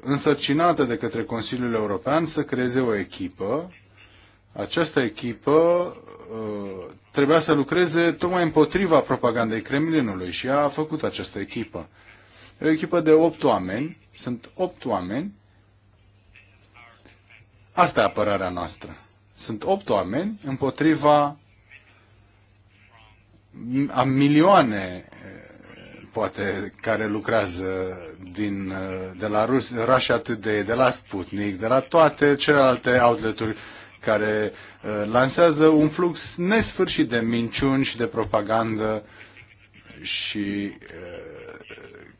însărcinată de către Consiliul European să creeze o echipă. Această echipă uh, trebuia să lucreze tocmai împotriva propagandei Kremlinului și ea a făcut această echipă. E o echipă de opt oameni, sunt opt oameni. Asta e apărarea noastră. Sunt opt oameni împotriva a milioane poate, care lucrează din, de la Rus, Russia Today, de la Sputnik, de la toate celelalte outleturi care uh, lansează un flux nesfârșit de minciuni și de propagandă și uh,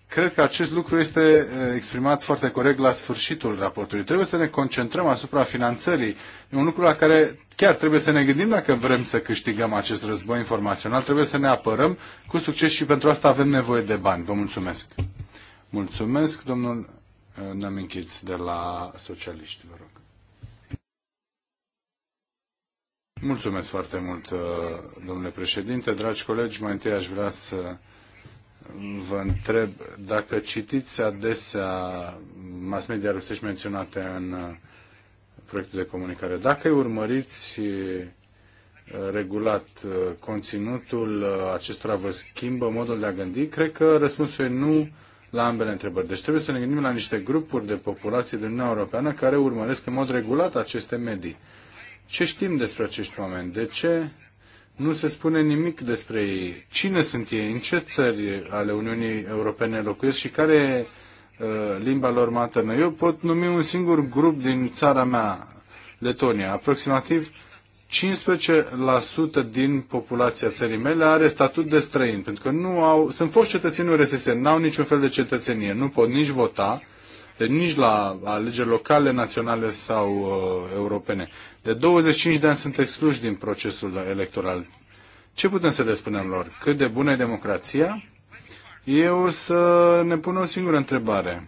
cred că acest lucru este uh, exprimat foarte corect la sfârșitul raportului. Trebuie să ne concentrăm asupra finanțării. E un lucru la care Chiar trebuie să ne gândim dacă vrem să câștigăm acest război informațional, trebuie să ne apărăm cu succes și pentru asta avem nevoie de bani. Vă mulțumesc. Mulțumesc, domnul uh, Năminchiț de la Socialiști, vă rog. Mulțumesc foarte mult, uh, domnule președinte. Dragi colegi, mai întâi aș vrea să vă întreb dacă citiți adesea mass media rusești menționate în uh, proiectul de comunicare. Dacă urmăriți regulat conținutul acestora, vă schimbă modul de a gândi, cred că răspunsul e nu la ambele întrebări. Deci trebuie să ne gândim la niște grupuri de populație din Uniunea Europeană care urmăresc în mod regulat aceste medii. Ce știm despre acești oameni? De ce nu se spune nimic despre ei? Cine sunt ei? În ce țări ale Uniunii Europene locuiesc și care e Uh, limba lor maternă. Eu pot numi un singur grup din țara mea, Letonia. Aproximativ 15% din populația țării mele are statut de străin, pentru că nu au, sunt foști cetățeni URSS, nu au niciun fel de cetățenie, nu pot nici vota, deci nici la alegeri locale, naționale sau uh, europene. De 25 de ani sunt excluși din procesul electoral. Ce putem să le spunem lor? Cât de bună e democrația? eu să ne pun o singură întrebare.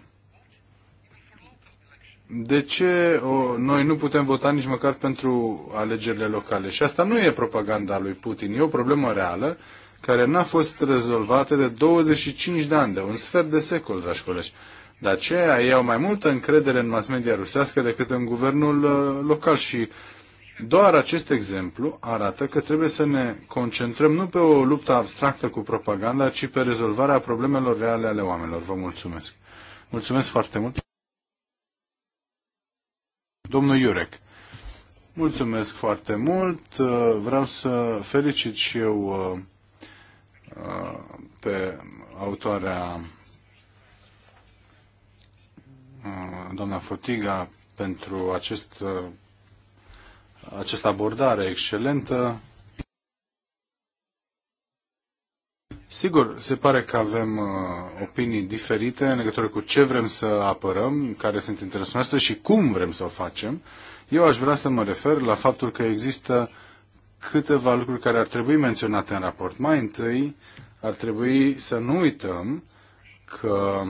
De ce o, noi nu putem vota nici măcar pentru alegerile locale? Și asta nu e propaganda lui Putin, e o problemă reală care n-a fost rezolvată de 25 de ani, de un sfert de secol, dragi colegi. De aceea ei au mai multă încredere în mass media rusească decât în guvernul uh, local și uh, doar acest exemplu arată că trebuie să ne concentrăm nu pe o luptă abstractă cu propaganda, ci pe rezolvarea problemelor reale ale oamenilor. Vă mulțumesc. Mulțumesc foarte mult. Domnul Iurec. Mulțumesc foarte mult. Uh, vreau să felicit și eu uh, uh, pe autoarea doamna Fotiga pentru acest această abordare excelentă. Sigur, se pare că avem uh, opinii diferite în legătură cu ce vrem să apărăm, care sunt interesele noastre și cum vrem să o facem. Eu aș vrea să mă refer la faptul că există câteva lucruri care ar trebui menționate în raport. Mai întâi, ar trebui să nu uităm că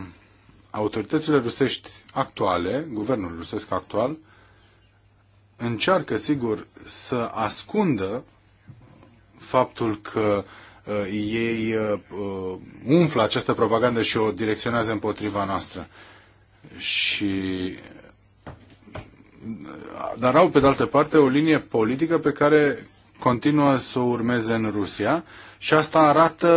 autoritățile rusești actuale, guvernul rusesc actual, încearcă, sigur, să ascundă faptul că uh, ei uh, umflă această propagandă și o direcționează împotriva noastră. Și uh, dar au, pe de altă parte, o linie politică pe care continuă să o urmeze în Rusia și asta arată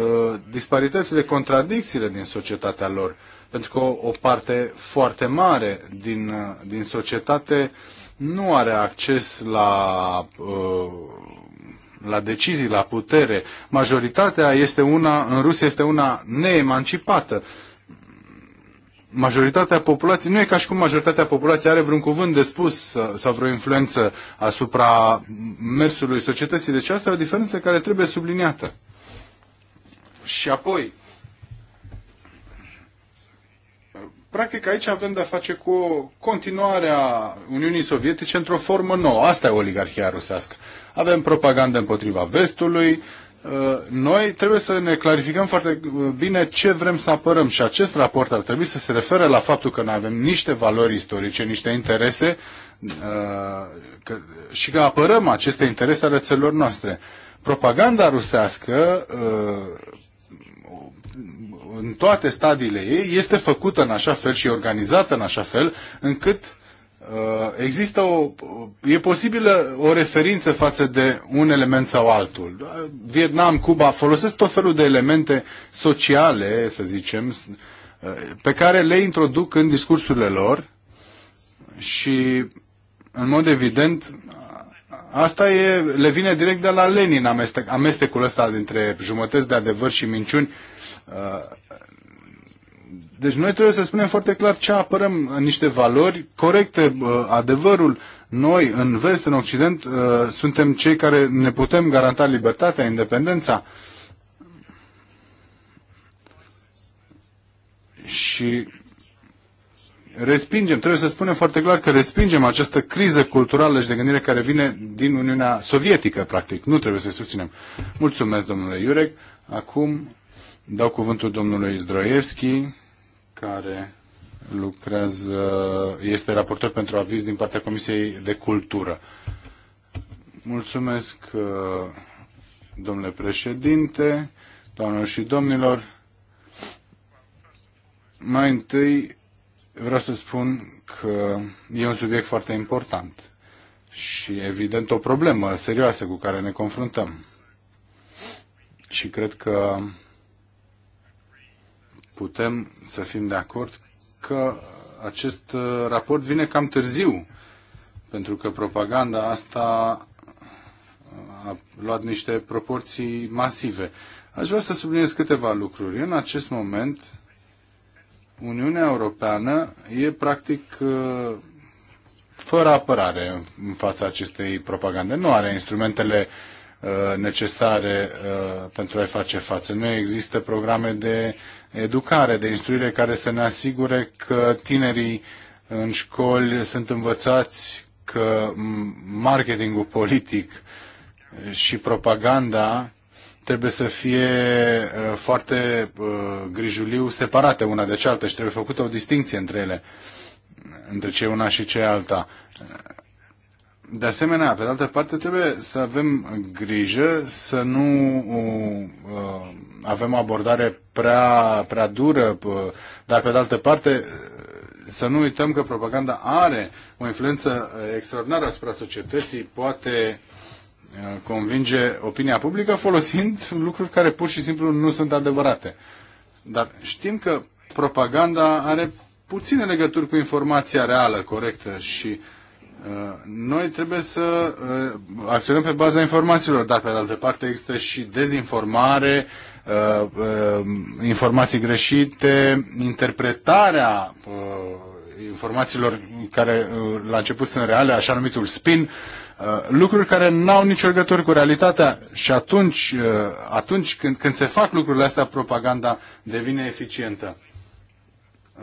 uh, disparitățile, contradicțiile din societatea lor. Pentru că o, o parte foarte mare din, uh, din societate uh, nu are acces la, uh, la decizii, la putere. Majoritatea este una, în Rusia este una neemancipată. Majoritatea populației, nu e ca și cum majoritatea populației are vreun cuvânt de spus sau vreo influență asupra mersului societății. Deci asta e o diferență care trebuie subliniată. Și apoi, Practic aici avem de-a face cu continuarea Uniunii Sovietice într-o formă nouă. Asta e oligarhia rusească. Avem propagandă împotriva vestului, uh, noi trebuie să ne clarificăm foarte uh, bine ce vrem să apărăm și acest raport ar trebui să se refere la faptul că noi avem niște valori istorice, niște interese uh, și că apărăm aceste interese ale țărilor noastre. Propaganda rusească în toate stadiile ei, este făcută în așa fel și organizată în așa fel, încât uh, există o, e posibilă o referință față de un element sau altul. Uh, Vietnam, Cuba folosesc tot felul de elemente sociale, să zicem, uh, pe care le introduc în discursurile lor și, în mod evident, asta e, le vine direct de la Lenin amestec, amestecul ăsta dintre jumătăți de adevăr și minciuni Uh, deci noi trebuie să spunem foarte clar ce apărăm, niște valori corecte, uh, adevărul. Noi, în vest, în Occident, uh, suntem cei care ne putem garanta libertatea, independența. Și respingem, trebuie să spunem foarte clar că respingem această criză culturală și de gândire care vine din Uniunea Sovietică, practic. Nu trebuie să susținem. Mulțumesc, domnule Iurec. Acum Dau cuvântul domnului Zdroievski, care lucrează, este raportor pentru aviz din partea Comisiei de Cultură. Mulțumesc, uh, domnule președinte, doamnelor și domnilor. Mai întâi vreau să spun că e un subiect foarte important și evident o problemă serioasă cu care ne confruntăm. Și cred că putem să fim de acord că acest uh, raport vine cam târziu, pentru că propaganda asta uh, a luat niște proporții masive. Aș vrea să subliniez câteva lucruri. În acest moment, Uniunea Europeană e practic uh, fără apărare în fața acestei propagande. Nu are instrumentele necesare pentru a-i face față. Nu există programe de uh, educare, de instruire care să ne asigure că tinerii în școli sunt învățați că marketingul politic și propaganda trebuie să fie uh, foarte uh, grijuliu separate una de cealaltă și trebuie făcută o distinție între ele, între ce una și ce alta. De asemenea, pe de altă parte, trebuie să avem grijă să nu uh, avem abordare prea, prea dură, dar pe de altă parte să nu uităm că propaganda are o influență uh, extraordinară asupra societății, poate uh, convinge opinia publică folosind lucruri care pur și simplu nu sunt adevărate. Dar știm că propaganda are puține legături cu informația reală, corectă și uh, noi trebuie să acționăm pe baza informațiilor, dar pe de altă parte există și dezinformare, Uh, uh, informații greșite, interpretarea uh, informațiilor care la început sunt reale, așa numitul spin, lucruri care n-au nicio legătură cu realitatea și atunci, atunci când, când se fac lucrurile astea, propaganda devine eficientă.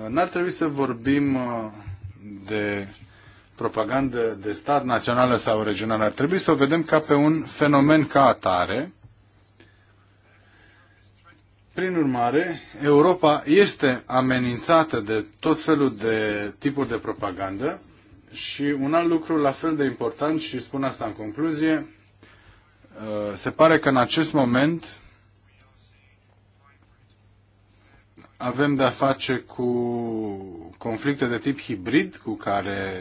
N-ar trebui să vorbim de propagandă de stat națională sau regională. Ar trebui să o vedem ca pe un fenomen ca atare prin urmare, Europa este amenințată de tot felul de tipuri de propagandă și un alt lucru la fel de important și spun asta în concluzie, uh, se pare că în acest moment avem de-a face cu conflicte de tip hibrid cu care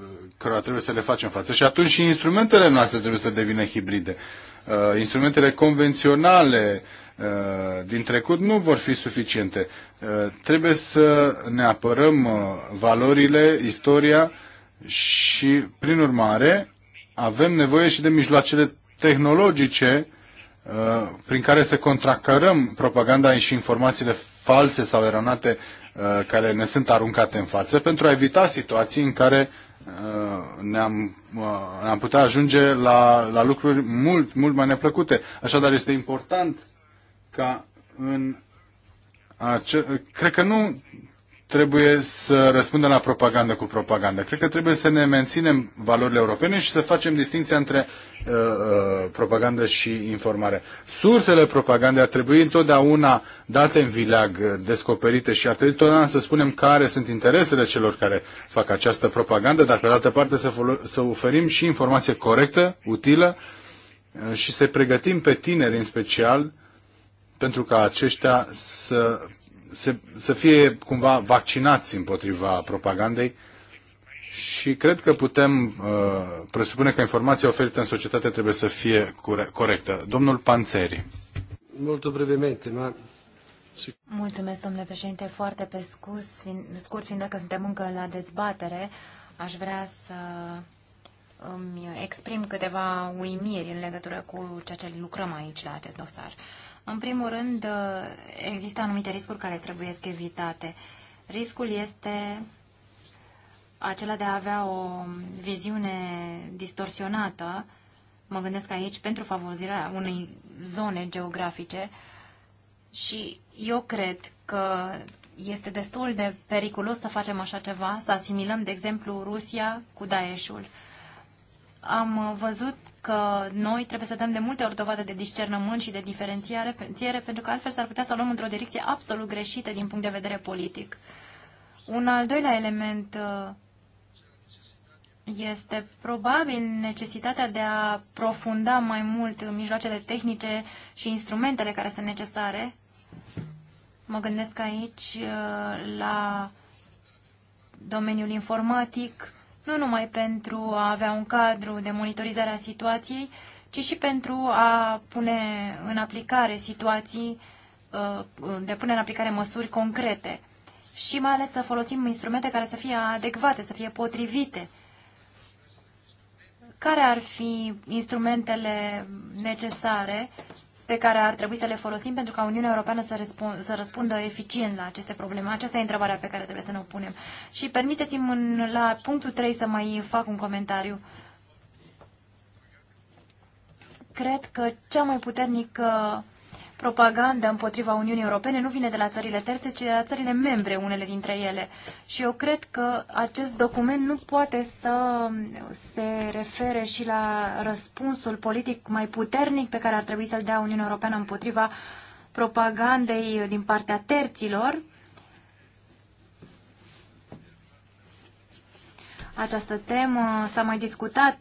uh, cărora trebuie să le facem față și atunci și instrumentele noastre trebuie să devină hibride. Uh, instrumentele convenționale, Uh, din trecut nu vor fi suficiente. Uh, trebuie să ne apărăm uh, valorile, istoria și, prin urmare, avem nevoie și de mijloacele tehnologice prin care să contracarăm propaganda și informațiile false sau eronate care ne sunt aruncate în față pentru a evita situații în care ne-am, ne-am putea ajunge la, la lucruri mult, mult mai neplăcute. Așadar, este important ca în ace- cred că nu trebuie să răspundem la propagandă cu propagandă. Cred că trebuie să ne menținem valorile europene și să facem distinția între uh, uh, propagandă și informare. Sursele propagandei ar trebui întotdeauna date în vileag, uh, descoperite și ar trebui totdeauna să spunem care sunt interesele celor care fac această propagandă, dar pe de altă parte să, să oferim și informație corectă, utilă uh, și să pregătim pe tineri în special uh, pentru ca aceștia să, să, să fie cumva vaccinați împotriva propagandei și cred că putem uh, presupune că informația oferită în societate trebuie să fie corectă. Domnul Panțeri. Mult brevemente, ma... Mulțumesc, domnule președinte. Foarte pe scurs, fiind, scurt, fiind că suntem încă la dezbatere, aș vrea să îmi exprim câteva uimiri în legătură cu ceea ce lucrăm aici la acest dosar. Uh, în primul rând, uh, există anumite riscuri care trebuie evitate. Riscul este acela de a avea o viziune distorsionată, mă gândesc aici, pentru favorizarea unei zone geografice și eu cred că este destul de periculos să facem așa ceva, să asimilăm, de exemplu, Rusia cu Daeshul am uh, văzut că noi trebuie să dăm de multe ori dovadă de discernământ și de diferențiere, pentru că altfel s-ar putea să o luăm într-o direcție absolut greșită din punct de vedere politic. Un al doilea element uh, este probabil necesitatea de a profunda mai mult mijloacele tehnice și instrumentele care sunt necesare. Mă gândesc aici uh, la domeniul informatic, nu numai pentru a avea un cadru de monitorizare a situației, ci și pentru a pune în aplicare situații, uh, de a pune în aplicare măsuri concrete și mai ales să folosim instrumente care să fie adecvate, să fie potrivite. Care ar fi instrumentele necesare pe care ar trebui să le folosim pentru ca Uniunea Europeană să, răspund, să răspundă eficient la aceste probleme. Aceasta e întrebarea pe care trebuie să ne o punem. Și permiteți-mi la punctul 3 să mai fac un comentariu. Cred că cea mai puternică propaganda împotriva Uniunii Europene nu vine de la țările terțe, ci de la țările membre, unele dintre ele. Și eu cred că acest document nu poate să se refere și la răspunsul politic mai puternic pe care ar trebui să-l dea Uniunea Europeană împotriva propagandei din partea terților. Această temă s-a mai discutat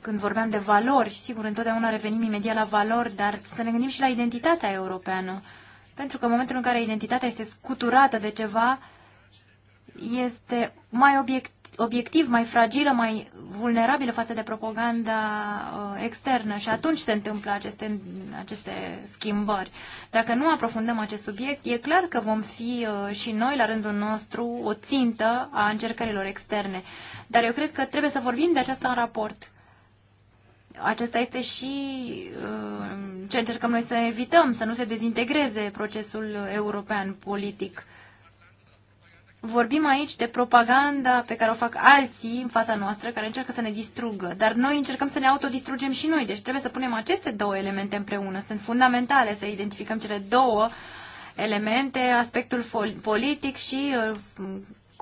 când vorbeam de valori, sigur, întotdeauna revenim imediat la valori, dar să ne gândim și la identitatea europeană. Pentru că în momentul în care identitatea este scuturată de ceva, este mai obiect, obiectiv, mai fragilă, mai vulnerabilă față de propaganda uh, externă și atunci se întâmplă aceste, aceste schimbări. Dacă nu aprofundăm acest subiect, e clar că vom fi uh, și noi, la rândul nostru, o țintă a încercărilor externe. Dar eu cred că trebuie să vorbim de acest raport acesta este și uh, ce încercăm noi să evităm, să nu se dezintegreze procesul european politic. Vorbim aici de propaganda pe care o fac alții în fața noastră, care încearcă să ne distrugă, dar noi încercăm să ne autodistrugem și noi, deci trebuie să punem aceste două elemente împreună. Sunt fundamentale să identificăm cele două elemente, aspectul politic și uh,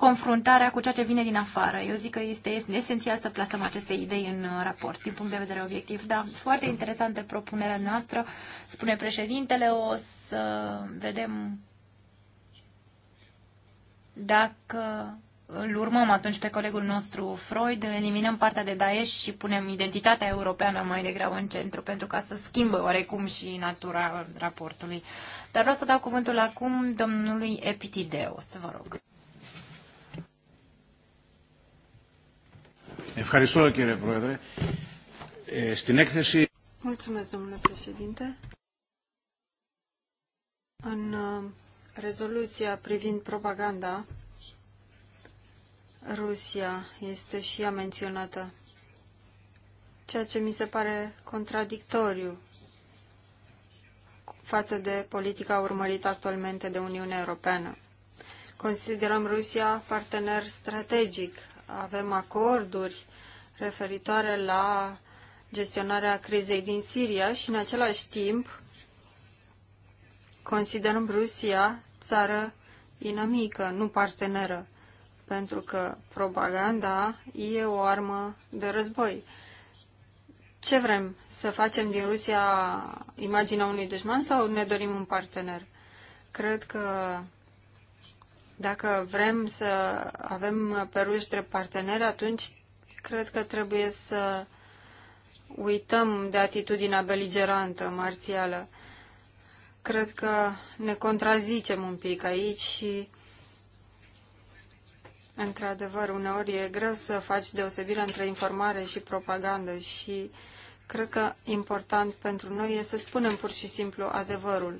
confruntarea cu ceea ce vine din afară. Eu zic că este esențial să plasăm aceste idei în uh, raport, din punct de vedere obiectiv. Da, foarte interesantă propunerea noastră, spune președintele, o să vedem dacă îl urmăm atunci pe colegul nostru Freud, eliminăm partea de Daesh și punem identitatea europeană mai degrabă în centru, pentru ca să schimbă oarecum și natura raportului. Dar vreau să dau cuvântul acum domnului Epitideos, vă rog. Ευχαριστώ κύριε Πρόεδρε. Ε, στην έκθεση... Mulțumesc, domnule președinte. În uh, rezoluția privind propaganda, Rusia este și ea menționată, ceea ce mi se pare contradictoriu față de politica urmărită actualmente de Uniunea Europeană. Considerăm Rusia partener strategic avem acorduri referitoare la gestionarea crizei din Siria și în același timp considerăm Rusia țară inamică, nu parteneră, pentru că propaganda e o armă de război. Ce vrem? Să facem din Rusia imaginea unui dușman sau ne dorim un partener? Cred că dacă vrem să avem peruși drept parteneri, atunci cred că trebuie să uităm de atitudinea beligerantă, marțială. Cred că ne contrazicem un pic aici și, într-adevăr, uneori e greu să faci deosebire între informare și propagandă și cred că important pentru noi e să spunem pur și simplu adevărul.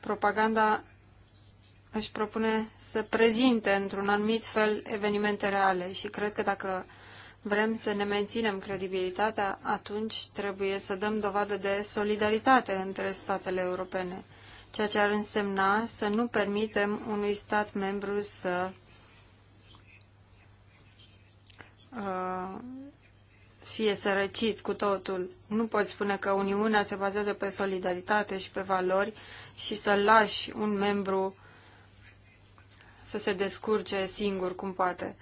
Propaganda își propune să prezinte într-un anumit fel evenimente reale și cred că dacă vrem să ne menținem credibilitatea, atunci trebuie să dăm dovadă de solidaritate între statele europene, ceea ce ar însemna să nu permitem unui stat membru să uh, fie sărăcit cu totul. Nu poți spune că Uniunea se bazează pe solidaritate și pe valori și să lași un membru să se descurce singur cum poate.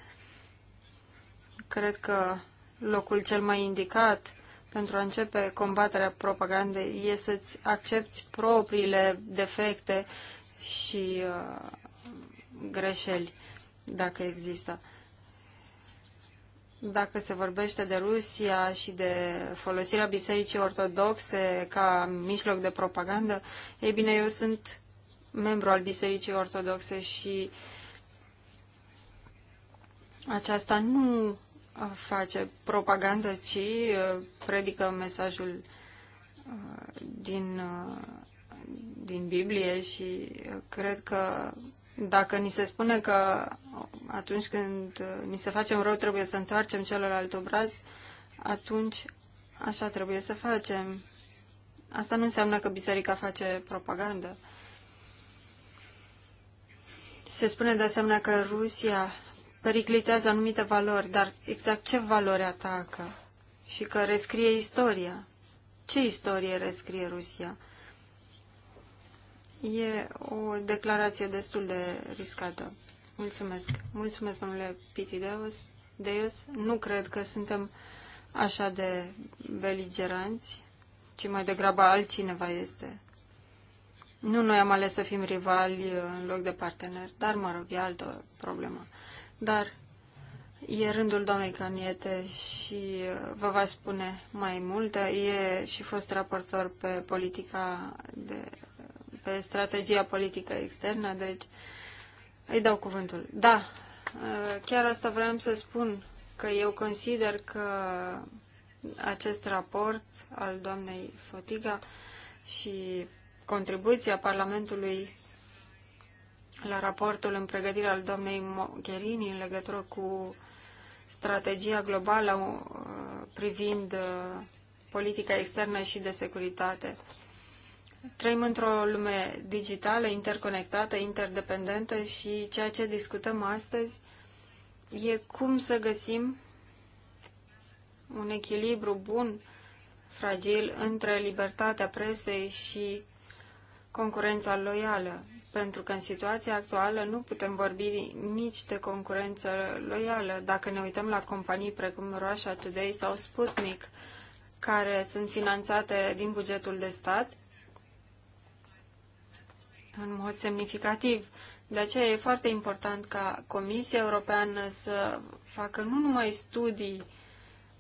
Cred că locul cel mai indicat pentru a începe combaterea propagandei e să-ți accepti propriile defecte și uh, greșeli, dacă există. Dacă se vorbește de Rusia și de folosirea Bisericii Ortodoxe ca mijloc de propagandă, ei bine, eu sunt membru al Bisericii Ortodoxe și uh, aceasta nu face propagandă, ci uh, predică mesajul uh, din, uh, din Biblie și cred că dacă ni se spune că atunci când ni se facem rău trebuie să întoarcem celălalt obraz, atunci așa trebuie să facem. Asta nu înseamnă că biserica face propagandă. Se spune de asemenea că Rusia periclitează anumite valori, dar exact ce valori atacă și că rescrie istoria. Ce istorie rescrie Rusia? E o declarație destul de riscată. Mulțumesc. Mulțumesc, domnule Deus. Deus. Nu cred că suntem așa de beligeranți, ci mai degrabă altcineva este. Nu noi am ales să fim rivali în loc de parteneri, dar mă rog, e altă problemă dar e rândul doamnei Caniete și uh, vă va spune mai multe. E și fost raportor pe politica de, pe strategia politică externă, deci îi dau cuvântul. Da, uh, chiar asta vreau să spun, că eu consider că acest raport al doamnei Fotiga și contribuția Parlamentului la raportul în pregătire al doamnei Mogherini în legătură cu strategia globală uh, privind uh, politica externă și de securitate. Trăim într-o lume digitală, interconectată, interdependentă și ceea ce discutăm astăzi e cum să găsim un echilibru bun, fragil, între libertatea presei și concurența loială pentru că în situația actuală nu putem vorbi nici de concurență loială. Dacă ne uităm la companii precum Russia Today sau Sputnik, care sunt finanțate din bugetul de stat în mod semnificativ. De aceea e foarte important ca Comisia Europeană să facă nu numai studii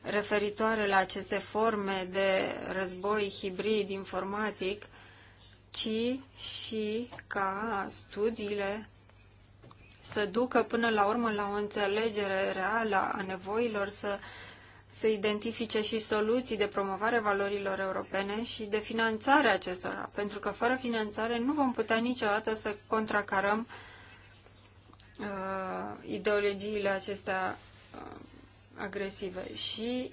referitoare la aceste forme de război hibrid informatic, ci și ca studiile să ducă până la urmă la o înțelegere reală a nevoilor, să se identifice și soluții de promovare valorilor europene și de finanțare acestora, pentru că fără finanțare nu vom putea niciodată să contracarăm uh, ideologiile acestea uh, agresive. Și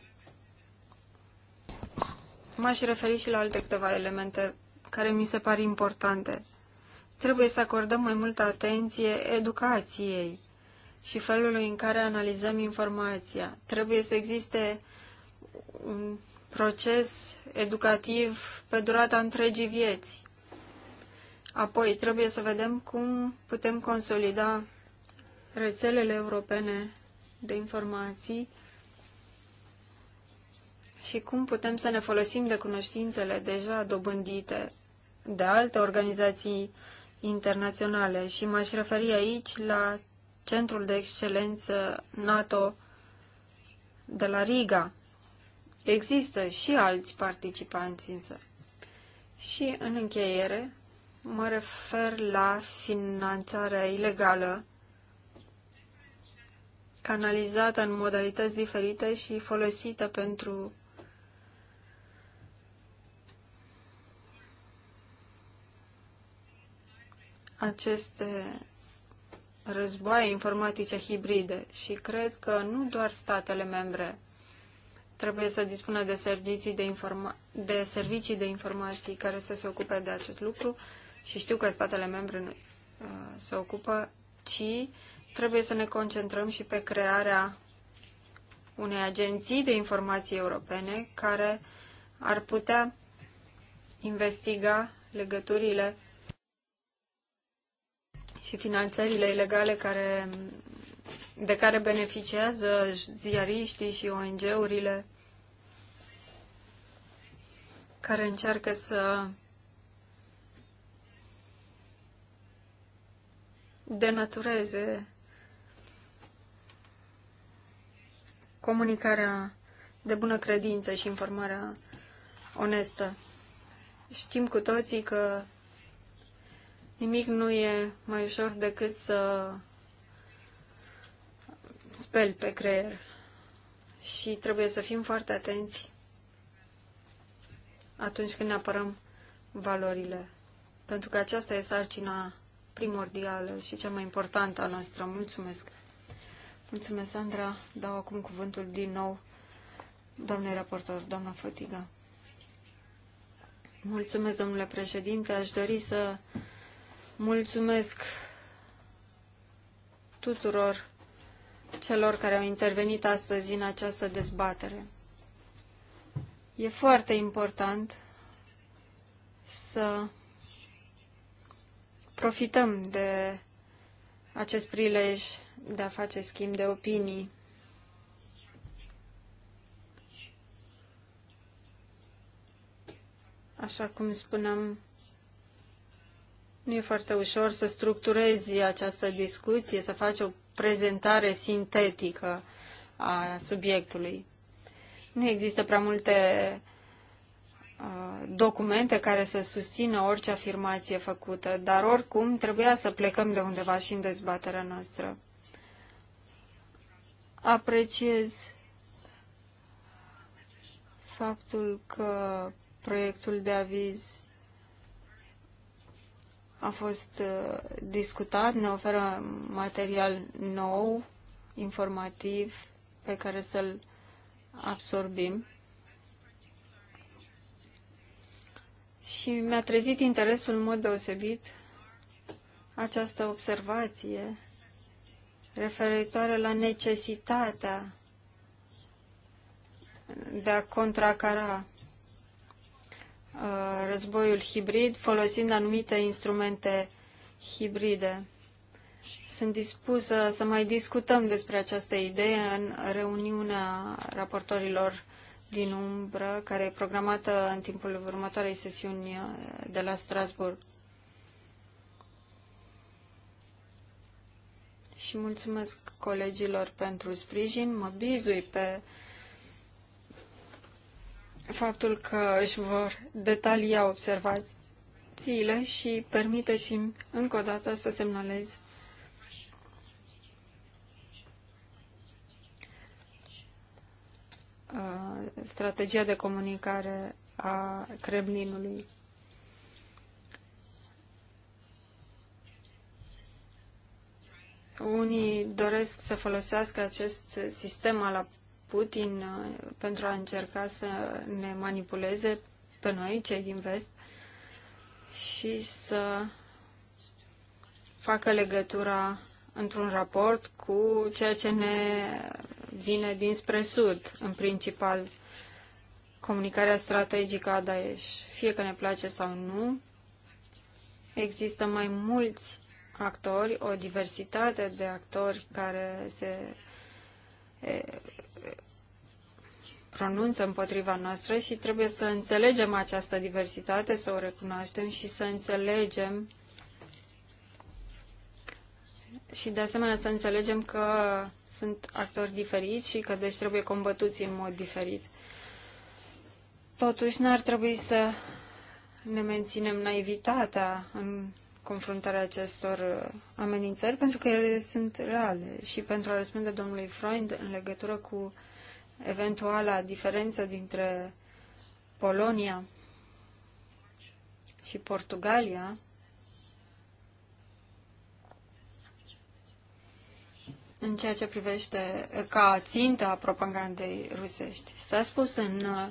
m-aș referi și la alte câteva elemente care mi se par importante. Trebuie să acordăm mai multă atenție educației și felului în care analizăm informația. Trebuie să existe un proces educativ pe durata întregii vieți. Apoi trebuie să vedem cum putem consolida rețelele europene de informații și cum putem să ne folosim de cunoștințele deja dobândite de alte organizații internaționale și m-aș referi aici la Centrul de Excelență NATO de la Riga. Există și alți participanți însă. Și în încheiere mă refer la finanțarea ilegală canalizată în modalități diferite și folosită pentru aceste războaie informatice hibride și cred că nu doar statele membre trebuie să dispună de servicii de, informa- de servicii de informații care să se ocupe de acest lucru și știu că statele membre nu uh, se ocupă, ci trebuie să ne concentrăm și pe crearea unei agenții de informații europene care ar putea investiga legăturile și finanțările ilegale care, de care beneficiază ziariștii și ONG-urile care încearcă să denatureze comunicarea de bună credință și informarea onestă. Știm cu toții că Nimic nu e mai ușor decât să speli pe creier. Și trebuie să fim foarte atenți atunci când ne apărăm valorile. Pentru că aceasta e sarcina primordială și cea mai importantă a noastră. Mulțumesc! Mulțumesc, Sandra. Dau acum cuvântul din nou doamnei raportor, doamna Fotiga. Mulțumesc, domnule președinte. Aș dori să Mulțumesc tuturor celor care au intervenit astăzi în această dezbatere. E foarte important să profităm de acest prilej de a face schimb de opinii. Așa cum spuneam nu e foarte ușor să structurezi această discuție, să faci o prezentare sintetică a subiectului. Nu există prea multe uh, documente care să susțină orice afirmație făcută, dar oricum trebuia să plecăm de undeva și în dezbaterea noastră. Apreciez faptul că proiectul de aviz a fost uh, discutat, ne oferă material nou, informativ, pe care să-l absorbim. Și mi-a trezit interesul în mod deosebit această observație referitoare la necesitatea de a contracara Uh, războiul hibrid folosind anumite instrumente hibride. Sunt dispusă să mai discutăm despre această idee în reuniunea raportorilor din umbră, care e programată în timpul următoarei sesiuni uh, de la Strasburg. Și mulțumesc colegilor pentru sprijin. Mă bizui pe faptul că își vor detalia observațiile și permiteți-mi încă o dată să semnalez strategia de comunicare a Kremlinului. Unii doresc să folosească acest sistem al Putin uh, pentru a încerca să ne manipuleze pe noi, cei din vest, și să facă legătura într-un raport cu ceea ce ne vine dinspre sud, în principal comunicarea strategică a Daesh. Fie că ne place sau nu, există mai mulți actori, o diversitate de actori care se pronunță împotriva noastră și trebuie să înțelegem această diversitate, să o recunoaștem și să înțelegem și de asemenea să înțelegem că sunt actori diferiți și că deci trebuie combătuți în mod diferit. Totuși n-ar trebui să ne menținem naivitatea în confruntarea acestor uh, amenințări, pentru că ele sunt reale. Și pentru a răspunde domnului Freund în legătură cu eventuala diferență dintre Polonia și Portugalia, în ceea ce privește uh, ca țintă a propagandei rusești. S-a spus în uh,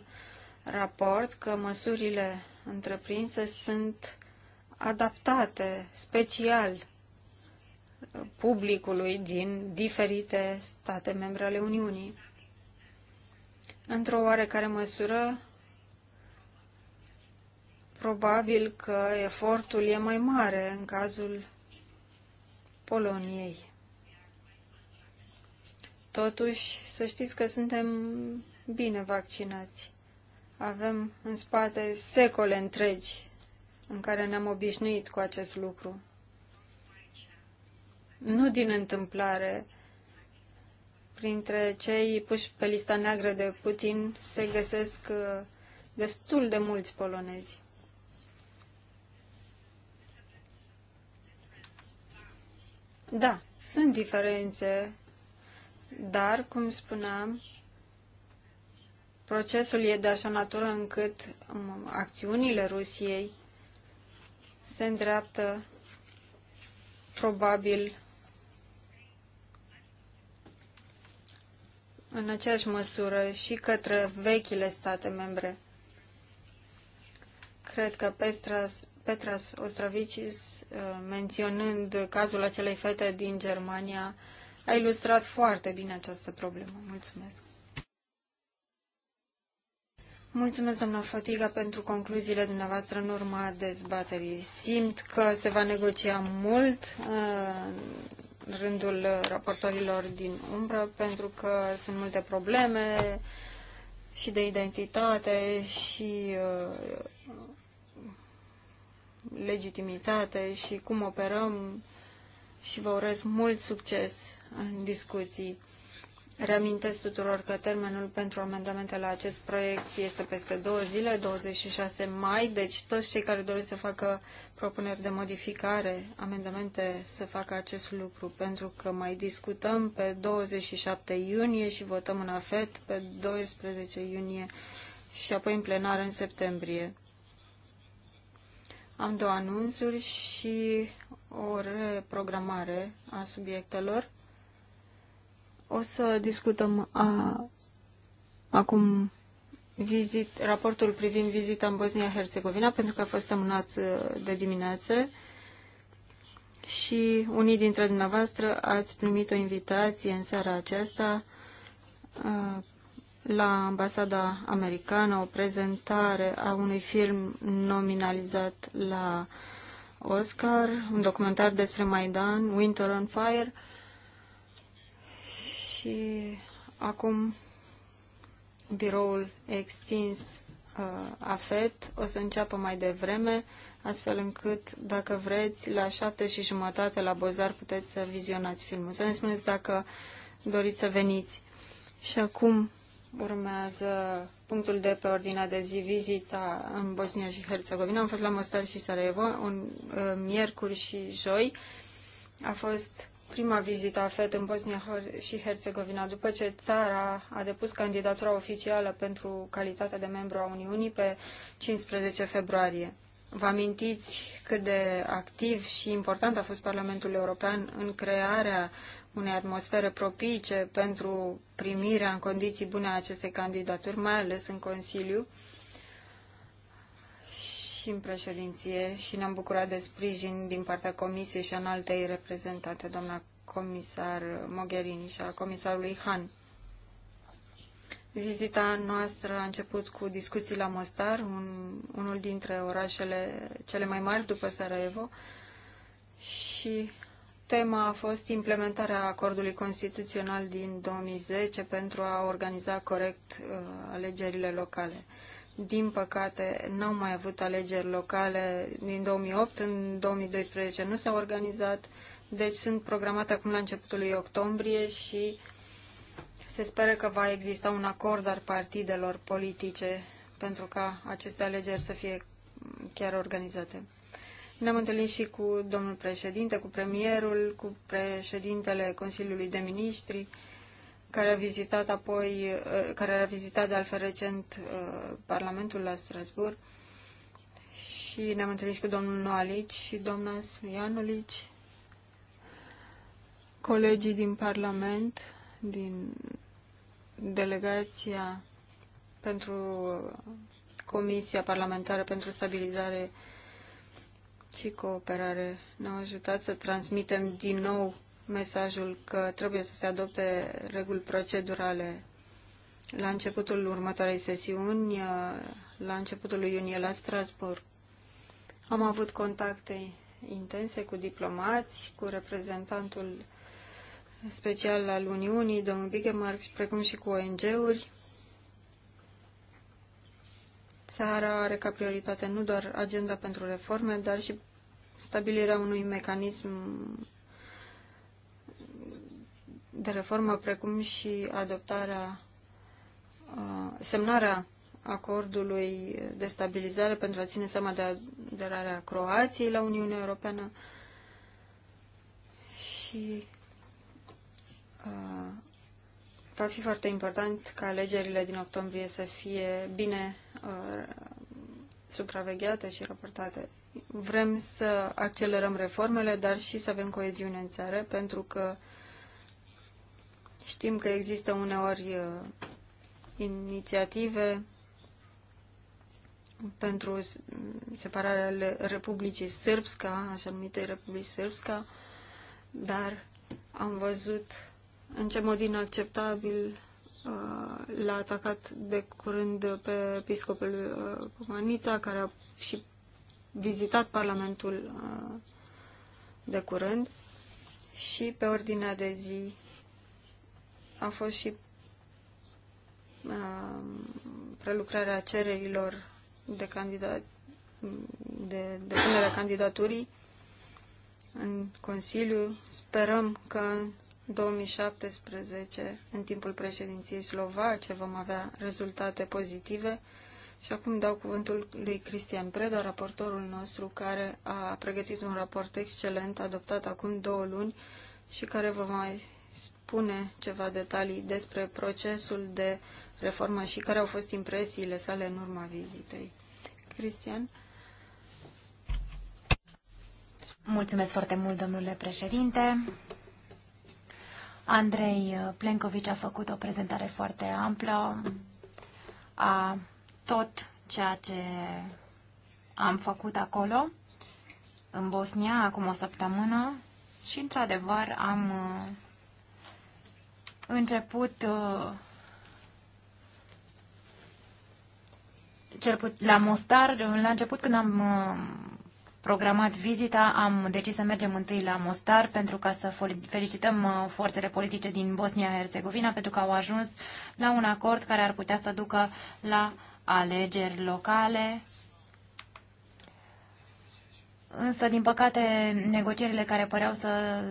raport că măsurile întreprinse sunt adaptate special publicului din diferite state membre ale Uniunii. Într-o oarecare măsură, probabil că efortul e mai mare în cazul Poloniei. Totuși, să știți că suntem bine vaccinați. Avem în spate secole întregi în care ne-am obișnuit cu acest lucru. Nu din întâmplare, printre cei puși pe lista neagră de Putin se găsesc uh, destul de mulți polonezi. Da, sunt diferențe, dar, cum spuneam, procesul e de așa natură încât um, acțiunile Rusiei se îndreaptă probabil în aceeași măsură și către vechile state membre. Cred că Petras, Petras Ostravicis, uh, menționând cazul acelei fete din Germania, a ilustrat foarte bine această problemă. Mulțumesc! Mulțumesc, doamna Fatiga, pentru concluziile dumneavoastră în urma dezbaterii. Simt că se va negocia mult uh, în rândul raportorilor din umbră, pentru că sunt multe probleme și de identitate și uh, legitimitate și cum operăm și vă urez mult succes în discuții. Reamintesc tuturor că termenul pentru amendamente la acest proiect este peste două zile, 26 mai, deci toți cei care doresc să facă propuneri de modificare, amendamente, să facă acest lucru, pentru că mai discutăm pe 27 iunie și votăm în afet pe 12 iunie și apoi în plenar în septembrie. Am două anunțuri și o reprogramare a subiectelor. O să discutăm a, acum vizit, raportul privind vizita în Bosnia-Herzegovina, pentru că a fost amânat uh, de dimineață și unii dintre dumneavoastră ați primit o invitație în seara aceasta a, uh, la ambasada americană, o prezentare a unui film nominalizat la Oscar, un documentar despre Maidan, Winter on Fire, și acum biroul extins uh, AFET o să înceapă mai devreme, astfel încât, dacă vreți, la șapte și jumătate la Bozar puteți să vizionați filmul. Să ne spuneți dacă doriți să veniți. Și acum urmează punctul de pe ordinea de zi, vizita în Bosnia și Herțegovina. Am fost la Mostar și Sarajevo, un uh, miercuri și joi. A fost prima vizită a FED în Bosnia și Herțegovina, după ce țara a depus candidatura oficială pentru calitatea de membru a Uniunii pe 15 februarie. Vă amintiți cât de activ și important a fost Parlamentul European în crearea unei atmosfere propice pentru primirea în condiții bune a acestei candidaturi, mai ales în Consiliu, și în președinție și ne-am bucurat de sprijin din partea comisiei și a altei reprezentante, doamna comisar Mogherini și al comisarului Han. Vizita noastră a început cu discuții la Mostar, un, unul dintre orașele cele mai mari după Sarajevo, și tema a fost implementarea acordului constituțional din 2010 pentru a organiza corect uh, alegerile locale. Uh, din păcate, n-au mai avut alegeri locale din 2008, în 2012 nu s-au organizat, deci sunt programate acum la începutul lui octombrie și se speră că va exista un acord al partidelor politice pentru ca aceste alegeri să fie chiar organizate. Ne-am întâlnit și cu domnul președinte, cu premierul, cu președintele Consiliului de Ministri care a vizitat apoi, uh, care a vizitat de altfel recent uh, Parlamentul la Strasburg și ne-am întâlnit cu domnul Noalici și doamna Smianulici, colegii din Parlament, din delegația pentru Comisia Parlamentară pentru Stabilizare și Cooperare ne-au ajutat să transmitem din nou mesajul că trebuie să se adopte reguli procedurale la începutul următoarei sesiuni, uh, la începutul lui iunie la Strasbourg. Am avut contacte intense cu diplomați, cu reprezentantul special al Uniunii, domnul Bigemark, precum și cu ONG-uri. Țara are ca prioritate nu doar agenda pentru reforme, dar și stabilirea unui mecanism de reformă, precum și adoptarea, uh, semnarea acordului de stabilizare pentru a ține seama de aderarea Croației la Uniunea Europeană și uh, va fi foarte important ca alegerile din octombrie să fie bine uh, supravegheate și raportate. Vrem să accelerăm reformele, dar și să avem coeziune în țară, pentru că Știm că există uneori uh, inițiative pentru separarea Republicii Sârbska, așa numite Republicii Sârbska, dar am văzut în ce mod inacceptabil uh, l-a atacat de curând pe episcopul Pumanița, uh, care a și vizitat Parlamentul de curând și pe ordinea de zi a fost și a, um, prelucrarea cererilor de candidat de depunerea candidaturii în Consiliu. Sperăm că în 2017, în timpul președinției slovace, vom avea rezultate pozitive. Și acum dau cuvântul lui Cristian Preda, raportorul nostru, care a pregătit un raport excelent, adoptat acum două luni și care vă mai spune ceva detalii despre procesul de reformă și care au fost impresiile sale în urma vizitei. Cristian? Mulțumesc foarte mult, domnule președinte. Andrei Plencovici a făcut o prezentare foarte amplă a tot ceea ce am făcut acolo, în Bosnia, acum o săptămână, și într-adevăr am început uh, cel put- la Mostar, la început când am uh, programat vizita, am decis să mergem întâi la Mostar pentru ca să felicităm uh, forțele politice din Bosnia-Herzegovina pentru că au ajuns la un acord care ar putea să ducă la alegeri locale Însă, din păcate, negocierile care păreau să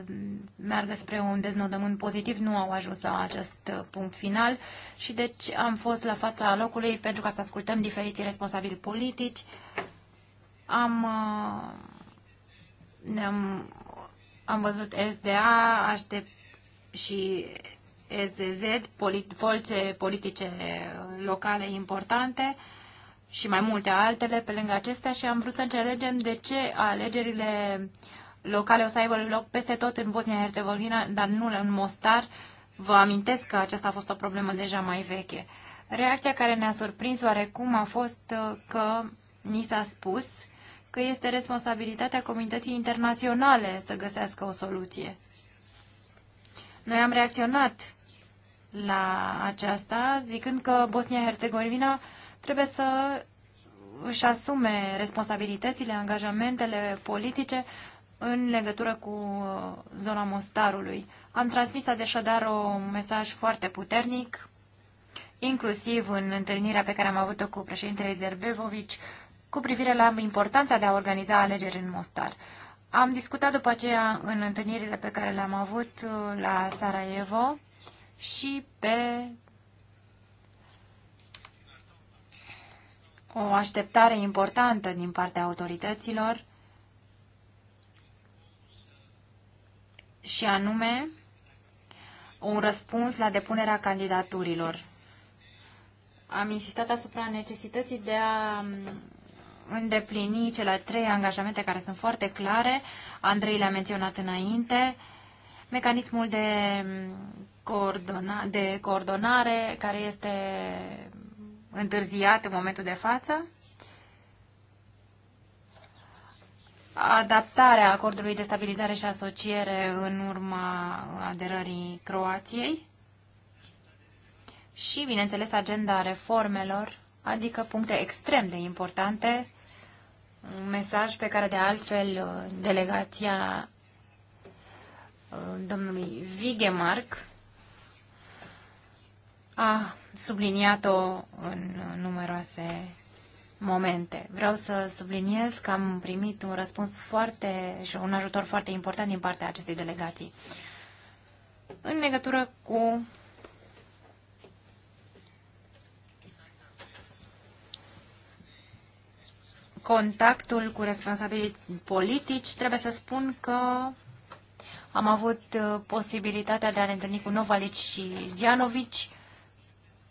meargă spre un deznodământ pozitiv nu au ajuns la acest punct final și deci am fost la fața locului pentru ca să ascultăm diferiții responsabili politici. Am, uh, ne-am, am văzut SDA aștept și SDZ, polit, forțe politice locale importante, și mai multe altele pe lângă acestea și am vrut să înțelegem de ce alegerile locale o să aibă loc peste tot în Bosnia-Herzegovina, dar nu în Mostar. Vă amintesc că aceasta a fost o problemă deja mai veche. Reacția care ne-a surprins oarecum a fost uh, că ni s-a spus că este responsabilitatea comunității internaționale să găsească o soluție. Noi am reacționat la aceasta, zicând că Bosnia-Herzegovina trebuie să își asume responsabilitățile, angajamentele politice în legătură cu uh, zona Mostarului. Am transmis adeșadar un mesaj foarte puternic, inclusiv în întâlnirea pe care am avut-o cu președintele Zerbevovici, cu privire la importanța de a organiza alegeri în Mostar. Am discutat după aceea în întâlnirile pe care le-am avut uh, la Sarajevo și pe o așteptare importantă din partea autorităților și anume un răspuns la depunerea candidaturilor. Am insistat asupra necesității de a îndeplini cele trei angajamente care sunt foarte clare. Andrei le-a menționat înainte. Mecanismul de, coordona, de coordonare care este întârziat în momentul de față. Adaptarea acordului de stabilizare și asociere în urma aderării Croației și, bineînțeles, agenda reformelor, adică puncte extrem de importante, un mesaj pe care, de altfel, delegația uh, domnului Vigemark a subliniat-o în numeroase momente. Vreau să subliniez că am primit un răspuns foarte și un ajutor foarte important din partea acestei delegații. În legătură cu contactul cu responsabilii politici, trebuie să spun că am avut uh, posibilitatea de a ne întâlni cu Novalici și Zianovici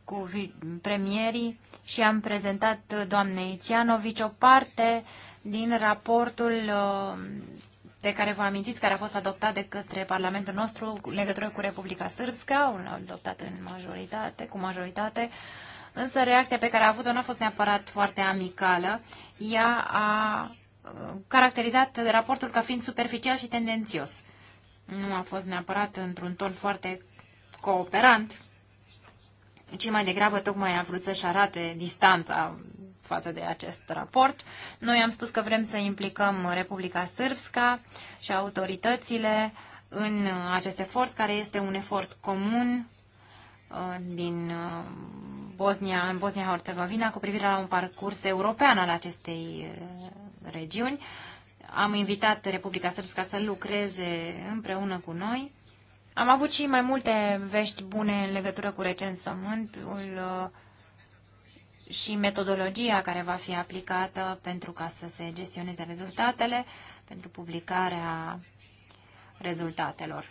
cu premierii și am prezentat doamnei Țianovici o parte din raportul uh, de care vă amintiți, care a fost adoptat de către Parlamentul nostru în legătură cu Republica Sârbscă, un adoptat în majoritate, cu majoritate, însă reacția pe care a avut-o nu a fost neapărat foarte amicală. Ea a uh, caracterizat raportul ca fiind superficial și tendențios. Nu a fost neapărat într-un ton foarte cooperant ci mai degrabă tocmai a vrut să-și arate distanța față de acest raport. Noi am spus că vrem să implicăm Republica Sârbska și autoritățile în acest efort, care este un efort comun uh, din uh, Bosnia, în Bosnia-Herzegovina cu privire la un parcurs european al acestei uh, regiuni. Am invitat Republica Sârbska să lucreze împreună cu noi am avut și mai multe vești bune în legătură cu recensământul uh, și metodologia care va fi aplicată pentru ca să se gestioneze rezultatele, pentru publicarea rezultatelor.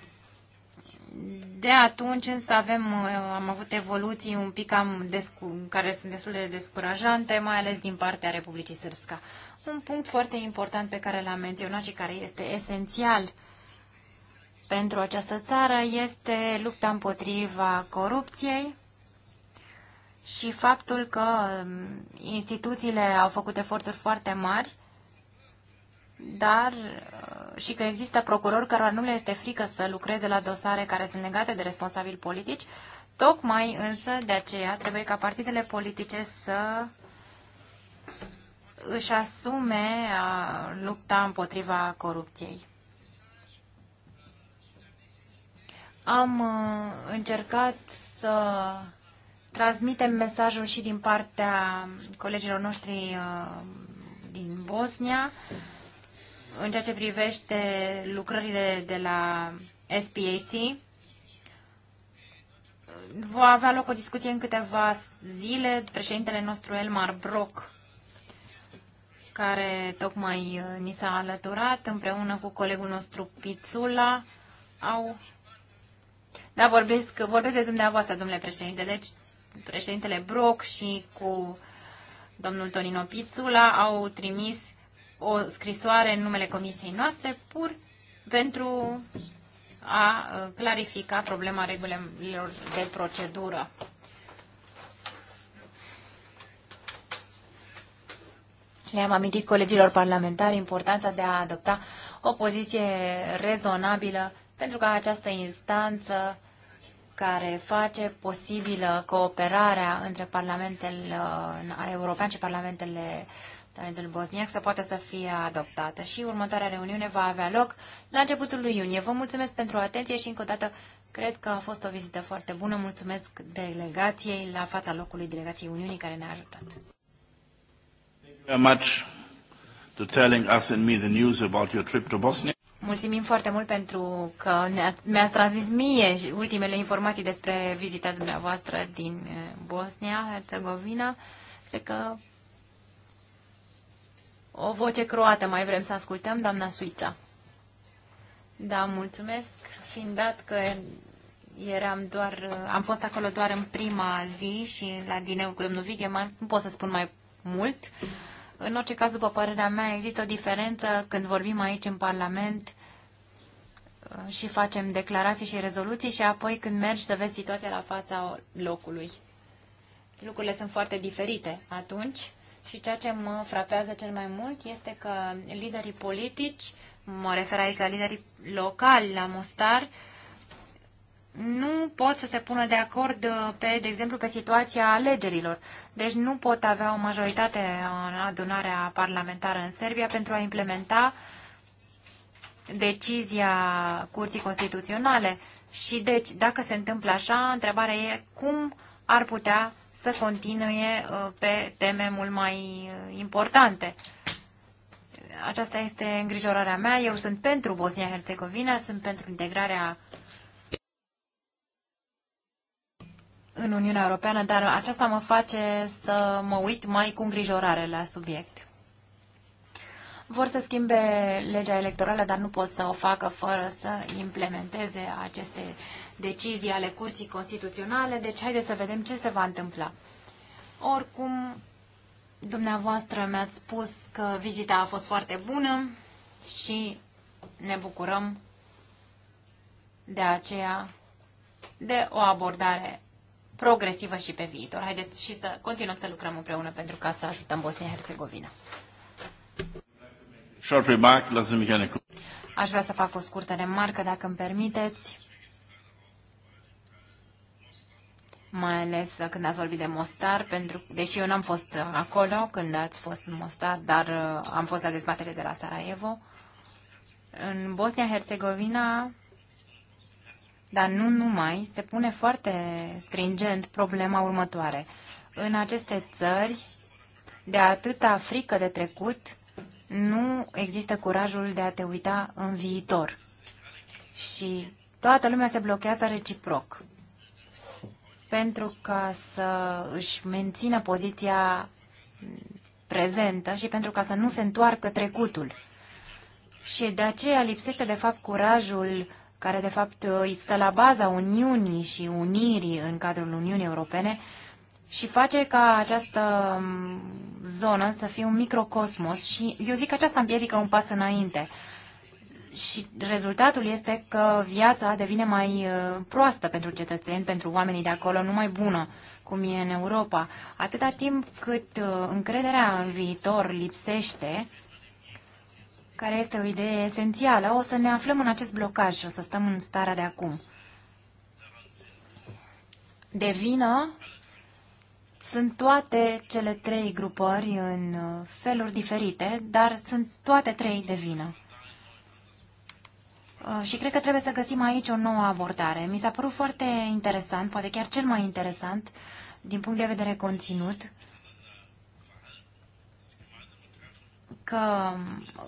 De atunci însă avem, uh, am avut evoluții un pic am descu- care sunt destul de descurajante, mai ales din partea Republicii Sârbsca. Un punct foarte important pe care l-am menționat și care este esențial pentru această țară este lupta împotriva corupției și faptul că mm, instituțiile au făcut eforturi foarte mari, dar uh, și că există procurori care nu le este frică să lucreze la dosare care sunt legate de responsabili politici, tocmai însă de aceea trebuie ca partidele politice să își asume uh, lupta împotriva corupției. Am uh, încercat să transmitem mesajul și din partea colegilor noștri uh, din Bosnia în ceea ce privește lucrările de la SPAC. Va avea loc o discuție în câteva zile. Președintele nostru, Elmar Brock, care tocmai uh, ni s-a alăturat, împreună cu colegul nostru Pizzula, au da, vorbesc, vorbesc de dumneavoastră, domnule președinte. Deci, președintele Broc și cu domnul Tonino Pițula au trimis o scrisoare în numele comisiei noastre pur pentru a clarifica problema regulilor de procedură. Le-am amintit colegilor parlamentari importanța de a adopta o poziție rezonabilă pentru ca această instanță care face posibilă cooperarea între Parlamentul European și Parlamentele talentul bosniac să poată să fie adoptată și următoarea reuniune va avea loc la începutul lui iunie. Vă mulțumesc pentru atenție și încă o dată cred că a fost o vizită foarte bună. Mulțumesc delegației la fața locului delegației Uniunii care ne-a ajutat. Thank you very much to telling us and me the news about your trip to Bosnia. Mulțumim foarte mult pentru că mi-ați transmis mie ultimele informații despre vizita dumneavoastră din eh, Bosnia-Herzegovina. Cred că o voce croată mai vrem să ascultăm, doamna Suița. Da, mulțumesc, fiind dat că eram doar, eh, am fost acolo doar în prima zi și la dineu cu domnul Vigeman, nu pot să spun mai mult. Uh, în orice caz, după părerea mea, există o diferență când vorbim aici în Parlament uh, și facem declarații și rezoluții și apoi când mergi să vezi situația la fața locului. Lucrurile sunt foarte diferite atunci și ceea ce mă frapează cel mai mult este că liderii politici, mă refer aici la liderii locali, la Mostar, uh, nu pot să se pună de acord uh, pe, de exemplu, pe situația alegerilor. Deci nu pot avea o majoritate în adunarea parlamentară în Serbia pentru a implementa decizia Curții Constituționale. Și deci, dacă se întâmplă așa, întrebarea e cum ar putea să continue uh, pe teme mult mai uh, importante. Aceasta este îngrijorarea mea. Eu sunt pentru Bosnia-Herzegovina, sunt pentru integrarea în Uniunea Europeană, dar aceasta mă face să mă uit mai cu îngrijorare la subiect. Vor să schimbe legea electorală, dar nu pot să o facă fără să implementeze aceste decizii ale Curții Constituționale, deci haideți să vedem ce se va întâmpla. Oricum, dumneavoastră mi-ați spus că vizita a fost foarte bună și ne bucurăm de aceea de o abordare progresivă și pe viitor. Haideți și să continuăm să lucrăm împreună pentru ca să ajutăm Bosnia-Herzegovina. Short remark, Aș vrea să fac o scurtă remarcă, dacă îmi permiteți. Mai ales când ați vorbit de Mostar, pentru, deși eu n-am fost acolo când ați fost în Mostar, dar uh, am fost la dezbatere de la Sarajevo. În Bosnia-Herzegovina dar nu numai, se pune foarte stringent problema următoare. În aceste țări, de atâta frică de trecut, nu există curajul de a te uita în viitor. Și toată lumea se blochează reciproc pentru ca să își mențină poziția prezentă și pentru ca să nu se întoarcă trecutul. Și de aceea lipsește, de fapt, curajul care de fapt îi stă la baza Uniunii și unirii în cadrul Uniunii Europene și face ca această zonă să fie un microcosmos și eu zic că aceasta împiedică un pas înainte. Și rezultatul este că viața devine mai uh, proastă pentru cetățeni, pentru oamenii de acolo, nu mai bună cum e în Europa. Atâta timp cât uh, încrederea în viitor lipsește, care este o idee esențială. O să ne aflăm în acest blocaj și o să stăm în starea de acum. De vină sunt toate cele trei grupări în uh, feluri diferite, dar sunt toate trei de vină. Uh, și cred că trebuie să găsim aici o nouă abordare. Mi s-a părut foarte interesant, poate chiar cel mai interesant, din punct de vedere conținut, că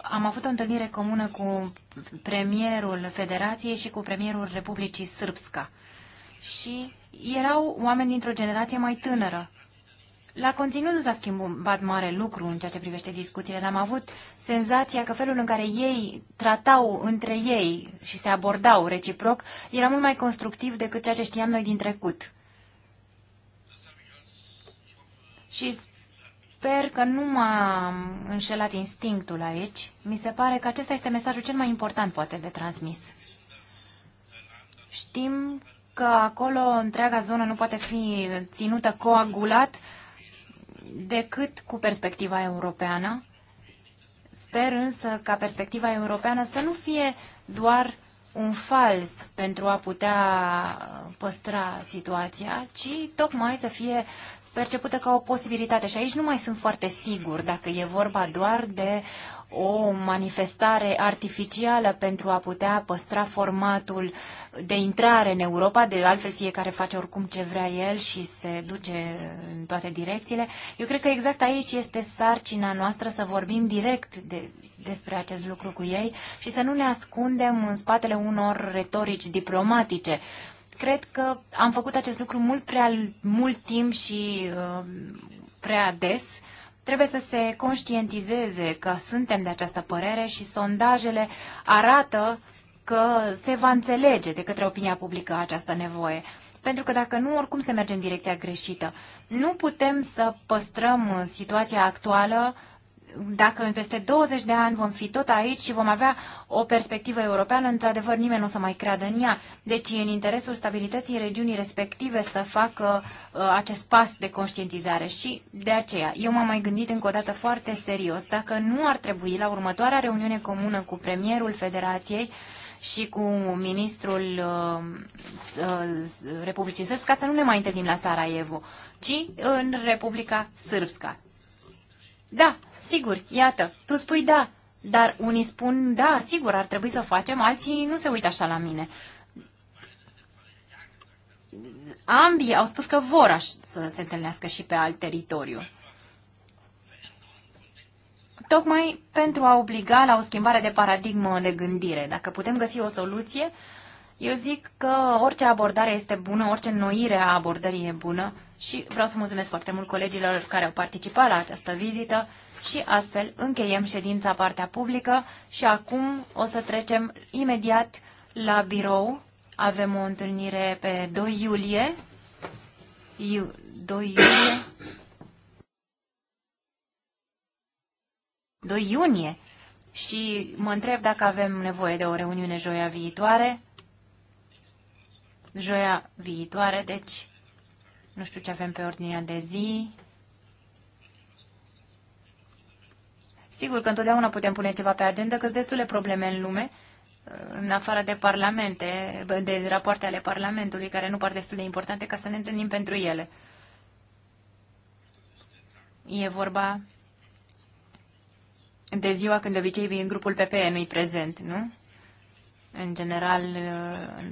am avut o întâlnire comună cu premierul Federației și cu premierul Republicii Sârbska. Și erau oameni dintr-o generație mai tânără. La conținut nu s-a schimbat mare lucru în ceea ce privește discuțiile, dar am avut senzația că felul în care ei tratau între ei și se abordau reciproc era mult mai constructiv decât ceea ce știam noi din trecut. Și Sper că nu m-a înșelat instinctul aici. Mi se pare că acesta este mesajul cel mai important, poate, de transmis. Știm că acolo întreaga zonă nu poate fi ținută coagulat decât cu perspectiva europeană. Sper însă ca perspectiva europeană să nu fie doar un fals pentru a putea păstra situația, ci tocmai să fie percepută ca o posibilitate și aici nu mai sunt foarte sigur dacă e vorba doar de o manifestare artificială pentru a putea păstra formatul de intrare în Europa, de altfel fiecare face oricum ce vrea el și se duce în toate direcțiile. Eu cred că exact aici este sarcina noastră să vorbim direct de, despre acest lucru cu ei și să nu ne ascundem în spatele unor retorici diplomatice. Uh, Cred că am făcut acest lucru mult prea mult timp și uh, prea des. Trebuie să se conștientizeze că suntem de această părere și sondajele arată că se va înțelege de către opinia publică această nevoie pentru că dacă nu, oricum se merge în direcția greșită. Nu putem să păstrăm uh, situația actuală dacă în peste 20 de ani vom fi tot aici și vom avea o perspectivă europeană, într-adevăr nimeni nu o să mai creadă în ea. Deci e în interesul stabilității regiunii respective să facă uh, acest pas de conștientizare și de aceea eu m-am mai gândit încă o dată foarte serios dacă nu ar trebui la următoarea reuniune comună cu premierul Federației și cu ministrul uh, uh Republicii Sârbska să nu ne mai întâlnim la Sarajevo, ci în Republica Sârbska. Da, Sigur, iată, tu spui da, dar unii spun da, sigur, ar trebui să o facem, alții nu se uită așa la mine. Ambii au spus că vor aș, să se întâlnească și pe alt teritoriu. Tocmai pentru a obliga la o schimbare de paradigmă de gândire. Dacă putem găsi o soluție, eu zic că orice abordare este bună, orice noire a abordării e bună și vreau să mulțumesc foarte mult colegilor care au participat la această vizită și astfel încheiem ședința partea publică și acum o să trecem imediat la birou. Avem o întâlnire pe 2 iulie. Iu, 2 iulie. 2 iunie. Și mă întreb dacă avem nevoie de o reuniune joia viitoare. Joia viitoare, deci nu știu ce avem pe ordinea de zi. Sigur că întotdeauna putem pune ceva pe agenda, că destule probleme în lume, în afară de parlamente, de rapoarte ale Parlamentului, care nu par destul de importante, ca să ne întâlnim pentru ele. E vorba de ziua când de obicei în grupul PPE nu-i prezent, nu? în general,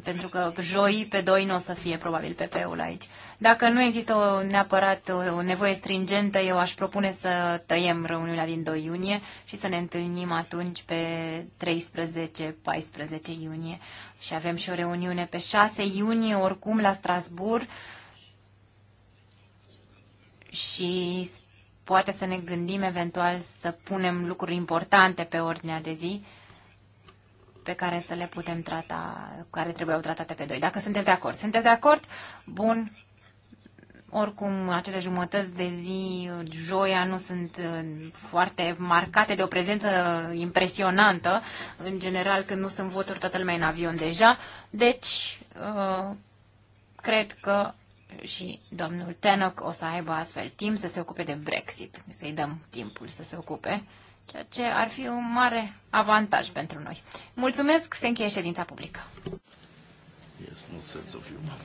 pentru că joi pe doi nu o să fie probabil PP-ul aici. Dacă nu există o, neapărat o nevoie stringentă, eu aș propune să tăiem reuniunea din 2 iunie și să ne întâlnim atunci pe 13-14 iunie. Și avem și o reuniune pe 6 iunie, oricum, la Strasbourg Și poate să ne gândim eventual să punem lucruri importante pe ordinea de zi pe care să le putem trata, care trebuiau tratate pe doi. Dacă sunteți de acord. Sunteți de acord? Bun. Oricum, acele jumătăți de zi, joia, nu sunt uh, foarte marcate de o prezență impresionantă. În general, când nu sunt voturi, toată lumea în avion deja. Deci, uh, cred că și domnul Tenoc o să aibă astfel timp să se ocupe de Brexit. Să-i dăm timpul să se ocupe ceea ce ar fi un mare avantaj pentru noi. Mulțumesc, se încheie ședința publică. Yes, no sense of humor.